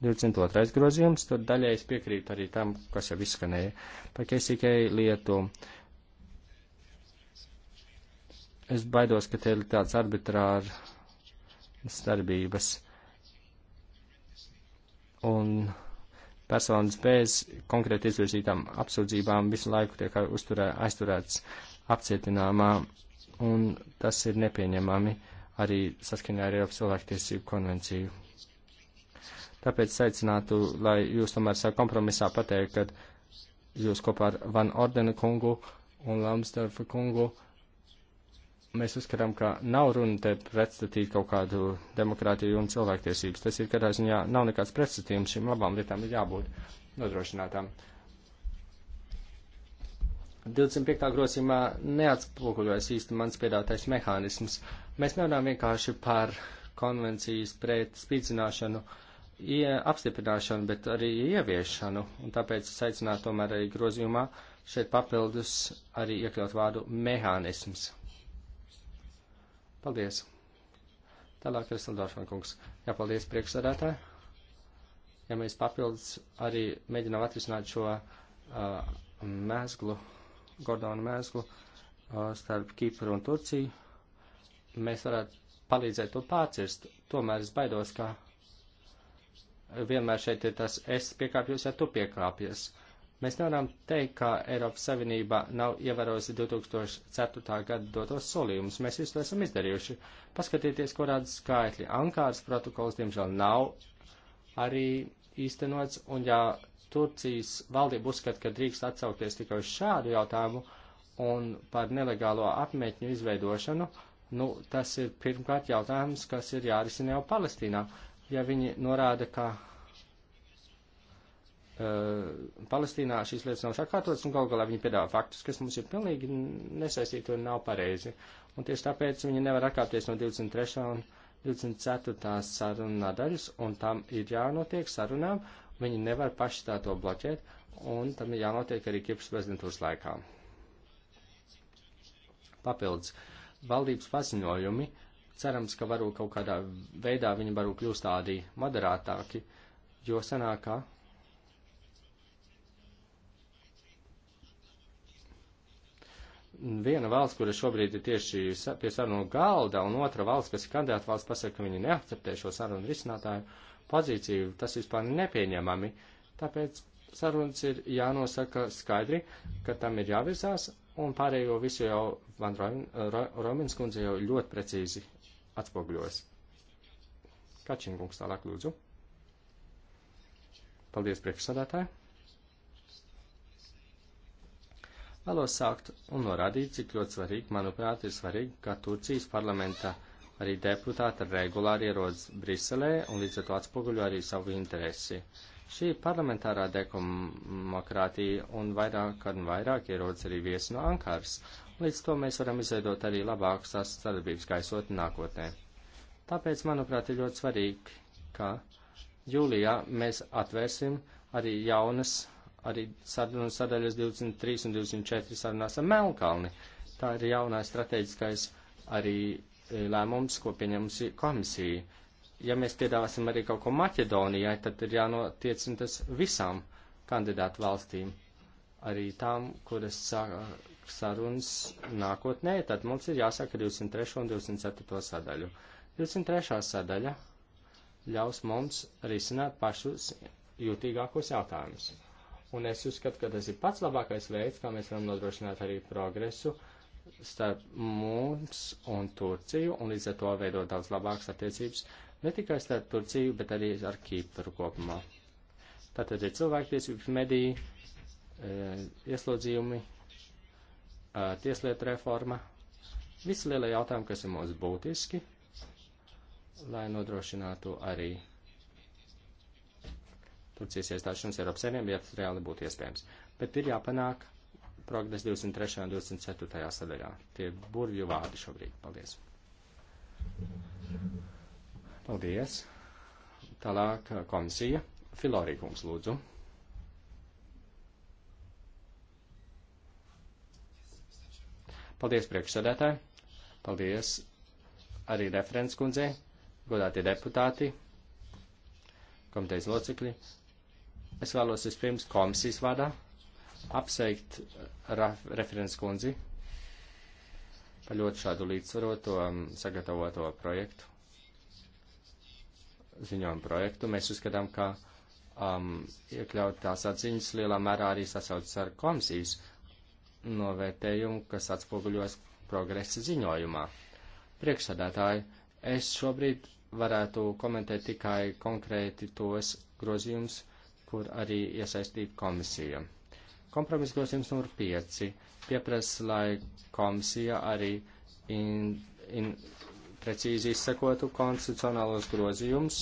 202. grozījums, tad daļai es piekrītu arī tam, kas jau izskanēja par KCK lietu. Uh, Es baidos, ka tie ir tāds arbitrārs darbības. Un personas bez konkrēti izvirzītām apsūdzībām visu laiku tiek uzturē, aizturēts apcietināmā, un tas ir nepieņemami arī saskaņā ar Eiropas cilvēktiesību konvenciju. Tāpēc aicinātu, lai jūs tomēr savā kompromisā pateikt, ka jūs kopā ar Van Ordena kungu un Lamsdorfa kungu mēs uzskatām, ka nav runa te pretstatīt kaut kādu demokrātiju un cilvēktiesības. Tas ir katrā ziņā nav nekāds pretstatījums šīm labām lietām ir jābūt nodrošinātām. 25. grozījumā neatspūkuļojas īsti mans piedātais mehānisms. Mēs nevaram vienkārši par konvencijas pret spīdzināšanu apstiprināšanu, bet arī ieviešanu, un tāpēc es aicinātu tomēr arī grozījumā šeit papildus arī iekļaut vārdu mehānisms. Paldies! Tālāk ir Saldorfan kungs. Jā, paldies priekšsēdētāji. Ja mēs papildus arī mēģinām atrisināt šo uh, mēzglu, Gordonu mēzglu uh, starp Kipru un Turciju, mēs varētu palīdzēt to pārcirst. Tomēr es baidos, ka vienmēr šeit ir tas es piekāpjos, ja tu piekāpjies. Uh, Mēs nevaram teikt, ka Eiropas Savienība nav ievērojusi 2004. gada dotos solījumus. Mēs visu to esam izdarījuši. Paskatieties, ko rāda skaitļi. Ankāras protokols, diemžēl, nav arī īstenots, un ja Turcijas valdība uzskata, ka drīkst atsaukties tikai uz šādu jautājumu un par nelegālo apmēķņu izveidošanu, nu, tas ir pirmkārt jautājums, kas ir jārisina jau Palestīnā. Ja viņi norāda, ka Uh, Palestīnā šīs lietas nav sakārtotas, un gal galā viņi piedāvā faktus, kas mums ir pilnīgi nesaistīti un nav pareizi. Un tieši tāpēc viņi nevar atkāpties no 23. un 24. saruna daļas, un tam ir jānotiek sarunām, viņi nevar paši tā to bloķēt, un tam ir jānotiek arī Kipras prezidentūras laikā. Papildus, valdības paziņojumi, cerams, ka varu kaut kādā veidā viņi varu kļūst tādi moderātāki, jo sanāk, ka viena valsts, kura šobrīd ir tieši pie sarunu galda, un otra valsts, kas ir kandidāta valsts, pasaka, ka viņi neakceptē šo sarunu risinātāju pozīciju, tas vispār nepieņemami. Tāpēc sarunas ir jānosaka skaidri, ka tam ir jāvirzās, un pārējo visu jau Van Romins kundze jau ļoti precīzi atspogļos. Kačinkungs tālāk lūdzu. Paldies priekšsādātāji. Vēlos sākt un norādīt, cik ļoti svarīgi, manuprāt, ir svarīgi, ka Turcijas parlamenta arī deputāti regulāri ierodas Briselē un līdz ar to atspoguļo arī savu interesi. Šī parlamentārā demokrātija un vairāk un vairāk ierodas arī viesi no Ankaras, līdz to mēs varam izveidot arī labāku sadarbības gaisotni nākotnē. Tāpēc, manuprāt, ir ļoti svarīgi, ka jūlijā mēs atvērsim arī jaunas arī sarunas sadaļas 23 un 24 sarunās ar Melnkalni. Tā ir jaunā strateģiskais arī e, lēmums, ko pieņemusi komisija. Ja mēs piedāvāsim arī kaut ko Maķedonijai, tad ir jānotiecina tas visām kandidātu valstīm, arī tām, kuras sarunas nākotnē, tad mums ir jāsaka 203 un 204 sadaļu. 23. sadaļa ļaus mums risināt pašus jūtīgākos jautājumus. Un es uzskatu, ka tas ir pats labākais veids, kā mēs varam nodrošināt arī progresu starp mums un Turciju, un līdz ar to veidot daudz labākas attiecības ne tikai starp Turciju, bet arī ar Kīpru kopumā. Tātad ir cilvēktiesības mediji, e, ieslodzījumi, e, tieslietu reforma, visi lielie jautājumi, kas ir mums būtiski, lai nodrošinātu arī Turcijas iestāšanos Eiropas Savienībā, ja tas reāli būtu iespējams. Bet ir jāpanāk progress 23. un 24. sadaļā. Tie burvju vārdi šobrīd. Paldies. Paldies. Tālāk uh, komisija. Filorīkums lūdzu. Paldies priekšsēdētāji. Paldies arī referents kundzei, godātie deputāti, komitejas locekļi. Es vēlos vispirms komisijas vārdā apsveikt eh, referents kundzi par ļoti šādu līdzsvaroto um, sagatavoto projektu. Ziņojumu projektu mēs uzskatām, ka um, iekļaut tās atziņas lielā mērā arī sasaucas ar komisijas novērtējumu, kas atspoguļos progresa ziņojumā. Priekšsādātāji, es šobrīd varētu komentēt tikai konkrēti tos grozījumus, kur arī iesaistīta komisija. Kompromiss grozījums numur 5 pieprasa, lai komisija arī in, in, precīzi izsekotu konstitucionālos grozījumus,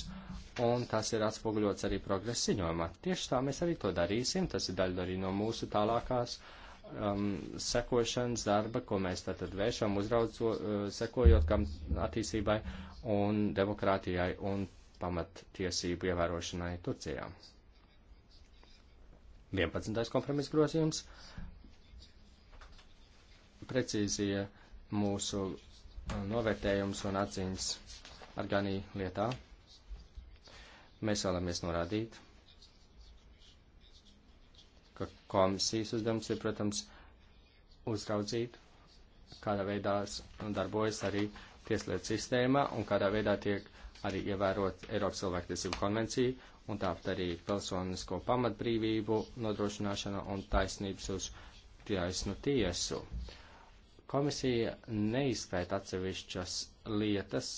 un tas ir atspoguļots arī progresa ziņojumā. Tieši tā mēs arī to darīsim, tas ir daļa arī no mūsu tālākās um, sekošanas darba, ko mēs tātad vēršam uzraudzo, uh, sekojot kam attīstībai un demokrātijai un pamattiesību ievērošanai Turcijā. 11. kompromiss grozījums precīzija mūsu novērtējums un atziņas argānī lietā. Mēs vēlamies norādīt, ka komisijas uzdevums ir, protams, uzraudzīt, kādā veidā darbojas arī tieslietu sistēma un kādā veidā tiek arī ievērot Eiropas cilvēktiesību konvenciju un tāpat arī pilsonisko pamatbrīvību nodrošināšana un taisnības uz taisnu tiesu. Komisija neizpēta atsevišķas lietas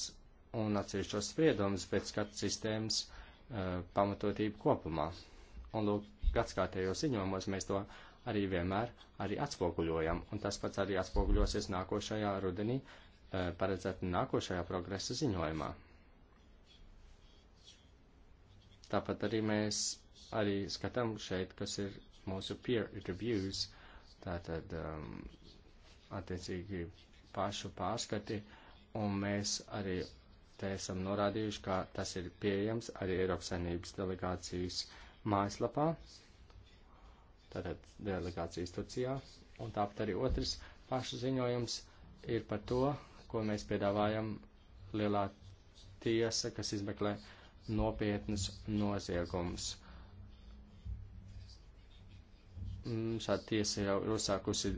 un atsevišķos spriedumus, bet skata sistēmas uh, pamatotību kopumā. Un lūk, gadskārtējos ziņojumos mēs to arī vienmēr arī atspoguļojam, un tas pats arī atspoguļosies nākošajā rudenī, uh, eh, paredzēt nākošajā progresa ziņojumā. Tāpat arī mēs arī skatām šeit, kas ir mūsu peer reviews, tātad um, attiecīgi pašu pārskati, un mēs arī te esam norādījuši, ka tas ir pieejams arī Eiropas saimnības delegācijas mājaslapā, tātad delegācijas Turcijā, un tāpat arī otrs pašu ziņojums ir par to, ko mēs piedāvājam lielā tiesa, kas izmeklē uh, nopietnas noziegumus. Mm, šāda tiesa jau ir uzsākusi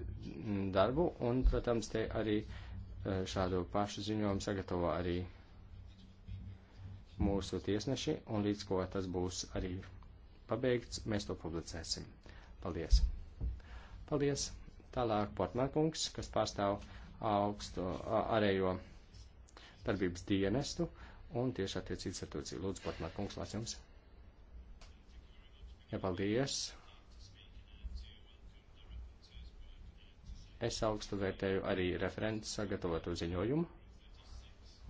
darbu, un, protams, te arī e, šādu pašu ziņojumu sagatavo arī mūsu tiesneši, un līdz ko tas būs arī pabeigts, mēs to publicēsim. Paldies! Paldies! Tālāk Portmankungs, kas pārstāv augstu ārējo darbības dienestu. Uh, un tieši attiecīgi ar to cīlu. Lūdzu, Portmār kungs, lāc jums. Jā, paldies. Es augstu vērtēju arī referents sagatavotu ziņojumu,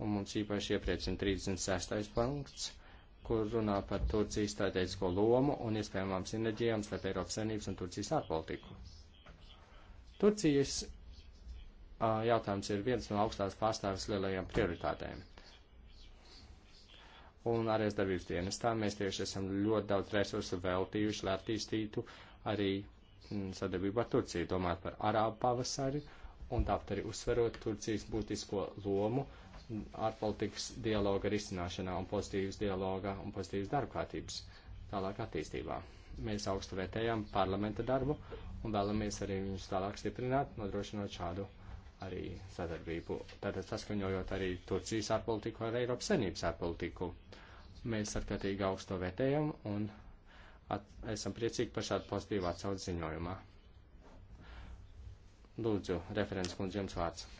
un mums īpaši iepriecina 36. punkts, kur runā par Turcijas strateģisko lomu un iespējamām sinerģijām starp Eiropas Savienības un Turcijas ārpolitiku. Turcijas jautājums ir viens no augstās pārstāvis lielajām prioritātēm un arī darbības dienestā. Mēs tieši esam ļoti daudz resursu veltījuši, lai attīstītu arī mm, sadarbību ar Turciju, domājot par Arābu pavasari un tāpat arī uzsverot Turcijas būtisko lomu mm, ārpolitikas dialoga risināšanā un pozitīvas dialoga un pozitīvas darbkārtības tālāk attīstībā. Mēs augstu vērtējam parlamenta darbu un vēlamies arī viņus tālāk stiprināt, nodrošinot šādu uh, arī sadarbību. Tātad saskaņojot arī Turcijas ārpolitiku ar Eiropas senības ārpolitiku. Mēs atkārtīgi augsto vērtējam un at, esam priecīgi par šādu pozitīvu atsaucu ziņojumā. Lūdzu, referents kundze, jums vārds.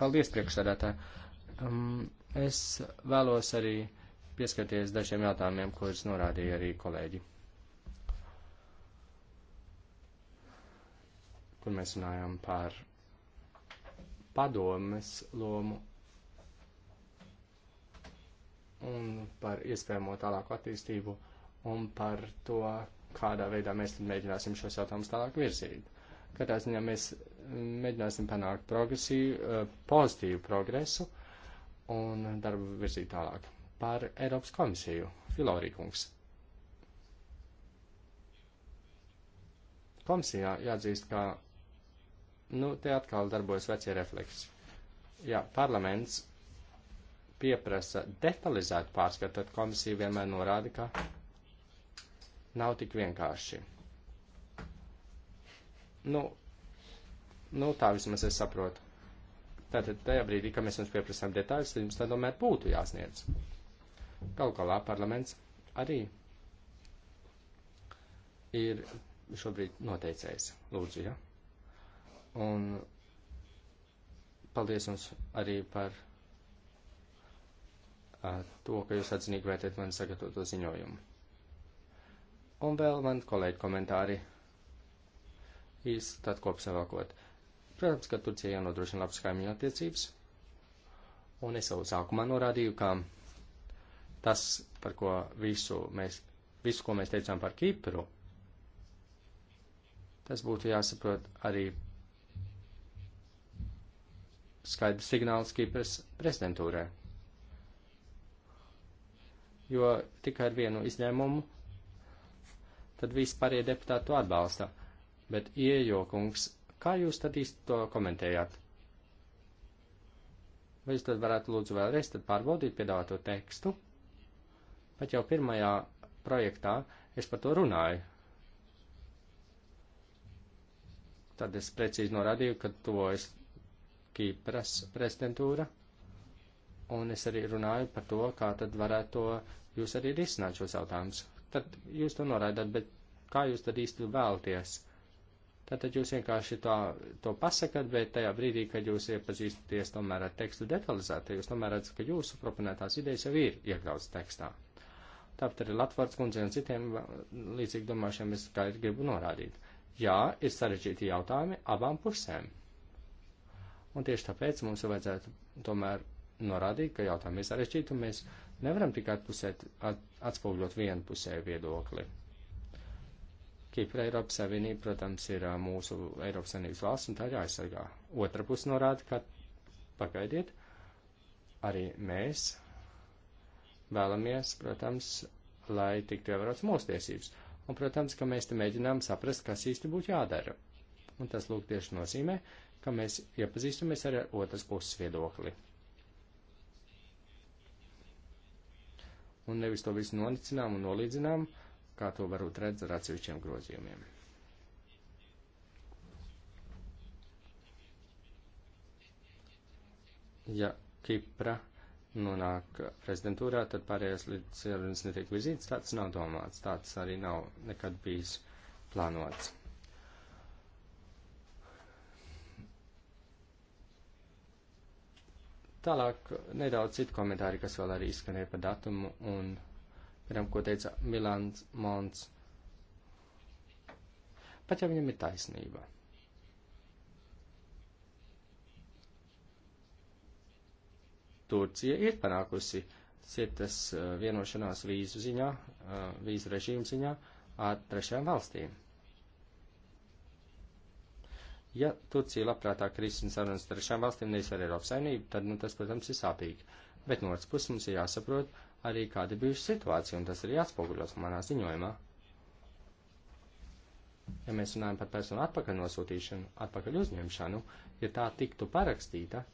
Paldies, priekšsēdētāji. Um, es vēlos arī pieskarties dažiem jautājumiem, kurus norādīja arī kolēģi. kur mēs runājam par padomes lomu un par iespējamo tālāku attīstību un par to, kādā veidā mēs mēģināsim šos jautājumus tālāk virzīt. Katrā ziņā mēs mēģināsim panākt progresīvu, eh, pozitīvu progresu un darbu virzīt tālāk. Par Eiropas komisiju, Filorīkungs. Komisijā jāatzīst, ka Nu, te atkal darbojas vecie refleksi. Jā, parlaments pieprasa detalizētu pārskatu, tad komisija vienmēr norāda, ka nav tik vienkārši. Nu, nu tā vismaz es saprotu. Tātad tajā brīdī, kad mēs jums pieprasām detaļas, tad jums tā tomēr būtu jāsniedz. Galu galā parlaments arī ir šobrīd noteicējis. Lūdzu, jā. Ja? Un paldies jums arī par uh, to, ka jūs atzinīgi vērtējat man sagatavoto ziņojumu. Un vēl man kolēģi komentāri īsti tad kopsavēlkot. Protams, ka Turcija jānodrošina labas kaimiņu attiecības. Un es jau sākumā norādīju, ka tas, par ko visu mēs, visu, ko mēs teicām par Kipru, tas būtu jāsaprot arī skaidrs signāls Kipras prezidentūrai. Jo tikai ar vienu izņēmumu, tad visi pārējie deputāti to atbalsta. Bet iejokungs, kā jūs tad īsti to komentējāt? Vai jūs tad varētu lūdzu vēlreiz tad pārbaudīt piedāvāto tekstu? Pat jau pirmajā projektā es par to runāju. Tad es precīzi norādīju, ka to es Kīpras prezidentūra, un es arī runāju par to, kā tad varētu to jūs arī risināt šos jautājumus. Tad jūs to noraidat, bet kā jūs tad īsti vēlties? Tātad jūs vienkārši tā, to pasakat, bet tajā brīdī, kad jūs iepazīstaties tomēr ar tekstu detalizēti, jūs tomēr redzat, ka jūsu proponētās idejas jau ir iekļautas tekstā. Tāpat arī Latvārds kundze un citiem līdzīgi domāšiem es kā ir gribu norādīt. Jā, ir sarežģīti jautājumi abām pusēm. Un tieši tāpēc mums vajadzētu tomēr norādīt, ka jautājumi ir sarežģīti, un mēs nevaram tikai atpusēt, at, atspoguļot vienu pusēju viedokli. Kipra Eiropas Savienība, protams, ir mūsu Eiropas Savienības valsts, un tā ir jāaizsargā. Otra puse norāda, ka pagaidiet, arī mēs vēlamies, protams, lai tiktu ievērots mūsu tiesības. Un, protams, ka mēs te mēģinām saprast, kas īsti būtu jādara. Un tas, lūk, tieši nozīmē, ka mēs iepazīstamies arī ar otras puses viedokli. Un nevis to visu nonicinām un nolīdzinām, kā to varbūt redz ar atsevišķiem grozījumiem. Ja Kipra nonāk prezidentūrā, tad pārējais līdz sarunas netiek vizītes, tāds nav domāts, tāds arī nav nekad bijis plānots. Tālāk nedaudz citu komentāri, kas vēl arī izskanēja par datumu un, piemēram, ko teica Milāns Mons. Pat ja viņam ir taisnība. Turcija ir panākusi citas eh, vienošanās vīzu ziņā, eh, vīzu režīmu ziņā ar trešajām valstīm. Ja Turcija labprātāk risina sarunas trešām valstīm, nevis ar Eiropas saimnību, tad, nu, tas, protams, ir sāpīgi. Bet no otras puses mums ir jāsaprot arī, kāda bija situācija, un tas ir jāatspoguļos manā ziņojumā. Ja mēs runājam par personu atpakaļ nosūtīšanu, atpakaļ uzņemšanu, ja tā tiktu parakstīta,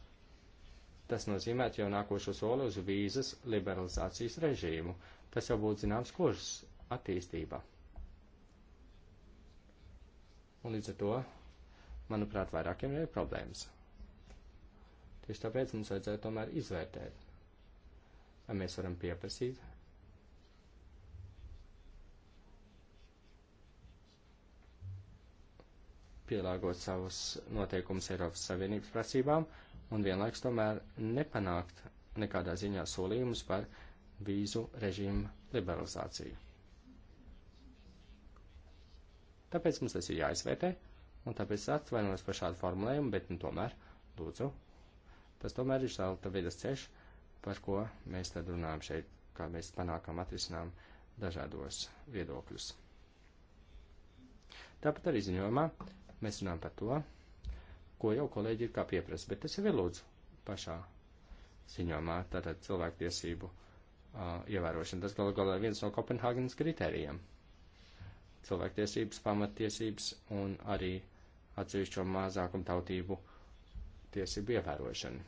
tas nozīmētu jau nākošo soli uz vīzas liberalizācijas režīmu. Tas jau būtu zināms kurss attīstībā. Un līdz ar to manuprāt, vairākiem ir problēmas. Tieši tāpēc mums vajadzētu tomēr izvērtēt, vai mēs varam pieprasīt. pielāgot savus noteikumus Eiropas Savienības prasībām un vienlaiks tomēr nepanākt nekādā ziņā solījumus par vīzu režīmu liberalizāciju. Tāpēc mums tas ir jāizvērtē Un tāpēc atvainojos par šādu formulējumu, bet nu, tomēr, lūdzu, tas tomēr ir zelta vidas ceļš, par ko mēs tad runājam šeit, kā mēs panākam atrisinām dažādos viedokļus. Tāpat arī ziņojumā mēs runājam par to, ko jau kolēģi ir kā pieprasa, bet tas jau ir lūdzu pašā ziņojumā, tātad cilvēktiesību uh, ievērošana. Tas galu galā viens no Kopenhāgenes kritērijiem. Cilvēktiesības, pamatiesības un arī atsevišķo mazākumu tautību tiesību ievērošanu.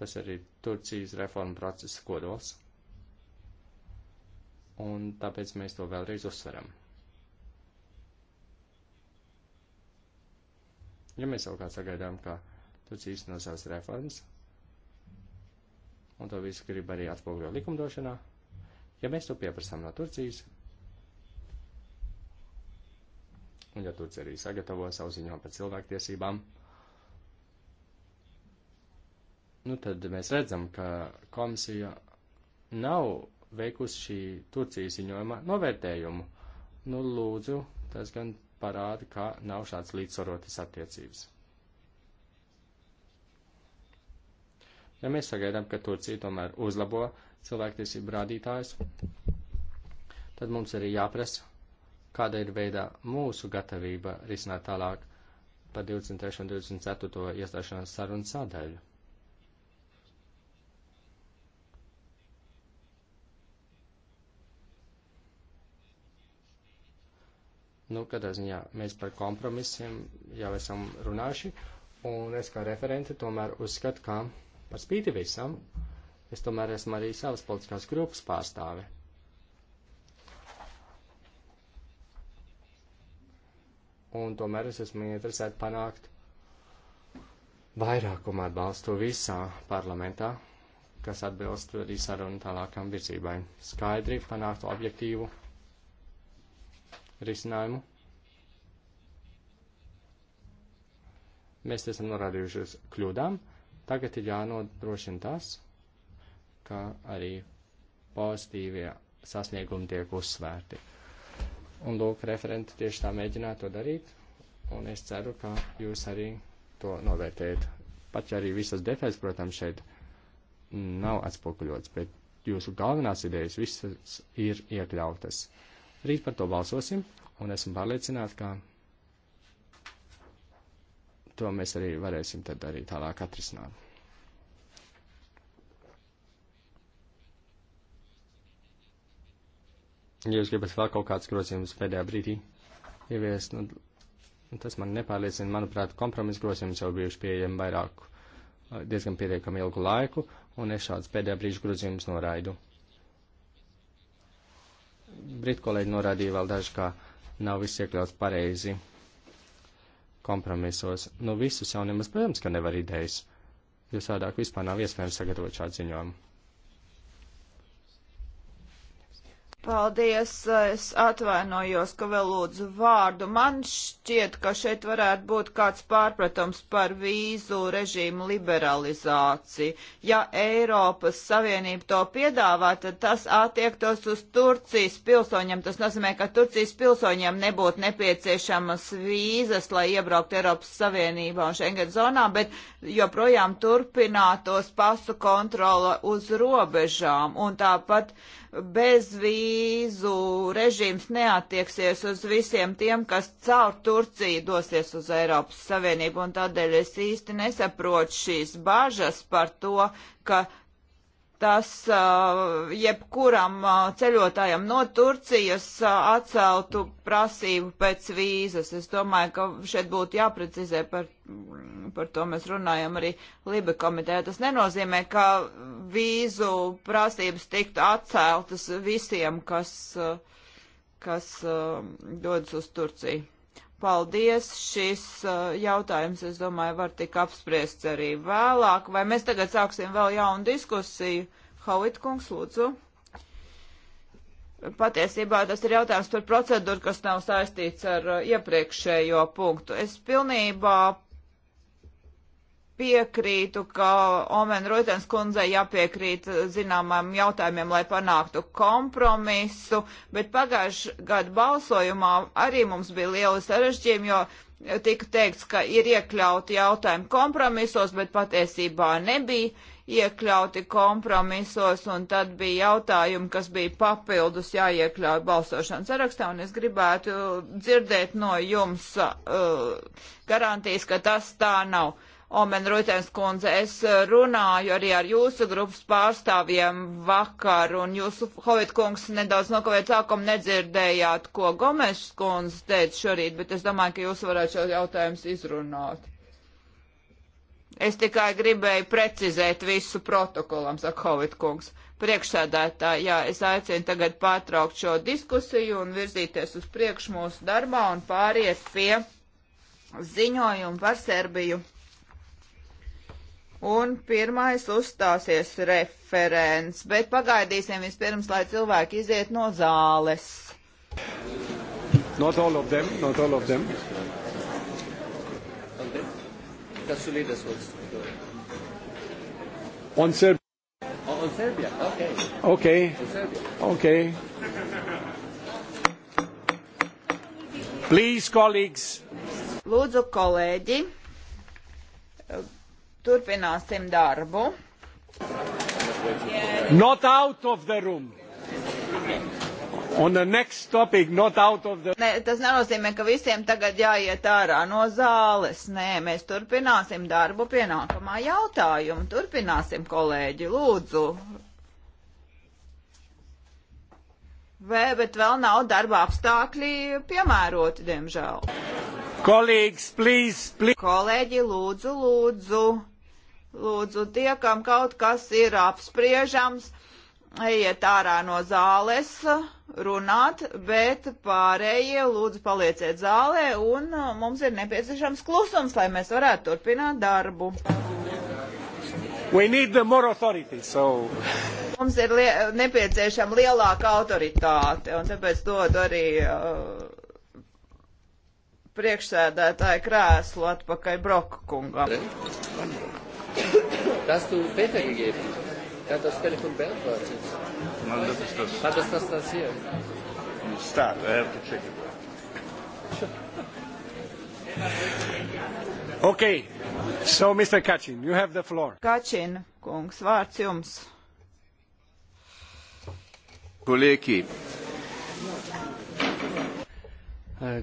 Tas arī ir Turcijas reforma procesa kodols, un tāpēc mēs to vēlreiz uzsveram. Ja mēs savukārt sagaidām, ka Turcija īsteno savas reformas, un to visu grib arī atspoguļot likumdošanā, ja mēs to pieprasām no Turcijas, un ja Turcija arī sagatavo savu ziņojumu par cilvēktiesībām, nu tad mēs redzam, ka komisija nav veikusi šī Turcijas ziņojuma novērtējumu. Nu, lūdzu, tas gan parāda, ka nav šāds līdzsvarotas attiecības. Ja mēs sagaidām, ka Turcija tomēr uzlabo cilvēktiesību rādītājus, tad mums arī jāprasa kāda ir veidā mūsu gatavība risināt tālāk par 23. un 24. iestāšanās sarunu sadaļu. Nu, kādā ziņā mēs par kompromisiem jau esam runājuši, un es kā referente tomēr uzskatu, ka par spīti visam, es tomēr esmu arī savas politiskās grupas pārstāve. un tomēr es esmu interesēta panākt vairākumu atbalstu visā parlamentā, kas atbilst arī sarunu tālākam virzībai. Skaidri panākt objektīvu risinājumu. Mēs esam norādījuši uz kļūdām. Tagad ir jānodrošina tas, ka arī pozitīvie sasniegumi tiek uzsvērti. Un lūk, referenti tieši tā mēģināja to darīt, un es ceru, ka jūs arī to novērtējat. Pat ja arī visas detaļas, protams, šeit nav atspoguļots, bet jūsu galvenās idejas visas ir iekļautas. Rīt par to balsosim, un esmu pārliecināts, ka to mēs arī varēsim tad arī tālāk atrisināt. Ja jūs gribat vēl kaut kāds grozījums pēdējā brīdī ieviest, nu, tas man nepārliecina. Manuprāt, kompromisa grozījums jau bijuši pieejami vairāku, diezgan pietiekami ilgu laiku, un es šāds pēdējā brīža grozījums noraidu. Brit kolēģi norādīja vēl daži, ka nav viss iekļauts pareizi kompromisos. Nu, visus jau nemaz, protams, ka nevar idejas, jo sādāk vispār nav iespējams sagatavot šādu ziņojumu. Paldies, es atvainojos, ka vēl lūdzu vārdu. Man šķiet, ka šeit varētu būt kāds pārpratums par vīzu režīmu liberalizāciju. Ja Eiropas Savienība to piedāvā, tad tas attiektos uz Turcijas pilsoņiem. Tas nozīmē, ka Turcijas pilsoņiem nebūtu nepieciešamas vīzas, lai iebraukt Eiropas Savienībā un Schengen zonā, bet joprojām turpinātos pasu kontrola uz robežām. Un tāpat uh, bezvīzu režīms neatieksies uz visiem tiem, kas caur Turciju dosies uz Eiropas Savienību, un tādēļ es īsti nesaprotu šīs bažas par to, ka tas uh, jebkuram uh, ceļotājam no Turcijas uh, atceltu prasību pēc vīzas. Es domāju, ka šeit būtu jāprecizē par, par to mēs runājam arī Libe komitē. Tas nenozīmē, ka vīzu prasības tiktu atceltas visiem, kas, kas dodas uz Turciju. Paldies, šis uh, jautājums, es domāju, var tik apspriests arī vēlāk. Vai mēs tagad sāksim vēl jaunu diskusiju? Hauit kungs, lūdzu. Patiesībā tas ir jautājums par procedūru, kas nav saistīts ar uh, iepriekšējo punktu. Es pilnībā piekrītu, ka Omen Rotens kundze jāpiekrīt zināmām jautājumiem, lai panāktu kompromisu, bet pagājušā gada balsojumā arī mums bija liela sarežģījuma, jo tika teikts, ka ir iekļauti jautājumi kompromisos, bet patiesībā nebija iekļauti kompromisos, un tad bija jautājumi, kas bija papildus jāiekļauj balsošanas sarakstā, un es gribētu dzirdēt no jums uh, garantijas, ka tas tā nav. Omen Rutens kundze, es eh, runāju arī ar jūsu grupas pārstāvjiem vakar, un jūsu Hovit kungs nedaudz nokavēt sākumu nedzirdējāt, ko Gomes kundze teica šorīt, bet es domāju, ka jūs varētu šo jautājumu izrunāt. Es tikai gribēju precizēt visu protokolam, saka Hovit kungs priekšsēdētāji, jā, es aicinu tagad pārtraukt šo diskusiju un virzīties uz priekšu mūsu darbā un pāriet pie ziņojumu par Serbiju. Un pirmais uzstāsies referents, bet pagaidīsim vispirms, lai cilvēki iziet no zāles. Not all of them, not all of them. Kasulides was on Serbia. Oh, on Serbia. Okay. Okay. On Serbia. Okay. Please, colleagues. Lūdzu, kolēģi, Turpināsim darbu. Not out of the room. On the next topic, not out of the... Ne, tas nenozīmē, ka visiem tagad jāiet ārā no zāles. Nē, mēs turpināsim darbu pie nākamā jautājuma. Turpināsim, kolēģi, lūdzu. Vē, bet vēl nav darba apstākļi piemēroti, diemžēl. Kolēģis, please, please. Kolēģi, lūdzu, lūdzu. Lūdzu, tie, kam kaut kas ir apspriežams, ejiet ārā no zāles, runāt, bet pārējie lūdzu palieciet zālē un uh, mums ir nepieciešams klusums, lai mēs varētu turpināt darbu. We need more authority, so. Mums ir lie nepieciešama lielāka autoritāte, un tāpēc dodu arī uh, priekšsēdētāju krēslu atpakaļ Broka kungam. Das [coughs] hast du Peter gegeben. Der hat das Telefon beantwortet. Nein, das ist das. Hat das das, das hier? Start. I have to check it. Sure. [laughs] Okay. So, Mr. Kacin, you have the floor. Kacin, kungs, vārds jums. Kolēģi.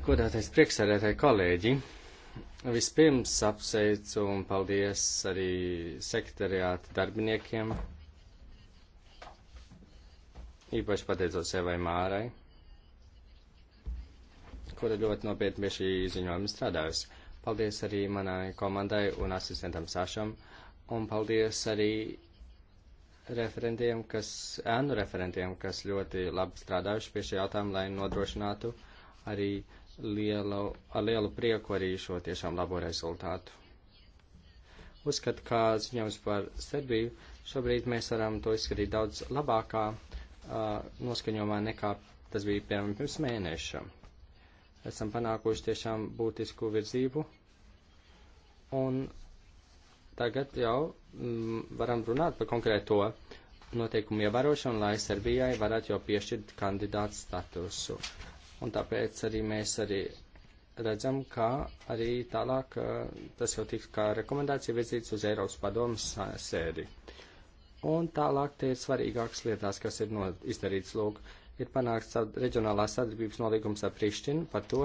Godātais priekšsēdētāji kolēģi. Vispirms apsveicu un paldies arī sekretariāta darbiniekiem. Īpaši pateicot sevai Mārai, kura ļoti nopietni pie šī ziņojuma strādājusi. Paldies arī manai komandai un asistentam Sašam, un paldies arī referentiem, kas, ēnu referentiem, kas ļoti labi strādājuši pie šī jautājuma, lai nodrošinātu arī uh, lielu, ar lielu prieku arī šo tiešām labo rezultātu. Uzskatu, kā ziņojums par Serbiju, šobrīd mēs varam to izskatīt daudz labākā uh, noskaņojumā nekā tas bija, piemēram, pirms mēneša. Esam panākuši tiešām būtisku virzību un tagad jau mm, varam runāt par konkrēto noteikumu ievērošanu, lai Serbijai varētu jau piešķirt kandidātu statusu un tāpēc arī mēs arī redzam, ka arī tālāk tas jau tiks kā rekomendācija virzīts uz Eiropas padomas sēdi. Un tālāk tie ir svarīgākas lietās, kas ir no, izdarīts, lūk, ir panākts reģionālās sadarbības nolīgums ar Prištinu par to,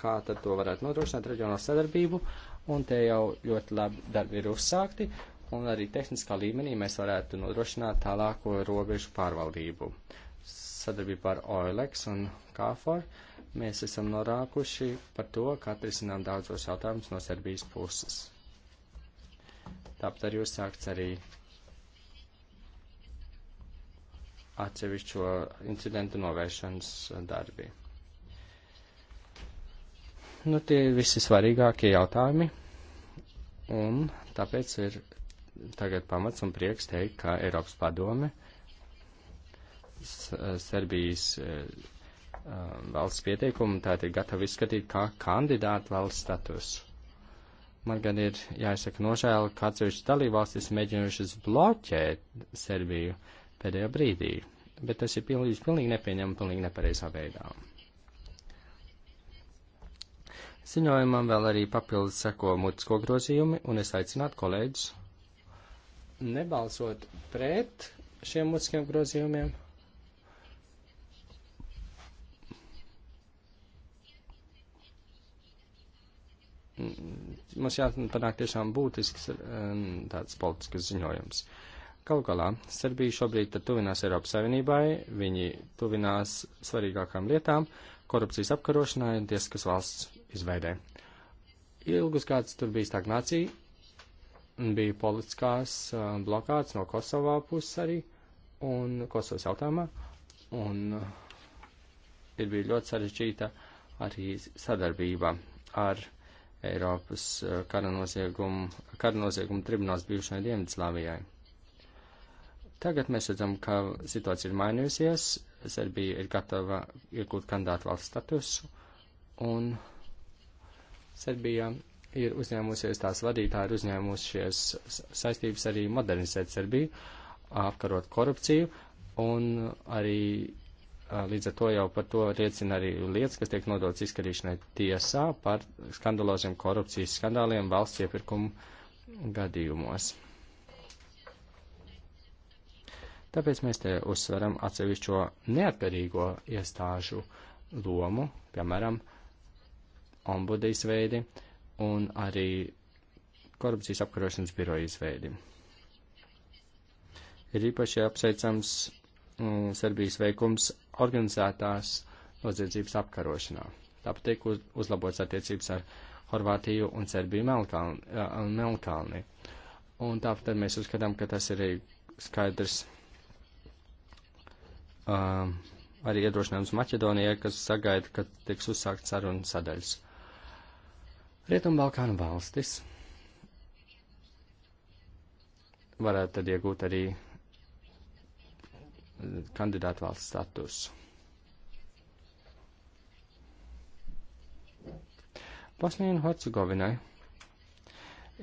kā tad to varētu nodrošināt reģionālo sadarbību, un te jau ļoti labi darbi ir uzsākti, un arī tehniskā līmenī mēs varētu nodrošināt tālāko robežu pārvaldību sadarbībā ar OLEX un KFOR mēs esam norākuši par to, ka atrisinām daudzos jautājumus no Serbijas puses. Tāpat arī uzsākts arī atsevišķo incidentu novēršanas darbi. Nu, tie ir visi svarīgākie jautājumi, un tāpēc ir tagad pamats un prieks teikt, ka Eiropas padome Serbijas eh, um, valsts pieteikumu, tātad ir gatavi izskatīt kā kandidātu valsts status. Man gan ir jāizsaka nožēla, ka atsevišķas dalībvalstis mēģinājušas bloķēt Serbiju pēdējā brīdī, bet tas ir pilnīgi, pilnīgi nepieņemami, pilnīgi nepareizā veidā. Ziņojumam vēl arī papildus seko mutisko grozījumi, un es aicinātu kolēģus nebalsot pret šiem mutiskiem grozījumiem Mm, mums jāpanāk tiešām būtisks um, tāds politisks ziņojums. Galu galā, Serbija šobrīd tuvinās Eiropas Savienībai, viņi tuvinās svarīgākām lietām, korupcijas apkarošanai un tiesiskas valsts izveidē. Ilgus gadus tur bija stagnācija, bija politiskās um, blokāts no Kosovā puses arī un Kosovas jautājumā, un uh, ir bija ļoti sarežģīta arī sadarbība ar Eiropas eh, kara noziegumu, kara noziegumu tribunāls bijušajai Dienvidslāvijai. Tagad mēs redzam, ka situācija ir mainījusies, Serbija ir gatava iegūt kandidātu valsts statusu, un Serbija ir uzņēmusies, tās vadītāji ir uzņēmusies saistības arī modernizēt Serbiju, apkarot korupciju un arī Līdz ar to jau par to riecina arī lietas, kas tiek nodotas izskatīšanai tiesā par skandaloziem korupcijas skandāliem valsts iepirkumu gadījumos. Tāpēc mēs te uzsveram atsevišķo neatkarīgo iestāžu lomu, piemēram, ombuda izveidi un arī korupcijas apkarošanas biroja izveidi. Ir īpaši apsveicams mm, Serbijas veikums organizētās noziedzības apkarošanā. Tāpat tiek uz, uzlabots attiecības ar Horvātiju un Serbiju Melkalni. Melkalni. Un tāpat mēs uzskatām, ka tas ir arī skaidrs um, arī iedrošinājums Maķedonijai, kas sagaida, ka tiks uzsākt sarunu sadaļas. Rietumbalkānu valstis varētu tad iegūt arī kandidātu valsts statusu. Bosnijai un Hercegovinai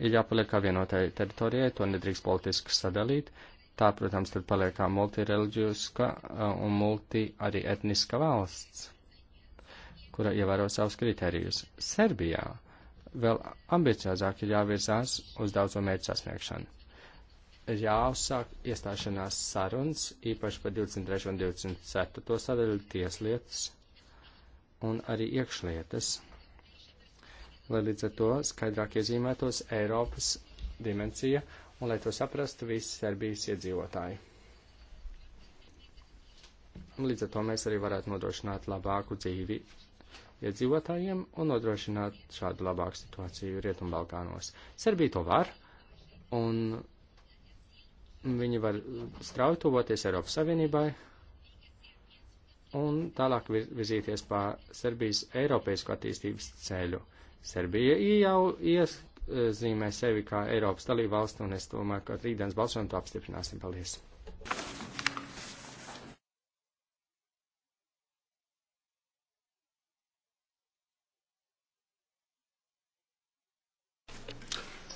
ir jāpaliek kā vienotai teritorijai, to nedrīkst politiski sadalīt. Tā, protams, tad paliek kā multireliģiska eh, un multi arī etniska valsts, kura ievēro savus kritērijus. Serbijā vēl ambiciozāk ir jāvirzās uz daudzo mērķu sasniegšanu ir jāuzsāk iestāšanās sarunas, īpaši par 23. un 24. sadaļu tieslietas un arī iekšlietas, lai līdz ar to skaidrāk iezīmētos Eiropas dimensija un lai to saprastu visi Serbijas iedzīvotāji. Līdz ar to mēs arī varētu nodrošināt labāku dzīvi iedzīvotājiem un nodrošināt šādu labāku situāciju Rietumbalkānos. Serbija to var, un Viņi var strauji tuvoties Eiropas Savienībai un tālāk virzīties pa Serbijas Eiropiesku attīstības ceļu. Serbija jau iezīmē sevi kā Eiropas dalību valstu, un es domāju, ka rītdienas balsojumu to apstiprināsim. Paldies!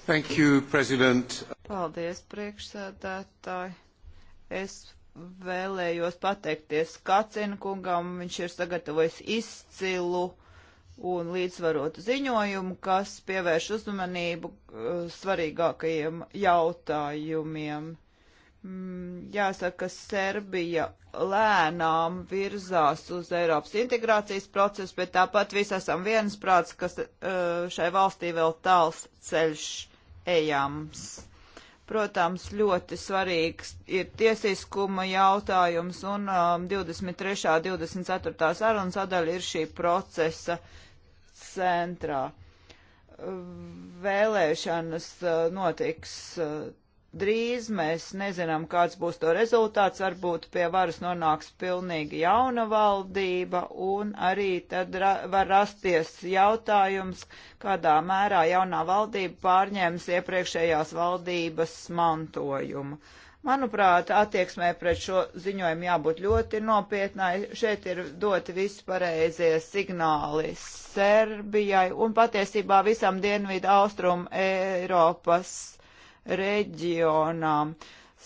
Thank you, President. Paldies, priekšsēdētāji. Es vēlējos pateikties Kacina kungam. Viņš ir sagatavojis izcilu un līdzvarotu ziņojumu, kas pievērš uzmanību uh, svarīgākajiem jautājumiem. Mm, jāsaka, Serbija lēnām virzās uz Eiropas integrācijas procesu, bet tāpat visi esam viensprāts, ka uh, šai valstī vēl tāls ceļš ejams. Protams, ļoti svarīgs ir tiesiskuma jautājums, un um, 23. 24. saruna sadaļa ir šī procesa centrā. Vēlēšanas uh, notiks uh, drīz mēs nezinām, kāds būs to rezultāts, varbūt pie varas nonāks pilnīgi jauna valdība, un arī tad ra var rasties jautājums, kādā mērā jaunā valdība pārņēmis iepriekšējās valdības mantojumu. Manuprāt, attieksmē pret šo ziņojumu jābūt ļoti nopietnai. Šeit ir doti visi pareizie signāli Serbijai un patiesībā visam Dienvidu Austrum Eiropas reģionām.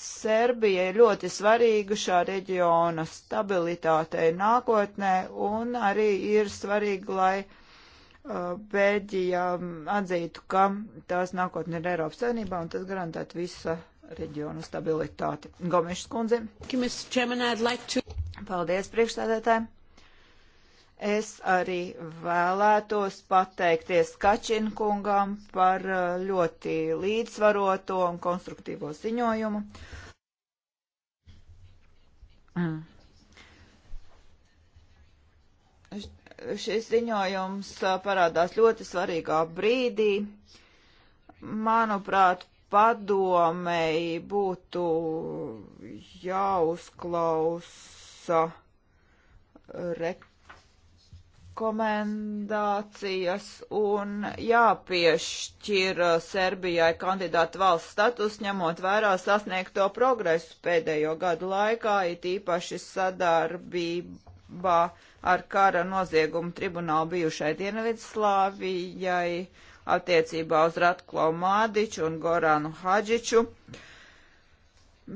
Serbija ir ļoti svarīga šā reģiona stabilitātei nākotnē un arī ir svarīgi, lai uh, Bēļģija um, atzītu, ka tās nākotne ir Eiropas savinībā un tas garantētu visa reģionu stabilitāti. Gomešs kundze. Paldies priekšstādētājiem. Es arī vēlētos pateikties Kačinkungam par uh, ļoti līdzsvaroto un konstruktīvo ziņojumu. Mm. Šis ziņojums uh, parādās ļoti svarīgā brīdī. Manuprāt, padomēji būtu jāuzklausa rek rekomendācijas un jāpiešķir uh, Serbijai kandidātu valsts status, ņemot vērā sasniegto progresu pēdējo gadu laikā, it īpaši sadarbībā ar kara noziegumu tribunālu bijušai Dienvidslāvijai attiecībā uz Ratklo Mādiču un Goranu Hadžiču.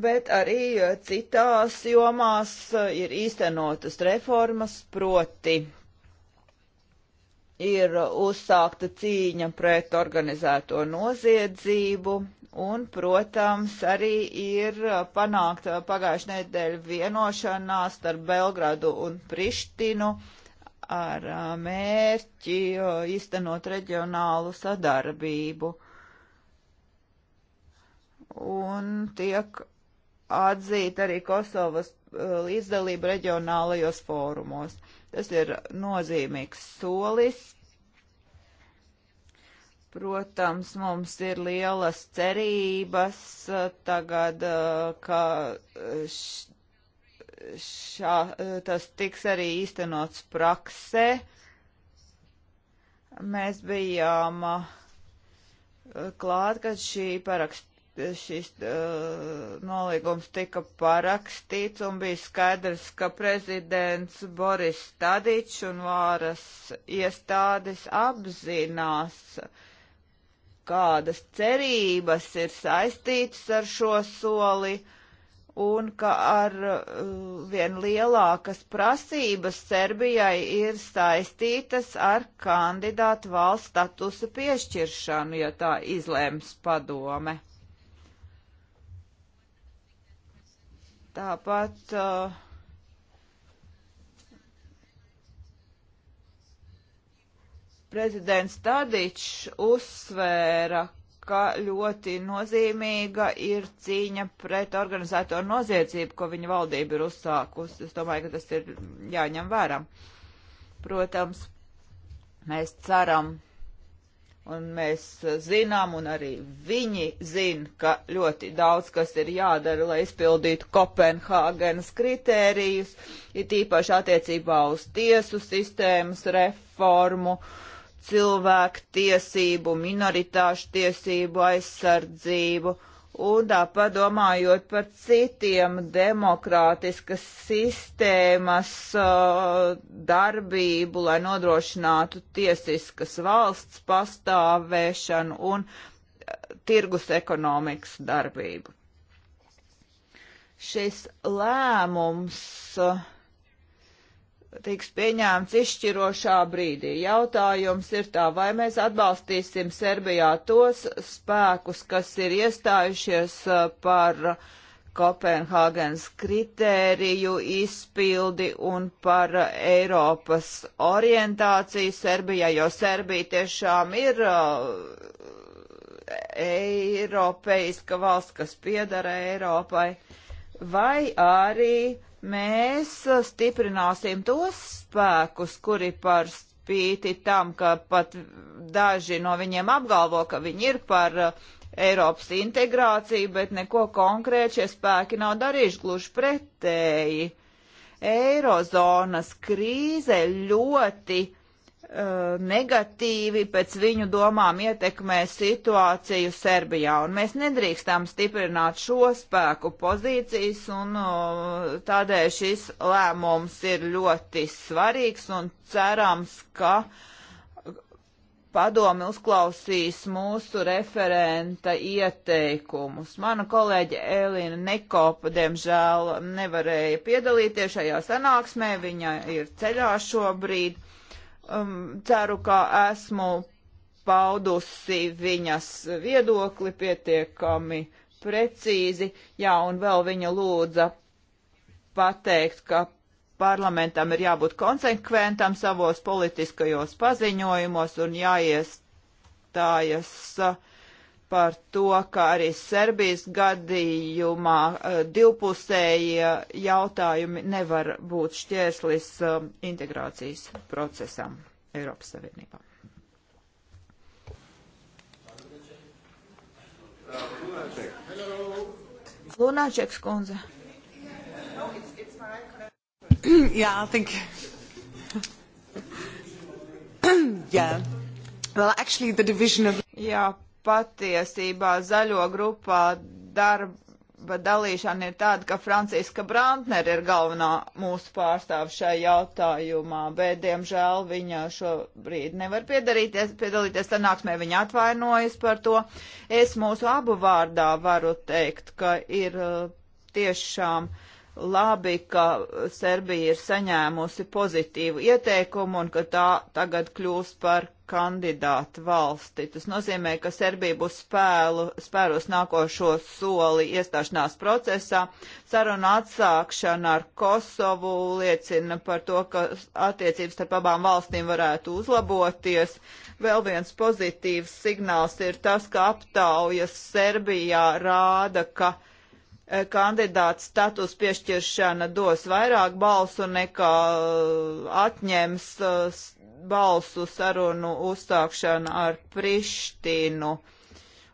Bet arī uh, citās jomās uh, ir īstenotas reformas, proti ir uzsākta cīņa pret organizēto noziedzību, un, protams, arī ir panākta pagājušajā nedēļa vienošanās starp Belgradu un Prištinu ar mērķi iztenot reģionālu sadarbību. Un tiek atzīta arī Kosovas līdzdalība reģionālajos fórumos. Uh, Tas ir nozīmīgs solis. Protams, mums ir lielas cerības eh, tagad, eh, ka eh, šā, tas tiks arī īstenots praksē. Mēs bijām klāt, kad šī parakstu šis uh, nolīgums tika parakstīts un bija skaidrs, ka prezidents Boris Tadičs un vāras iestādes apzinās, kādas cerības ir saistītas ar šo soli un ka ar uh, vien lielākas prasības Serbijai ir saistītas ar kandidātu valsts statusa piešķiršanu, ja tā izlēms padome. Tāpat uh, prezidents Tadičs uzsvēra, ka ļoti nozīmīga ir cīņa pret organizēto noziedzību, ko viņa valdība ir uzsākusi. Es domāju, ka tas ir jāņem vērā. Protams, mēs ceram Un mēs zinām, un arī viņi zina, ka ļoti daudz kas ir jādara, lai izpildītu Kopenhāgenas kritērijus, ir tīpaši attiecībā uz tiesu sistēmas reformu, cilvēku tiesību, minoritāšu tiesību aizsardzību. Uh, un tāpat domājot par citiem demokrātiskas sistēmas uh, darbību, lai nodrošinātu tiesiskas valsts pastāvēšanu un uh, tirgus ekonomikas darbību. Šis lēmums uh, tiks pieņēmts izšķirošā brīdī. Jautājums ir tā, vai mēs atbalstīsim Serbijā tos spēkus, kas ir iestājušies uh, par Kopenhāgenes kritēriju izpildi un par uh, Eiropas orientāciju Serbijā, jo Serbija tiešām ir uh, Eiropeiska valsts, kas piedara Eiropai, vai arī mēs uh, stiprināsim tos spēkus, kuri par spīti tam, ka pat daži no viņiem apgalvo, ka viņi ir par uh, Eiropas integrāciju, bet neko konkrēti šie spēki nav darījuši gluži pretēji. Eirozonas krīze ļoti Uh, negatīvi pēc viņu domām ietekmē situāciju Serbijā. Un mēs nedrīkstam stiprināt šo spēku pozīcijas, un uh, tādēļ šis lēmums ir ļoti svarīgs un cerams, ka padomi uzklausīs mūsu referenta ieteikumus. Mana kolēģe Elīna Nekopa, diemžēl, nevarēja piedalīties šajā sanāksmē, viņa ir ceļā šobrīd um, ceru, ka esmu paudusi viņas viedokli pietiekami precīzi. Jā, un vēl viņa lūdza pateikt, ka parlamentam ir jābūt konsekventam savos politiskajos paziņojumos un jāiestājas uh, par to, ka arī Serbijas gadījumā eh, divpusējie eh, jautājumi nevar būt šķērslis eh, integrācijas procesam Eiropas Savienībā. Lunāčeks kundze. Jā, [clears throat] I think. [clears throat] yeah. Well, actually, the division of. Jā, patiesībā zaļo grupā darba dalīšana ir tāda, ka Franciska Brantner ir galvenā mūsu pārstāva šajā jautājumā, bet, diemžēl, viņa šobrīd nevar piedarīties, piedalīties sanāksmē, viņa atvainojas par to. Es mūsu abu vārdā varu teikt, ka ir uh, tiešām labi, ka Serbija ir saņēmusi pozitīvu ieteikumu un ka tā tagad kļūs par kandidātu valsti. Tas nozīmē, ka Serbija būs spēlu, spērus nākošo soli iestāšanās procesā. Saruna atsākšana ar Kosovu liecina par to, ka attiecības starp abām valstīm varētu uzlaboties. Vēl viens pozitīvs signāls ir tas, ka aptaujas Serbijā rāda, ka Eh, kandidāta status piešķiršana dos vairāk balsu nekā eh, atņems eh, balsu sarunu uzsākšana ar Prištinu.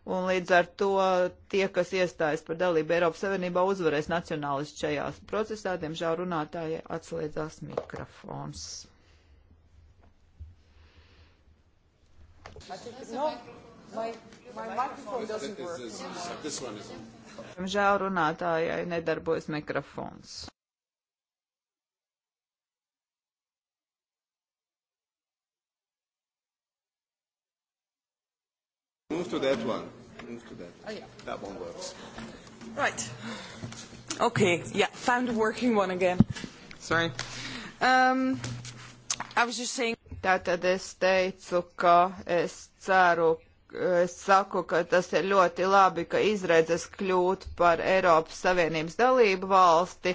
Un līdz ar to tie, kas iestājas par dalību Eiropas Savienībā, uzvarēs nacionālisti šajās procesā. Diemžēl runātājai atslēdzās mikrofons. No, my, my microphone doesn't work. This one is on. Žēl runātājai nedarbojas mikrofons. Move to that one. Move to that. Oh, yeah. That one works. Right. Okay. Yeah. Found a working one again. Sorry. Um, I was just saying. Tātad es teicu, ka es ceru, es saku, ka tas ir ļoti labi, ka izredzes kļūt par Eiropas Savienības dalību valsti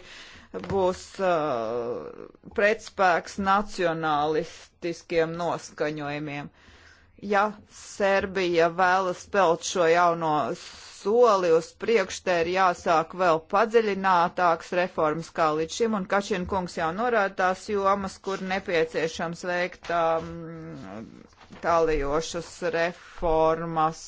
būs uh, pretspēks nacionalistiskiem noskaņojumiem. Ja Serbija vēlas spēlt šo jauno soli uz priekšu, te ir jāsāk vēl padziļinātāks reformas kā līdz šim, un Kačina kungs jau norāda tās jomas, kur nepieciešams veikt um, tālajošas reformas,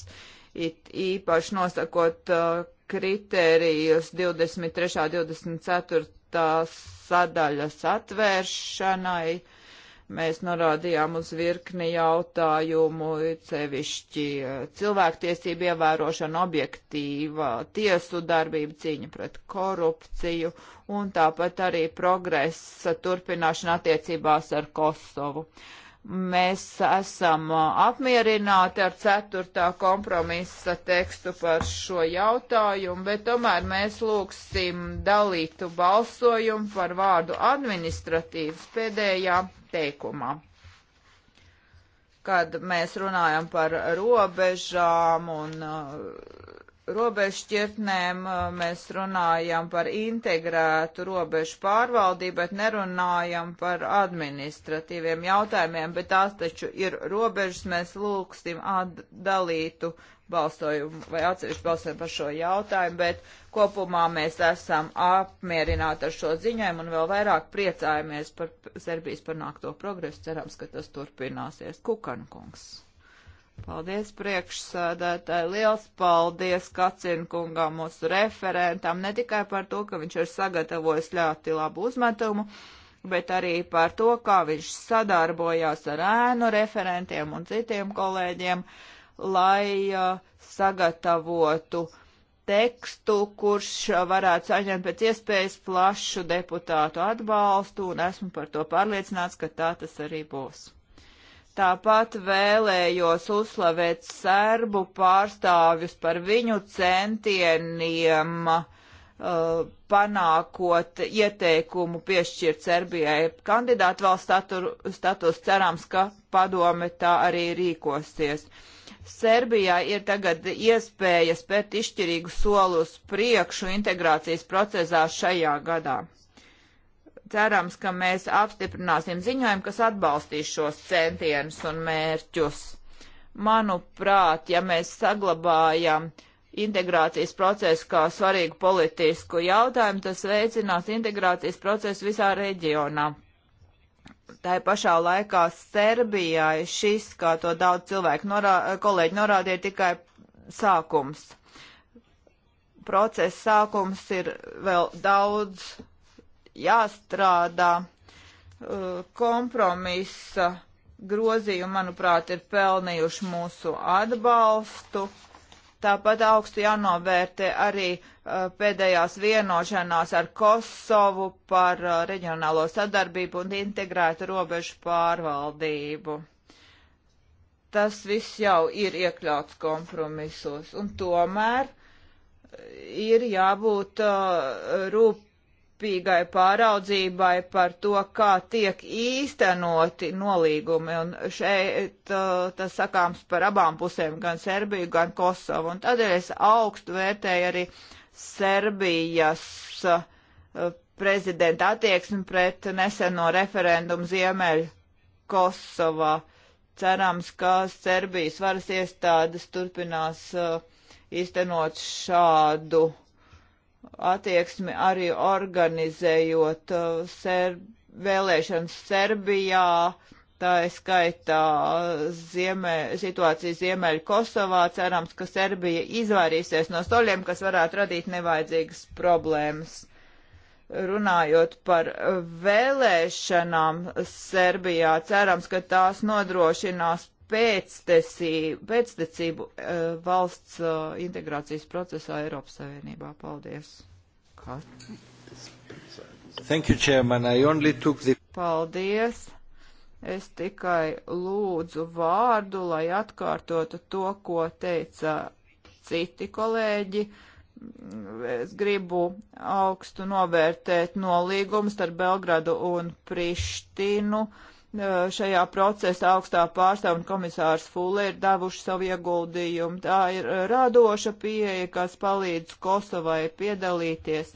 it īpaši nosakot uh, kritērijus 23. 24. sadaļas atvēršanai. Mēs norādījām uz virkni jautājumu, cevišķi uh, cilvēktiesību ievērošana, objektīva tiesu darbība, cīņa pret korupciju un tāpat arī progresa turpināšana attiecībās ar Kosovu. Uh, Mēs esam uh, apmierināti ar ceturtā kompromisa tekstu par šo jautājumu, bet tomēr mēs lūgsim dalītu balsojumu par vārdu administratīvas pēdējā teikumā. Kad mēs runājam par robežām un uh, robežšķirtnēm mēs runājam par integrētu robežu pārvaldību, bet nerunājam par administratīviem jautājumiem, bet tās taču ir robežas, mēs lūgstim dalītu balsojumu vai atsevišķu balsojumu par šo jautājumu, bet kopumā mēs esam apmierināti ar šo ziņojumu un vēl vairāk priecājamies par Serbijas panākto progresu. Cerams, ka tas turpināsies. Kukankungs. Paldies priekšsādātāji, liels paldies Kacinkungam, mūsu referentam, ne tikai par to, ka viņš ir sagatavojis ļoti labu uzmetumu, bet arī par to, kā viņš sadarbojās ar ēnu referentiem un citiem kolēģiem, lai uh, sagatavotu tekstu, kurš varētu saņemt pēc iespējas plašu deputātu atbalstu, un esmu par to pārliecināts, ka tā tas arī būs. Tāpat vēlējos uzslavēt serbu pārstāvjus par viņu centieniem uh, panākot ieteikumu piešķirt Serbijai kandidātu valsts status, status, cerams, ka padome tā arī rīkosies. Serbijā ir tagad iespēja spērt izšķirīgu soli uz priekšu integrācijas procesā šajā gadā cerams, ka mēs apstiprināsim ziņojumu, kas atbalstīs šos centienus un mērķus. Manuprāt, ja mēs saglabājam integrācijas procesu kā svarīgu politisku jautājumu, tas veicinās integrācijas procesu visā reģionā. Tā pašā laikā Serbijai šis, kā to daudz cilvēku norā, kolēģi norādīja, tikai sākums. Procesa sākums ir vēl daudz jāstrādā. Uh, kompromisa grozījumi, manuprāt, ir pelnījuši mūsu atbalstu. Tāpat augstu jānovērtē arī uh, pēdējās vienošanās ar Kosovu par uh, reģionālo sadarbību un integrētu robežu pārvaldību. Tas viss jau ir iekļauts kompromisos, un tomēr uh, ir jābūt uh, rūp rūpīgai pāraudzībai par to, kā tiek īstenoti nolīgumi. Un šeit uh, tas sakāms par abām pusēm, gan Serbiju, gan Kosovu. Un tādēļ es augstu vērtēju arī Serbijas uh, prezidenta attieksmi pret neseno referendumu Ziemeļu Kosovā. Cerams, ka Serbijas varas iestādes turpinās uh, īstenot šādu attieksmi arī organizējot uh, ser, vēlēšanas Serbijā, tā ir skaitā uh, ziemē, situācija Ziemeļu Kosovā. Cerams, ka Serbija izvairīsies no soļiem, kas varētu radīt nevajadzīgas problēmas runājot par vēlēšanām Serbijā, cerams, ka tās nodrošinās pēctecību e, valsts e, integrācijas procesā Eiropas Savienībā. Paldies! Kā? Thank you, Chairman. I only took the... Paldies! Es tikai lūdzu vārdu, lai atkārtotu to, ko teica citi kolēģi. Es gribu augstu novērtēt nolīgumus ar Belgradu un Prištinu. Uh, šajā procesā augstā pārstāv un komisārs Fulle ir devuši savu ieguldījumu. Tā ir radoša pieeja, kas palīdz Kosovai piedalīties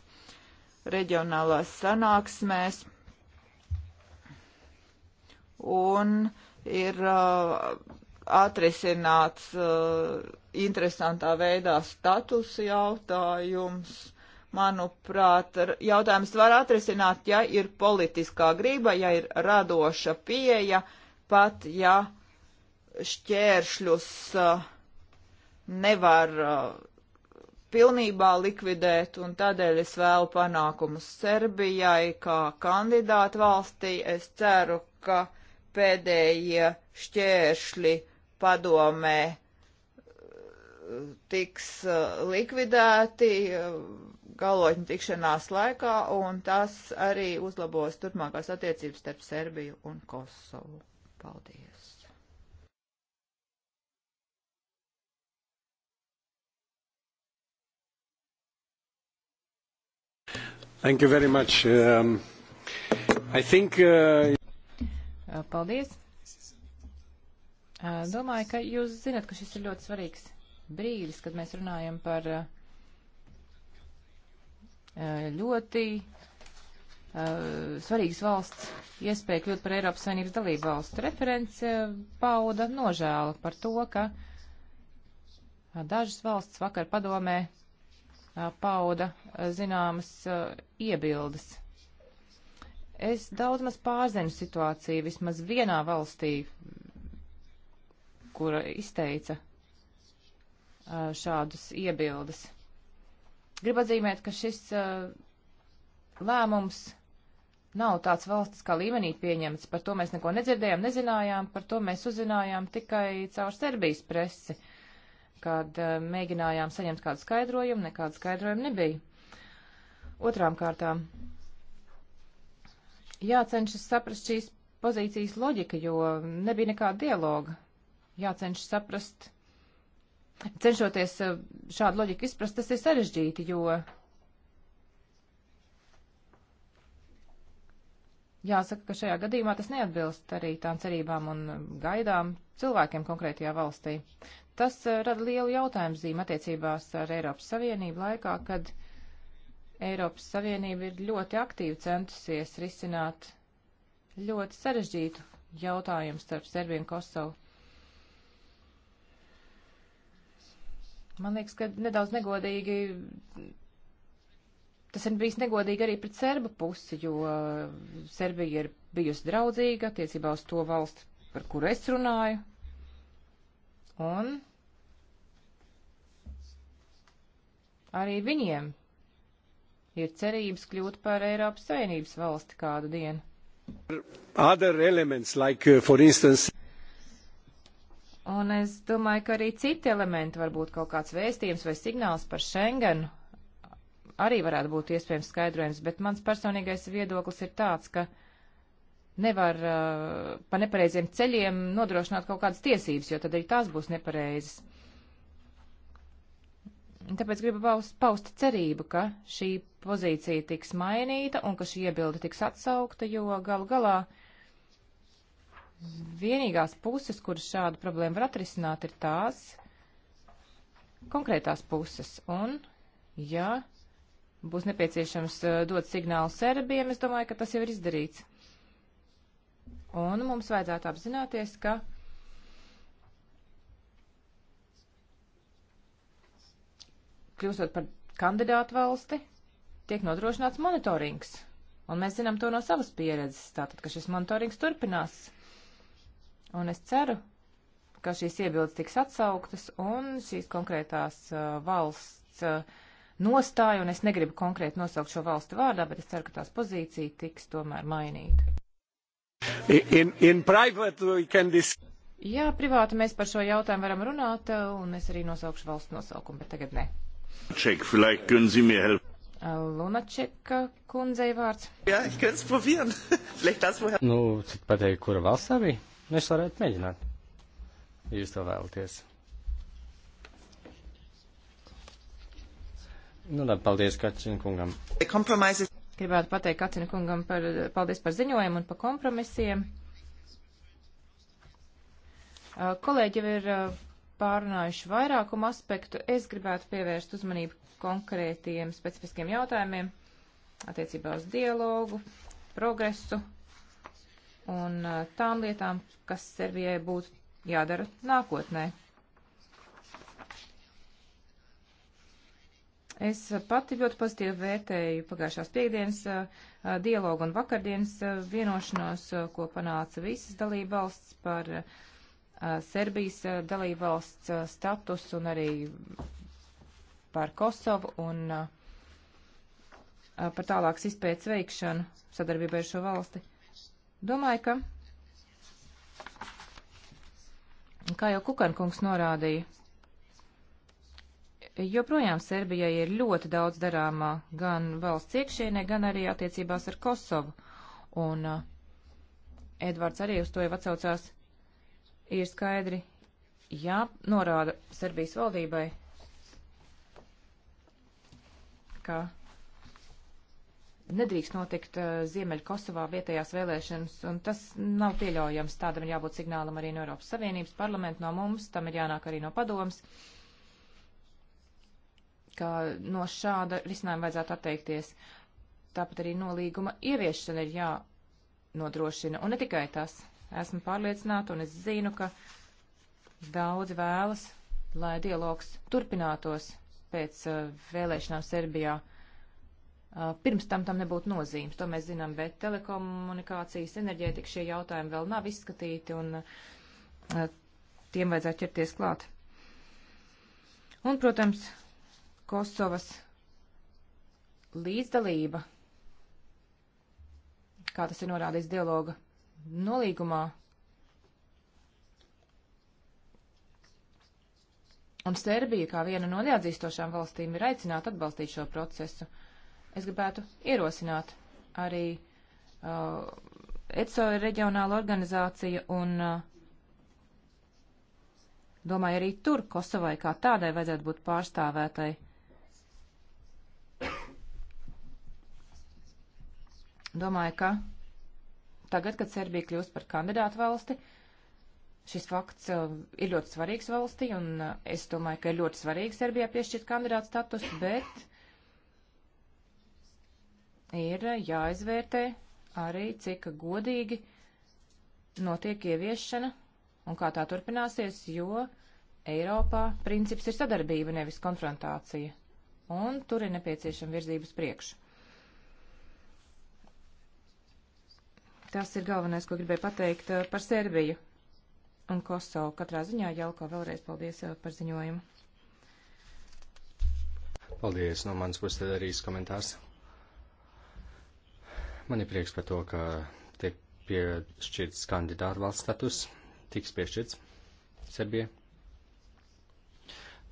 reģionālās sanāksmēs. Un ir uh, atrisināts uh, interesantā veidā status jautājums manuprāt, jautājums var atrisināt, ja ir politiskā grība, ja ir radoša pieeja, pat ja šķēršļus uh, nevar uh, pilnībā likvidēt, un tādēļ es vēlu panākumus Serbijai kā kandidātu valstī. Es ceru, ka pēdējie šķēršļi padomē tiks eh, likvidēti eh, galotņu tikšanās laikā, un tas arī uzlabos turpmākās attiecības starp Serbiju un Kosovu. Paldies! Thank you very much. Um, I think. Uh... Paldies. Uh, domāju, ka jūs zinat, ka šis ir ļoti svarīgs brīdis, kad mēs runājam par eh, eh, ļoti eh, svarīgas valsts iespēja kļūt par Eiropas Savienības dalību valstu. Referents pauda nožēlu par to, ka dažas valsts vakar padomē pauda zināmas iebildes. Es daudz maz pārzinu situāciju vismaz vienā valstī, kura izteica Uh, šādus iebildes. Gribu atzīmēt, ka šis uh, lēmums nav tāds valstiskā līmenī pieņemts, par to mēs neko nedzirdējām, nezinājām, par to mēs uzzinājām tikai caur Serbijas presi, kad uh, mēģinājām saņemt kādu skaidrojumu, nekādu skaidrojumu nebija. Otrām kārtām jācenšas saprast šīs pozīcijas loģika, jo nebija nekāda dialoga. Jācenšas saprast, Cenšoties eh, šādu loģiku izprast, tas ir sarežģīti, jo jāsaka, ka šajā gadījumā tas neatbilst arī tām cerībām un eh, gaidām cilvēkiem konkrētajā valstī. Tas eh, rada lielu jautājumu zīmu attiecībās ar Eiropas Savienību laikā, kad Eiropas Savienība ir ļoti aktīvi centusies risināt ļoti sarežģītu jautājumu starp Serbiju un Kosovu. Man liekas, ka nedaudz negodīgi. Tas ir bijis negodīgi arī pret serbu pusi, jo Serbija ir bijusi draudzīga attiecībā uz to valsti, par kuru es runāju. Un arī viņiem ir cerības kļūt par Eiropas Savienības valsti kādu dienu. Other elements, like, uh, for instance, Un es domāju, ka arī citi elementi, varbūt kaut kāds vēstījums vai signāls par Schengenu, arī varētu būt iespējams skaidrojums, bet mans personīgais viedoklis ir tāds, ka nevar uh, pa nepareiziem ceļiem nodrošināt kaut kādas tiesības, jo tad arī tās būs nepareizas. Tāpēc gribu paust, paust cerību, ka šī pozīcija tiks mainīta un ka šī iebilde tiks atsaukta, jo galu galā uh, vienīgās puses, kuras šādu problēmu var atrisināt, ir tās konkrētās puses. Un, ja būs nepieciešams eh, dot signālu serbiem, es domāju, ka tas jau ir izdarīts. Un mums vajadzētu apzināties, ka kļūstot par kandidātu valsti, tiek nodrošināts monitorings. Un mēs zinām to no savas pieredzes, tātad, ka šis monitorings turpinās. Uh, Un es ceru, ka šīs iebildes tiks atsauktas un šīs konkrētās uh, valsts uh, nostāja, un es negribu konkrēti nosaukt šo valstu vārdā, bet es ceru, ka tās pozīcija tiks tomēr mainīta. In, in dis... Jā, privāti mēs par šo jautājumu varam runāt, uh, un es arī nosaukšu valsts nosaukumu, bet tagad nē. Check, vielleicht können Sie mir helfen. Uh, Lunačeka uh, kundzei vārds. Jā, ja, es kann es probieren. [laughs] vielleicht das, woher. Nu, cik pateikt, kura valsts arī? Nu, es varētu mēģināt, ja jūs to vēlaties. Nu, labi, paldies Kačina kungam. Gribētu pateikt Kačina kungam par, paldies par ziņojumu un par kompromisiem. Kolēģi jau ir pārunājuši vairākumu aspektu. Es gribētu pievērst uzmanību konkrētiem specifiskiem jautājumiem attiecībā uz dialogu, progresu un tām lietām, kas Serbijai būtu jādara nākotnē. Es pati ļoti pozitīvi vērtēju pagājušās piekdienas dialogu un vakardienas vienošanos, ko panāca visas dalībvalsts par Serbijas dalībvalsts status un arī par Kosovu un par tālākas izpētes veikšanu sadarbībā ar šo valsti. Domāju, ka kā jau Kukankungs norādīja, joprojām Serbijai ir ļoti daudz darāmā gan valsts iekšienē, gan arī attiecībās ar Kosovu. Un uh, Edvards arī uz to jau atsaucās, ir skaidri jānorāda Serbijas valdībai, ka nedrīkst notikt uh, eh, Ziemeļa Kosovā vietējās vēlēšanas, un tas nav pieļaujams. Tādam ir jābūt signālam arī no Eiropas Savienības parlamenta, no mums, tam ir jānāk arī no padomas, ka no šāda risinājuma vajadzētu atteikties. Tāpat arī nolīguma ieviešana ir jānodrošina, un ne tikai tas. Esmu pārliecināta, un es zinu, ka daudzi vēlas, lai dialogs turpinātos pēc uh, vēlēšanām Serbijā. Uh, Uh, pirms tam tam nebūtu nozīmes, to mēs zinām, bet telekomunikācijas, enerģētika šie jautājumi vēl nav izskatīti un uh, tiem vajadzētu ķerties klāt. Un, protams, Kosovas līdzdalība, kā tas ir norādīts dialoga nolīgumā, un Serbija kā viena no neatzīstošām valstīm ir aicināta atbalstīt šo procesu. Uh, es gribētu ierosināt arī uh, ECO ir reģionāla organizācija un uh, domāju arī tur Kosovai kā tādai vajadzētu būt pārstāvētai. Domāju, ka tagad, kad Serbija kļūst par kandidātu valsti, šis fakts uh, ir ļoti svarīgs valstī, un uh, es domāju, ka ir ļoti svarīgi Serbijā piešķirt kandidātu statusu, bet ir jāizvērtē arī, cik godīgi notiek ieviešana un kā tā turpināsies, jo Eiropā princips ir sadarbība, nevis konfrontācija, un tur ir nepieciešama virzības priekšu. Tas ir galvenais, ko gribēju pateikt eh, par Serbiju un Kosovu. Katrā ziņā Jelko vēlreiz paldies eh, par ziņojumu. Paldies, no manas puses arī komentārs. Man ir prieks par to, ka tiek piešķirts kandidātu valsts status, tiks piešķirts Serbijai.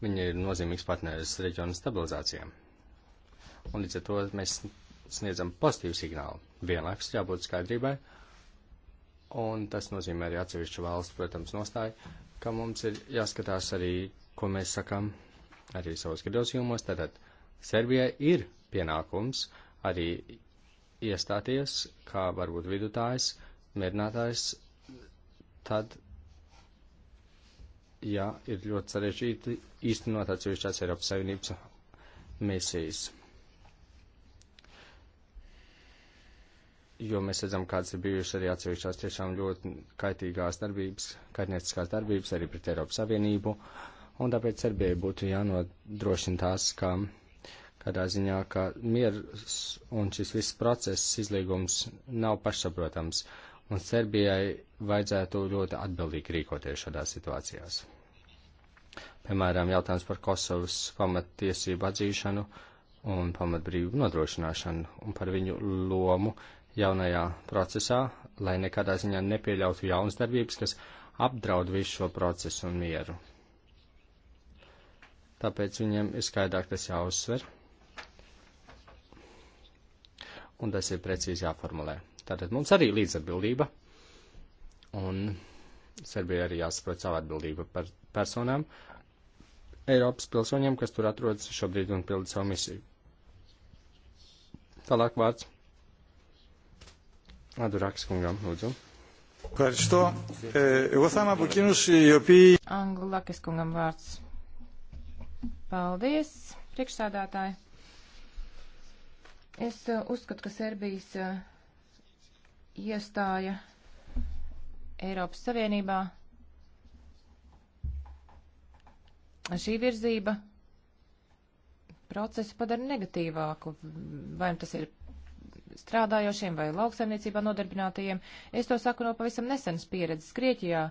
Viņi ir nozīmīgs partneris reģiona stabilizācijām. Un līdz ar to mēs sniedzam pozitīvu signālu. Vienlaikus jābūt skaidrībai, un tas nozīmē arī atsevišķu valstu, protams, nostāju, ka mums ir jāskatās arī, ko mēs sakam arī savos gados jomos. Tātad Serbijai ir pienākums arī iestāties kā varbūt vidutājs, mierinātājs, tad, jā, ir ļoti sarežģīti īstenot atsevišķās Eiropas Savienības misijas. Jo mēs redzam, kādas ir bijušas arī atsevišķās tiešām ļoti kaitīgās darbības, kaitnieciskās darbības arī pret Eiropas Savienību, un tāpēc Serbijai būtu jānodrošina tās, ka kādā ziņā, ka miers un šis viss process izlīgums nav pašsaprotams, un Serbijai vajadzētu ļoti atbildīgi rīkoties šādās situācijās. Piemēram, jautājums par Kosovas pamattiesību atzīšanu un pamatbrīvu nodrošināšanu un par viņu lomu jaunajā procesā, lai nekādā ziņā nepieļautu jaunas darbības, kas apdraud visu šo procesu un mieru. Tāpēc viņiem ir skaidrāk tas jāuzsver un tas ir precīzi jāformulē. Tātad mums arī līdzatbildība, un Serbija arī jāsaprot savu atbildību par personām, Eiropas pilsoņiem, kas tur atrodas šobrīd un pilda savu misiju. Tālāk vārds. Adurāks kungam, lūdzu. Ευχαριστώ. Εγώ θα είμαι από εκείνους οι οποίοι... Angulakis kungam vārds. Paldies, priekšsādātāji. Es eh, uzskatu, ka Serbijas eh, iestāja Eiropas Savienībā šī virzība procesu padara negatīvāku, vai nu tas ir strādājošiem vai lauksaimniecībā nodarbinātajiem. Es to saku no pavisam nesenas pieredzes. Grieķijā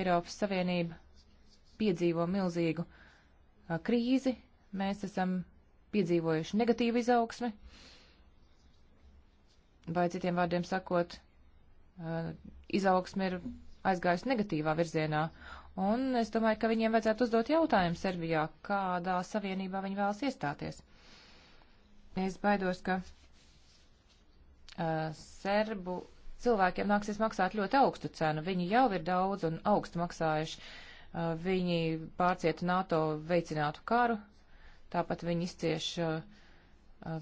Eiropas Savienība piedzīvo milzīgu a, eh, krīzi, mēs esam piedzīvojuši negatīvu izaugsmi. Uh, vai citiem vārdiem sakot, eh, izaugsme ir aizgājusi negatīvā virzienā. Un es domāju, ka viņiem vajadzētu uzdot jautājumu Serbijā, kādā savienībā viņi vēlas iestāties. Es baidos, ka uh, serbu cilvēkiem nāksies maksāt ļoti augstu cenu. Viņi jau ir daudz un augstu maksājuši. Uh, viņi pārcieta NATO veicinātu karu, tāpat viņi izcieš uh, uh,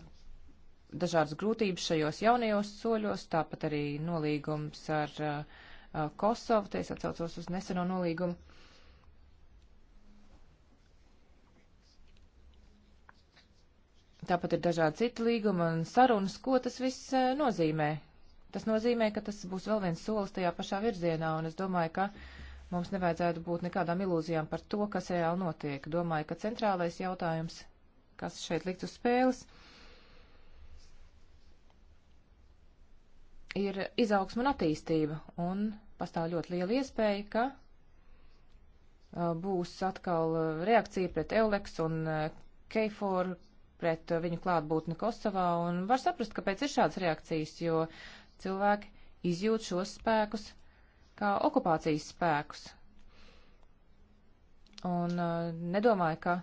dažādas grūtības šajos jaunajos soļos, tāpat arī nolīgums ar uh, uh, Kosovu, te es atcaucos uz neseno nolīgumu. Tāpat ir dažādi citi līgumi un sarunas, ko tas viss uh, nozīmē. Tas nozīmē, ka tas būs vēl viens solis tajā pašā virzienā, un es domāju, ka mums nevajadzētu būt nekādām ilūzijām par to, kas reāli notiek. Domāju, ka centrālais jautājums, kas šeit likt uz spēles, ir ir izaugsma un attīstība, un pastāv ļoti liela iespēja, ka būs atkal reakcija pret Euleks un Keiforu, pret viņu klātbūtni Kosovā, un var saprast, kāpēc ir šādas reakcijas, jo cilvēki izjūt šos spēkus kā okupācijas spēkus. Un uh, nedomāju, ka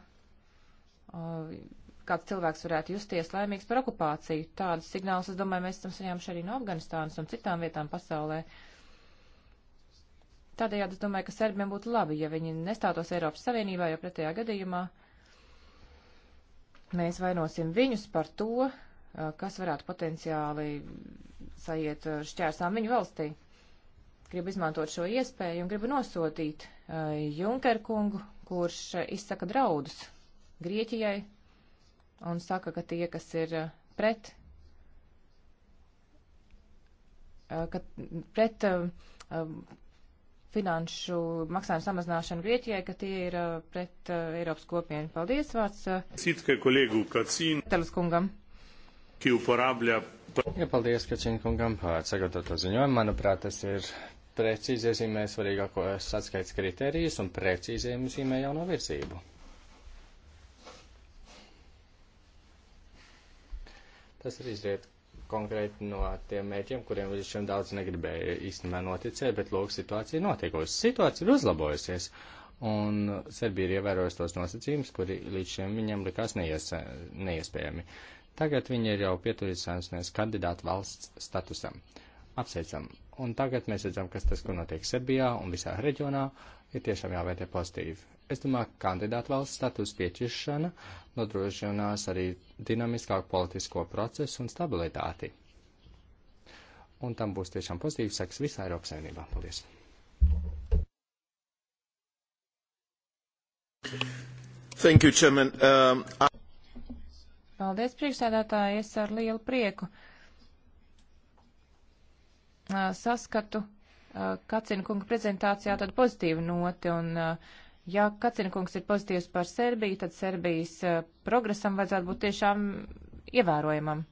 uh, kāds cilvēks varētu justies laimīgs par okupāciju. Tādus signālus, es domāju, mēs esam saņēmuši arī no Afganistānas un citām vietām pasaulē. Tādējādi es domāju, ka serbiem būtu labi, ja viņi nestātos Eiropas Savienībā, jo pretējā gadījumā mēs vainosim viņus par to, kas varētu potenciāli saiet šķērsām viņu valstī. Gribu izmantot šo iespēju un gribu nosodīt Junker kungu, kurš izsaka draudus Grieķijai un saka, ka tie, kas ir eh, pret, eh, ka pret eh, finanšu maksājumu samazināšanu Grieķijai, ka tie ir pret Eiropas kopienu. Paldies, vārds. Sitkai kolēgu Kacīnu. Telis kungam. Ja, paldies, Kacīnu kungam, par sagatavoto ziņojumu. Manuprāt, tas ir precīzi iezīmē svarīgākos atskaits kritērijus un precīzi iezīmē jauno virzību. Tas arī izriet konkrēti no tiem mērķiem, kuriem līdz šim daudz negribēja īstenībā noticēt, bet lūk, situācija ir notiekusi. Situācija ir uzlabojusies, un Serbija ir ievērojusi tos nosacījumus, kuri līdz šim viņam likās neies, neiespējami. Tagad viņi ir jau pieturīsies kandidātu valsts statusam. Apsveicam. Un tagad mēs redzam, kas tas, kur notiek Serbijā un visā reģionā, ir tiešām jāvērtē pozitīvi. Es domāju, ka kandidātu valsts status piešķiršana nodrošinās arī dinamiskāku politisko procesu un stabilitāti. Un tam būs tiešām pozitīvs seks visā Eiropas Savienībā. Paldies! Thank you, Chairman. Um, I... Paldies, priekšsēdētāji, es ar lielu prieku uh, saskatu uh, Kacina kunga prezentācijā tādu pozitīvu noti un uh, Ja Kacinkungs ir pozitīvs par Serbiju, tad Serbijas eh, progresam vajadzētu būt tiešām ievērojamam.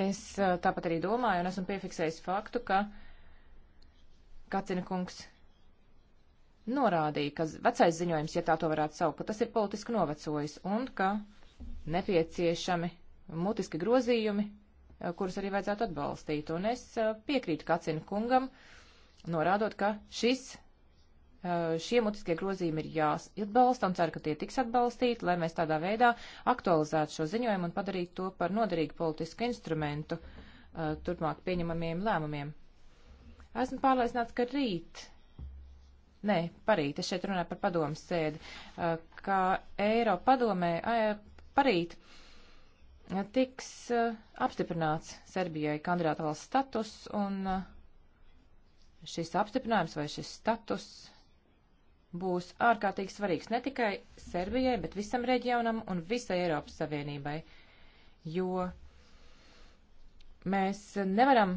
Es eh, tāpat arī domāju un esmu piefiksējis faktu, ka Kacinkungs norādīja, ka vecais ziņojums, ja tā to varētu saukt, ka tas ir politiski novecojis un ka nepieciešami mutiski grozījumi, eh, kurus arī vajadzētu atbalstīt. Un es piekrītu Kacinu kungam, uh, norādot, ka šis, šie mutiskie grozījumi ir jāatbalsta un ceru, ka tie tiks atbalstīti, lai mēs tādā veidā aktualizētu šo ziņojumu un padarītu to par noderīgu politisku instrumentu turpmāk pieņemamiem lēmumiem. Esmu pārliecināts, ka rīt Nē, parīt, es šeit runāju par padomu sēdi, kā Eiro padomē parīt tiks apstiprināts Serbijai kandidāta valsts status un uh, šis apstiprinājums vai šis status būs ārkārtīgi svarīgs ne tikai Serbijai, bet visam reģionam un visai Eiropas Savienībai, jo mēs nevaram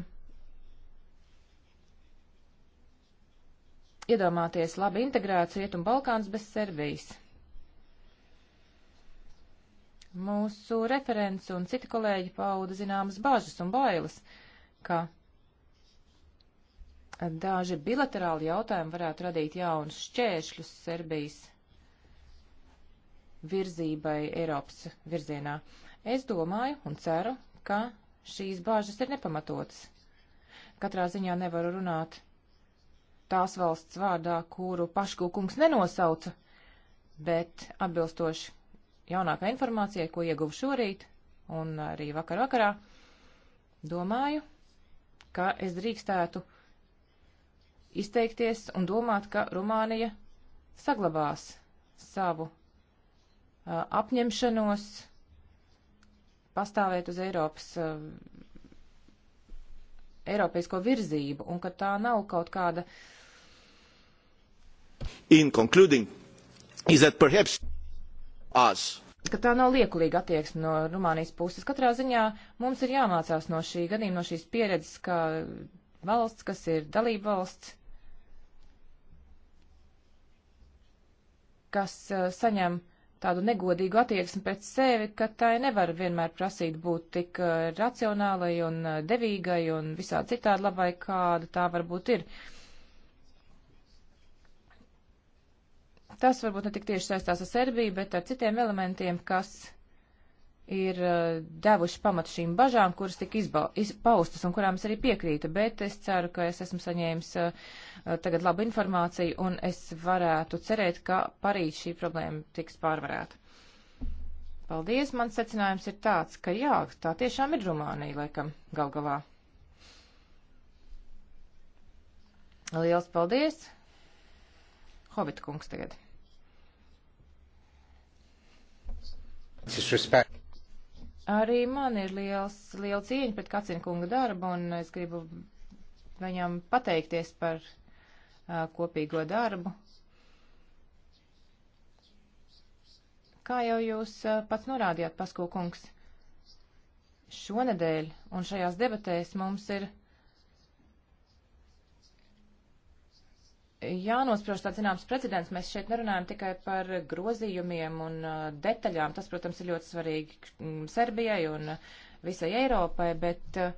iedomāties labi integrēts Rietumu Balkāns bez Serbijas. Mūsu referents un citi kolēģi pauda zināmas bažas un bailes, ka Daži bilaterāli jautājumi varētu radīt jaunus šķēršļus Serbijas virzībai Eiropas virzienā. Es domāju un ceru, ka šīs bāžas ir nepamatotas. Katrā ziņā nevaru runāt tās valsts vārdā, kuru paškūkungs nenosauca, bet atbilstoši jaunākā informācija, ko ieguvu šorīt un arī vakar vakarā, domāju, ka es drīkstētu izteikties un domāt, ka Rumānija saglabās savu uh, apņemšanos pastāvēt uz Eiropas, uh, Eiropaisko virzību un ka tā nav kaut kāda. In concluding, is that perhaps us ka tā nav liekulīga attieksme no Rumānijas puses. Katrā ziņā mums ir jāmācās no šī gadījuma, no šīs pieredzes, ka valsts, kas ir dalība valsts, kas eh, saņem tādu negodīgu attieksmi pret sevi, ka tai nevar vienmēr prasīt būt tik eh, racionālai un eh, devīgai un visā citādi labai, kāda tā varbūt ir. Tas varbūt ne tik tieši saistās ar Serbiju, bet ar citiem elementiem, kas ir eh, devuši pamatu šīm bažām, kuras tika izpaustas un kurām es arī piekrītu, bet es ceru, ka es esmu saņēmis eh, eh, tagad labu informāciju un es varētu cerēt, ka parīt šī problēma tiks pārvarēta. Paldies, mans secinājums ir tāds, ka jā, tā tiešām ir Rumānija laikam gal galā. Liels paldies! Hobit kungs tagad. Disrespect. Arī man ir liels, liela cieņa pret Kacina kunga darbu, un es gribu viņam pateikties par uh, kopīgo darbu. Kā jau jūs uh, pats norādījāt, Pasko kungs, šonedēļ un šajās debatēs mums ir uh, jānosprauž tāds zināms precedents. Mēs šeit nerunājam tikai par grozījumiem un uh, detaļām. Tas, protams, ir ļoti svarīgi mm, Serbijai un uh, visai Eiropai, bet uh,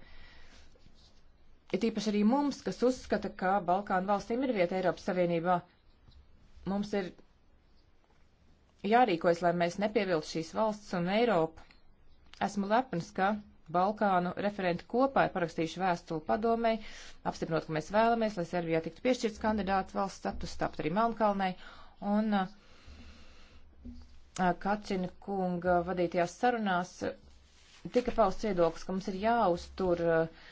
ir tīpaši arī mums, kas uzskata, ka Balkānu valstīm ir vieta Eiropas Savienībā. Mums ir jārīkojas, lai mēs nepieviltu šīs valsts un Eiropu. Esmu lepns, ka Balkānu referenti kopā ir parakstījuši vēstuli padomei, apstiprinot, ka mēs vēlamies, lai Serbijā tiktu piešķirts kandidātu valsts status, tāpat arī Melnkalnei. Un uh, Kacina kunga vadītajās sarunās tika pausts viedoklis, ka mums ir jāuztur uh,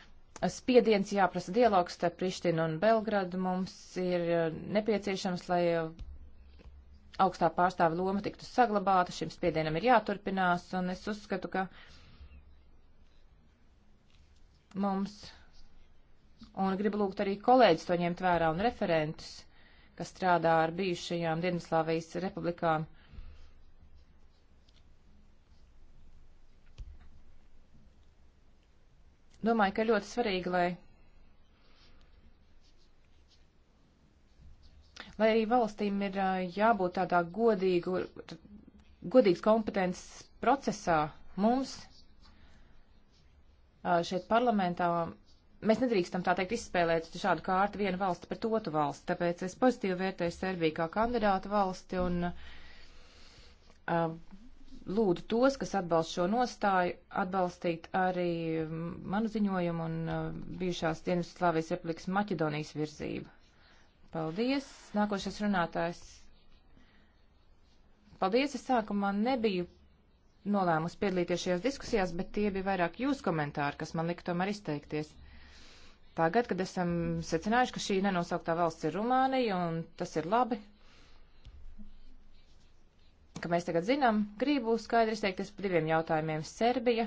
spiediens, jāprasa dialogs starp Prištinu un Belgradu. Mums ir uh, nepieciešams, lai augstā pārstāva loma tiktu saglabāta, šim spiedienam ir jāturpinās, un es uzskatu, ka uh, mums, un gribu lūgt arī kolēģis to ņemt vērā un referentus, kas strādā ar bijušajām Dienvidslāvijas republikām. Domāju, ka ļoti svarīgi, lai lai arī valstīm ir jābūt tādā godīgu, godīgas kompetences procesā, mums šeit parlamentā mēs nedrīkstam tā teikt izspēlēt šādu kārtu vienu valsti pret otru valsti, tāpēc es pozitīvi vērtēju Serbiju kā kandidātu valsti un uh, lūdzu tos, kas atbalsta šo nostāju, atbalstīt arī manu ziņojumu un uh, bijušās Dienvidslāvijas republikas Maķedonijas virzību. Paldies! Nākošais runātājs. Paldies! Es sākumā nebiju nolēmusi piedalīties šajās diskusijās, bet tie bija vairāk jūs komentāri, kas man lika tomēr izteikties. Tagad, kad esam secinājuši, ka šī nenosauktā valsts ir Rumānija, un tas ir labi, ka mēs tagad zinām, gribu skaidri izteikties par diviem jautājumiem. Serbija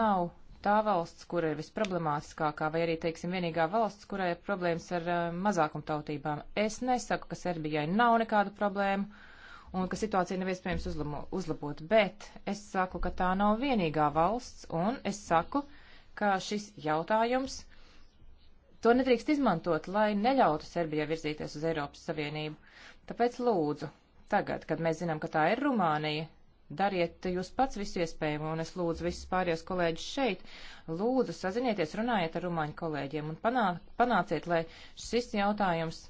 nav tā valsts, kura ir visproblemātiskākā, vai arī, teiksim, vienīgā valsts, kurai ir problēmas ar uh, mazākumtautībām. Es nesaku, ka Serbijai nav nekādu problēmu un ka situācija nav iespējams uzlamo, uzlabot. Bet es saku, ka tā nav vienīgā valsts, un es saku, ka šis jautājums to nedrīkst izmantot, lai neļautu Serbijai virzīties uz Eiropas Savienību. Tāpēc lūdzu, tagad, kad mēs zinām, ka tā ir Rumānija, dariet jūs pats visu iespējamo, un es lūdzu visus pārējos kolēģus šeit, lūdzu sazinieties, runājiet ar rumāņu kolēģiem un panā, panāciet, lai šis jautājums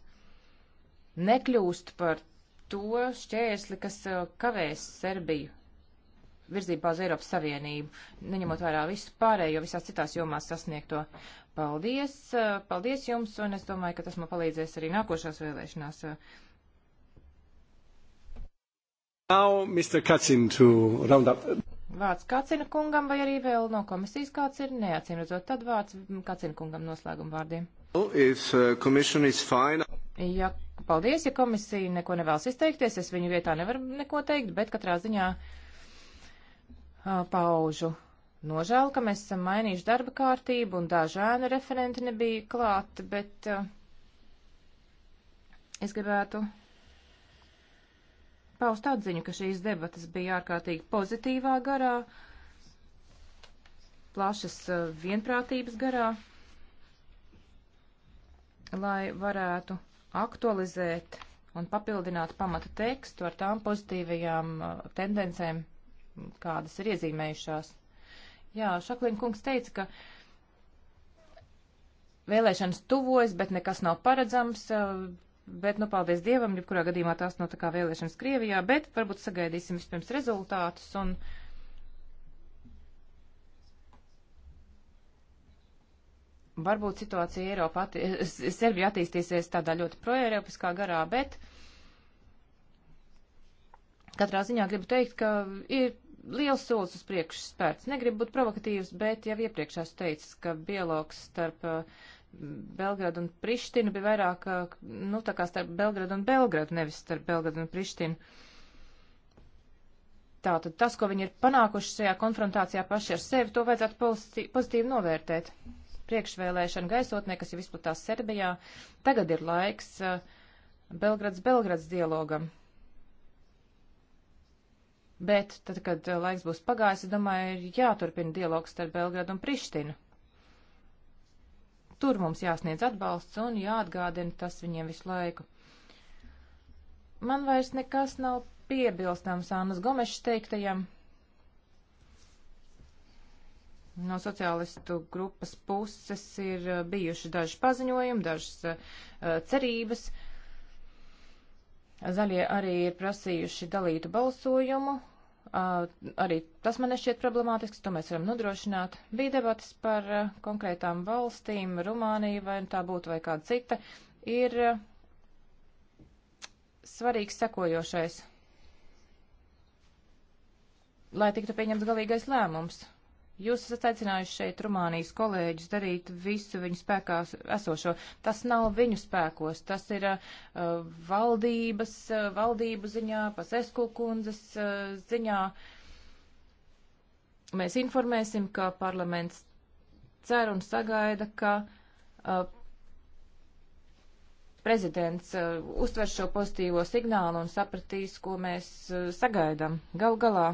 nekļūst par to šķērsli, kas eh, kavēs Serbiju virzībā uz Eiropas Savienību, neņemot vērā visu pārējo, visās citās jomās sasniegto. Paldies, eh, paldies jums, un es domāju, ka tas man palīdzēs arī nākošās vēlēšanās. Eh. Now, Mr. Kacin, to round up. Vārds Kacina kungam vai arī vēl no komisijas kāds ir neatsimredzot, tad vārds Kacina kungam noslēguma vārdiem. If, uh, Ja, paldies, ja komisija neko nevēlas izteikties, es viņu vietā nevaru neko teikt, bet katrā ziņā paužu nožēlu, ka mēs esam mainījuši darba kārtību un daži ēnu referenti nebija klāt, bet es gribētu paust atziņu, ka šīs debatas bija ārkārtīgi pozitīvā garā, plašas vienprātības garā, lai varētu aktualizēt un papildināt pamata tekstu ar tām pozitīvajām uh, tendencēm, kādas ir iezīmējušās. Jā, Šaklīna kungs teica, ka vēlēšanas tuvojas, bet nekas nav paredzams, uh, bet, nu, paldies Dievam, jebkurā gadījumā tās nav tā kā vēlēšanas Krievijā, bet varbūt sagaidīsim vispirms rezultātus un uh, varbūt situācija Eiropā, atti Serbija attīstīsies tādā ļoti proeiropiskā garā, bet katrā ziņā gribu teikt, ka ir liels solis uz priekšu spērts. Negribu būt provokatīvs, bet jau iepriekš esmu teicis, ka dialogs starp uh, Belgradu un Prištinu bija vairāk, uh, nu, tā kā starp Belgradu un Belgradu, nevis starp Belgradu un Prištinu. Tātad tas, ko viņi ir panākuši šajā konfrontācijā paši ar sevi, to vajadzētu pozitīvi novērtēt priekšvēlēšanu gaisotnē, kas jau izplatās Serbijā. Tagad ir laiks Belgrads-Belgrads eh, dialogam. Bet tad, kad eh, laiks būs pagājis, es domāju, ir jāturpina dialogs starp Belgradu un Prištinu. Tur mums jāsniedz atbalsts un jāatgādina tas viņiem visu laiku. Man vairs nekas nav piebilstams Annas Gomešs teiktajam. No sociālistu grupas puses ir eh, bijuši daži paziņojumi, dažas uh, cerības. Zaļie arī ir prasījuši dalītu balsojumu. Uh, arī tas man nešķiet problemātisks, to mēs varam nodrošināt. Bija debatas par uh, konkrētām valstīm, Rumānija vai tā būtu vai kāda cita. Ir svarīgs sekojošais, lai tiktu pieņemts galīgais lēmums Jūs esat aicinājuši šeit Rumānijas kolēģus darīt visu viņu spēkā esošo. Tas nav viņu spēkos, tas ir uh, valdības, uh, valdību ziņā, pasesku kundzes uh, ziņā. Mēs informēsim, ka parlaments cer un sagaida, ka uh, prezidents uh, uztver šo pozitīvo signālu un sapratīs, ko mēs uh, sagaidām. Gal galā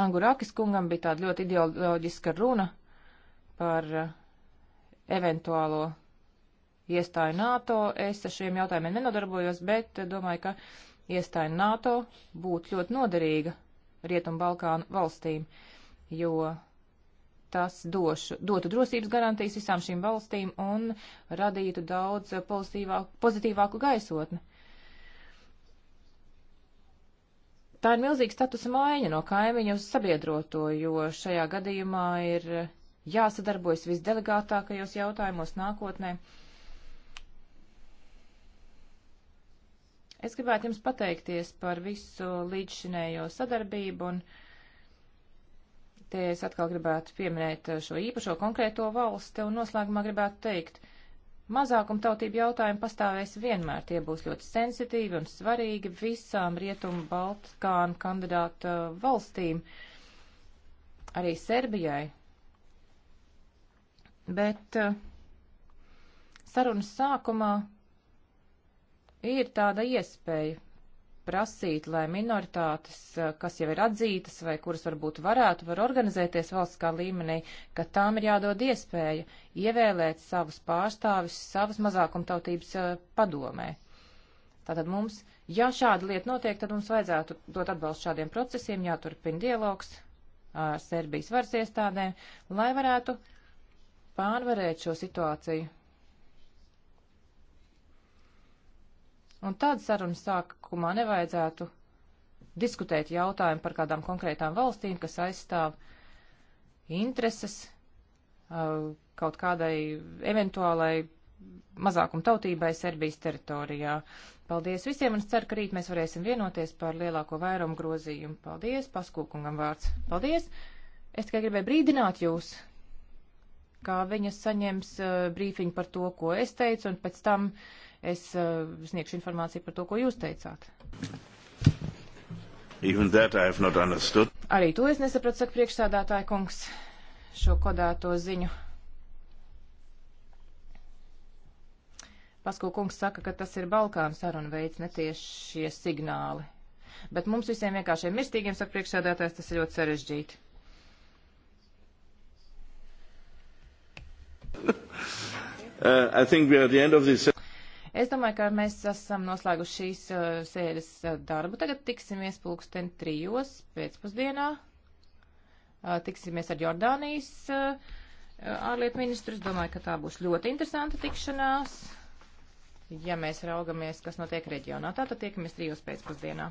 Angurakis kungam bija tāda ļoti ideoloģiska runa par eh, eventuālo iestāju NATO. Es ar šiem jautājumiem nenodarbojos, bet eh, domāju, ka iestāja NATO būtu ļoti noderīga Rietumbalkānu valstīm, jo tas došu, dotu drosības garantijas visām šīm valstīm un radītu daudz eh, pozitīvāku, pozitīvāku gaisotni. Tā ir milzīga statusa maiņa no kaimiņa uz sabiedroto, jo šajā gadījumā ir jāsadarbojas visdelegātākajos jautājumos nākotnē. Es gribētu jums pateikties par visu līdzšinējo sadarbību un te es atkal gribētu pieminēt šo īpašo konkrēto valsti un noslēgumā gribētu teikt – Mazākumtautību jautājumi pastāvēs vienmēr. Tie būs ļoti sensitīvi un svarīgi visām Rietumu Baltkānu kandidātu uh, valstīm, arī Serbijai. Bet uh, sarunas sākumā ir tāda iespēja prasīt, lai minoritātes, eh, kas jau ir atzītas vai kuras varbūt varētu, var organizēties valstiskā līmenī, ka tām ir jādod iespēja ievēlēt savus pārstāvis savas mazākumtautības eh, padomē. Tātad mums, ja šāda lieta notiek, tad mums vajadzētu dot atbalstu šādiem procesiem, jāturpina dialogs ar Serbijas varas iestādēm, lai varētu pārvarēt šo situāciju Un tāda saruna sākumā nevajadzētu diskutēt jautājumu par kādām konkrētām valstīm, kas aizstāv intereses uh, kaut kādai eventuālai mazākuma tautībai Serbijas teritorijā. Paldies visiem un es ceru, ka rīt mēs varēsim vienoties par lielāko vairumu grozījumu. Paldies, paskūkungam vārds. Paldies! Es tikai gribēju brīdināt jūs, kā viņa saņems uh, brīfiņu par to, ko es teicu, un pēc tam es uh, sniegšu informāciju par to, ko jūs teicāt. Arī to es nesapratu, saka priekšsādātāja kungs, šo kodēto ziņu. Pasko kungs saka, ka tas ir Balkānu sarunu veids, netieši šie signāli. Bet mums visiem vienkāršiem mirstīgiem, saka priekšsēdētājs, tas ir ļoti sarežģīti. Uh, this... Es domāju, ka mēs esam noslēguši šīs uh, sēdes eh, darbu. Tagad tiksimies pulksten trijos pēcpusdienā. Uh, tiksimies ar Jordānijas uh, ārlietu ministru. Es domāju, ka tā būs ļoti interesanta tikšanās. Ja mēs raugamies, kas notiek reģionā, tā tad tiekamies trijos pēcpusdienā.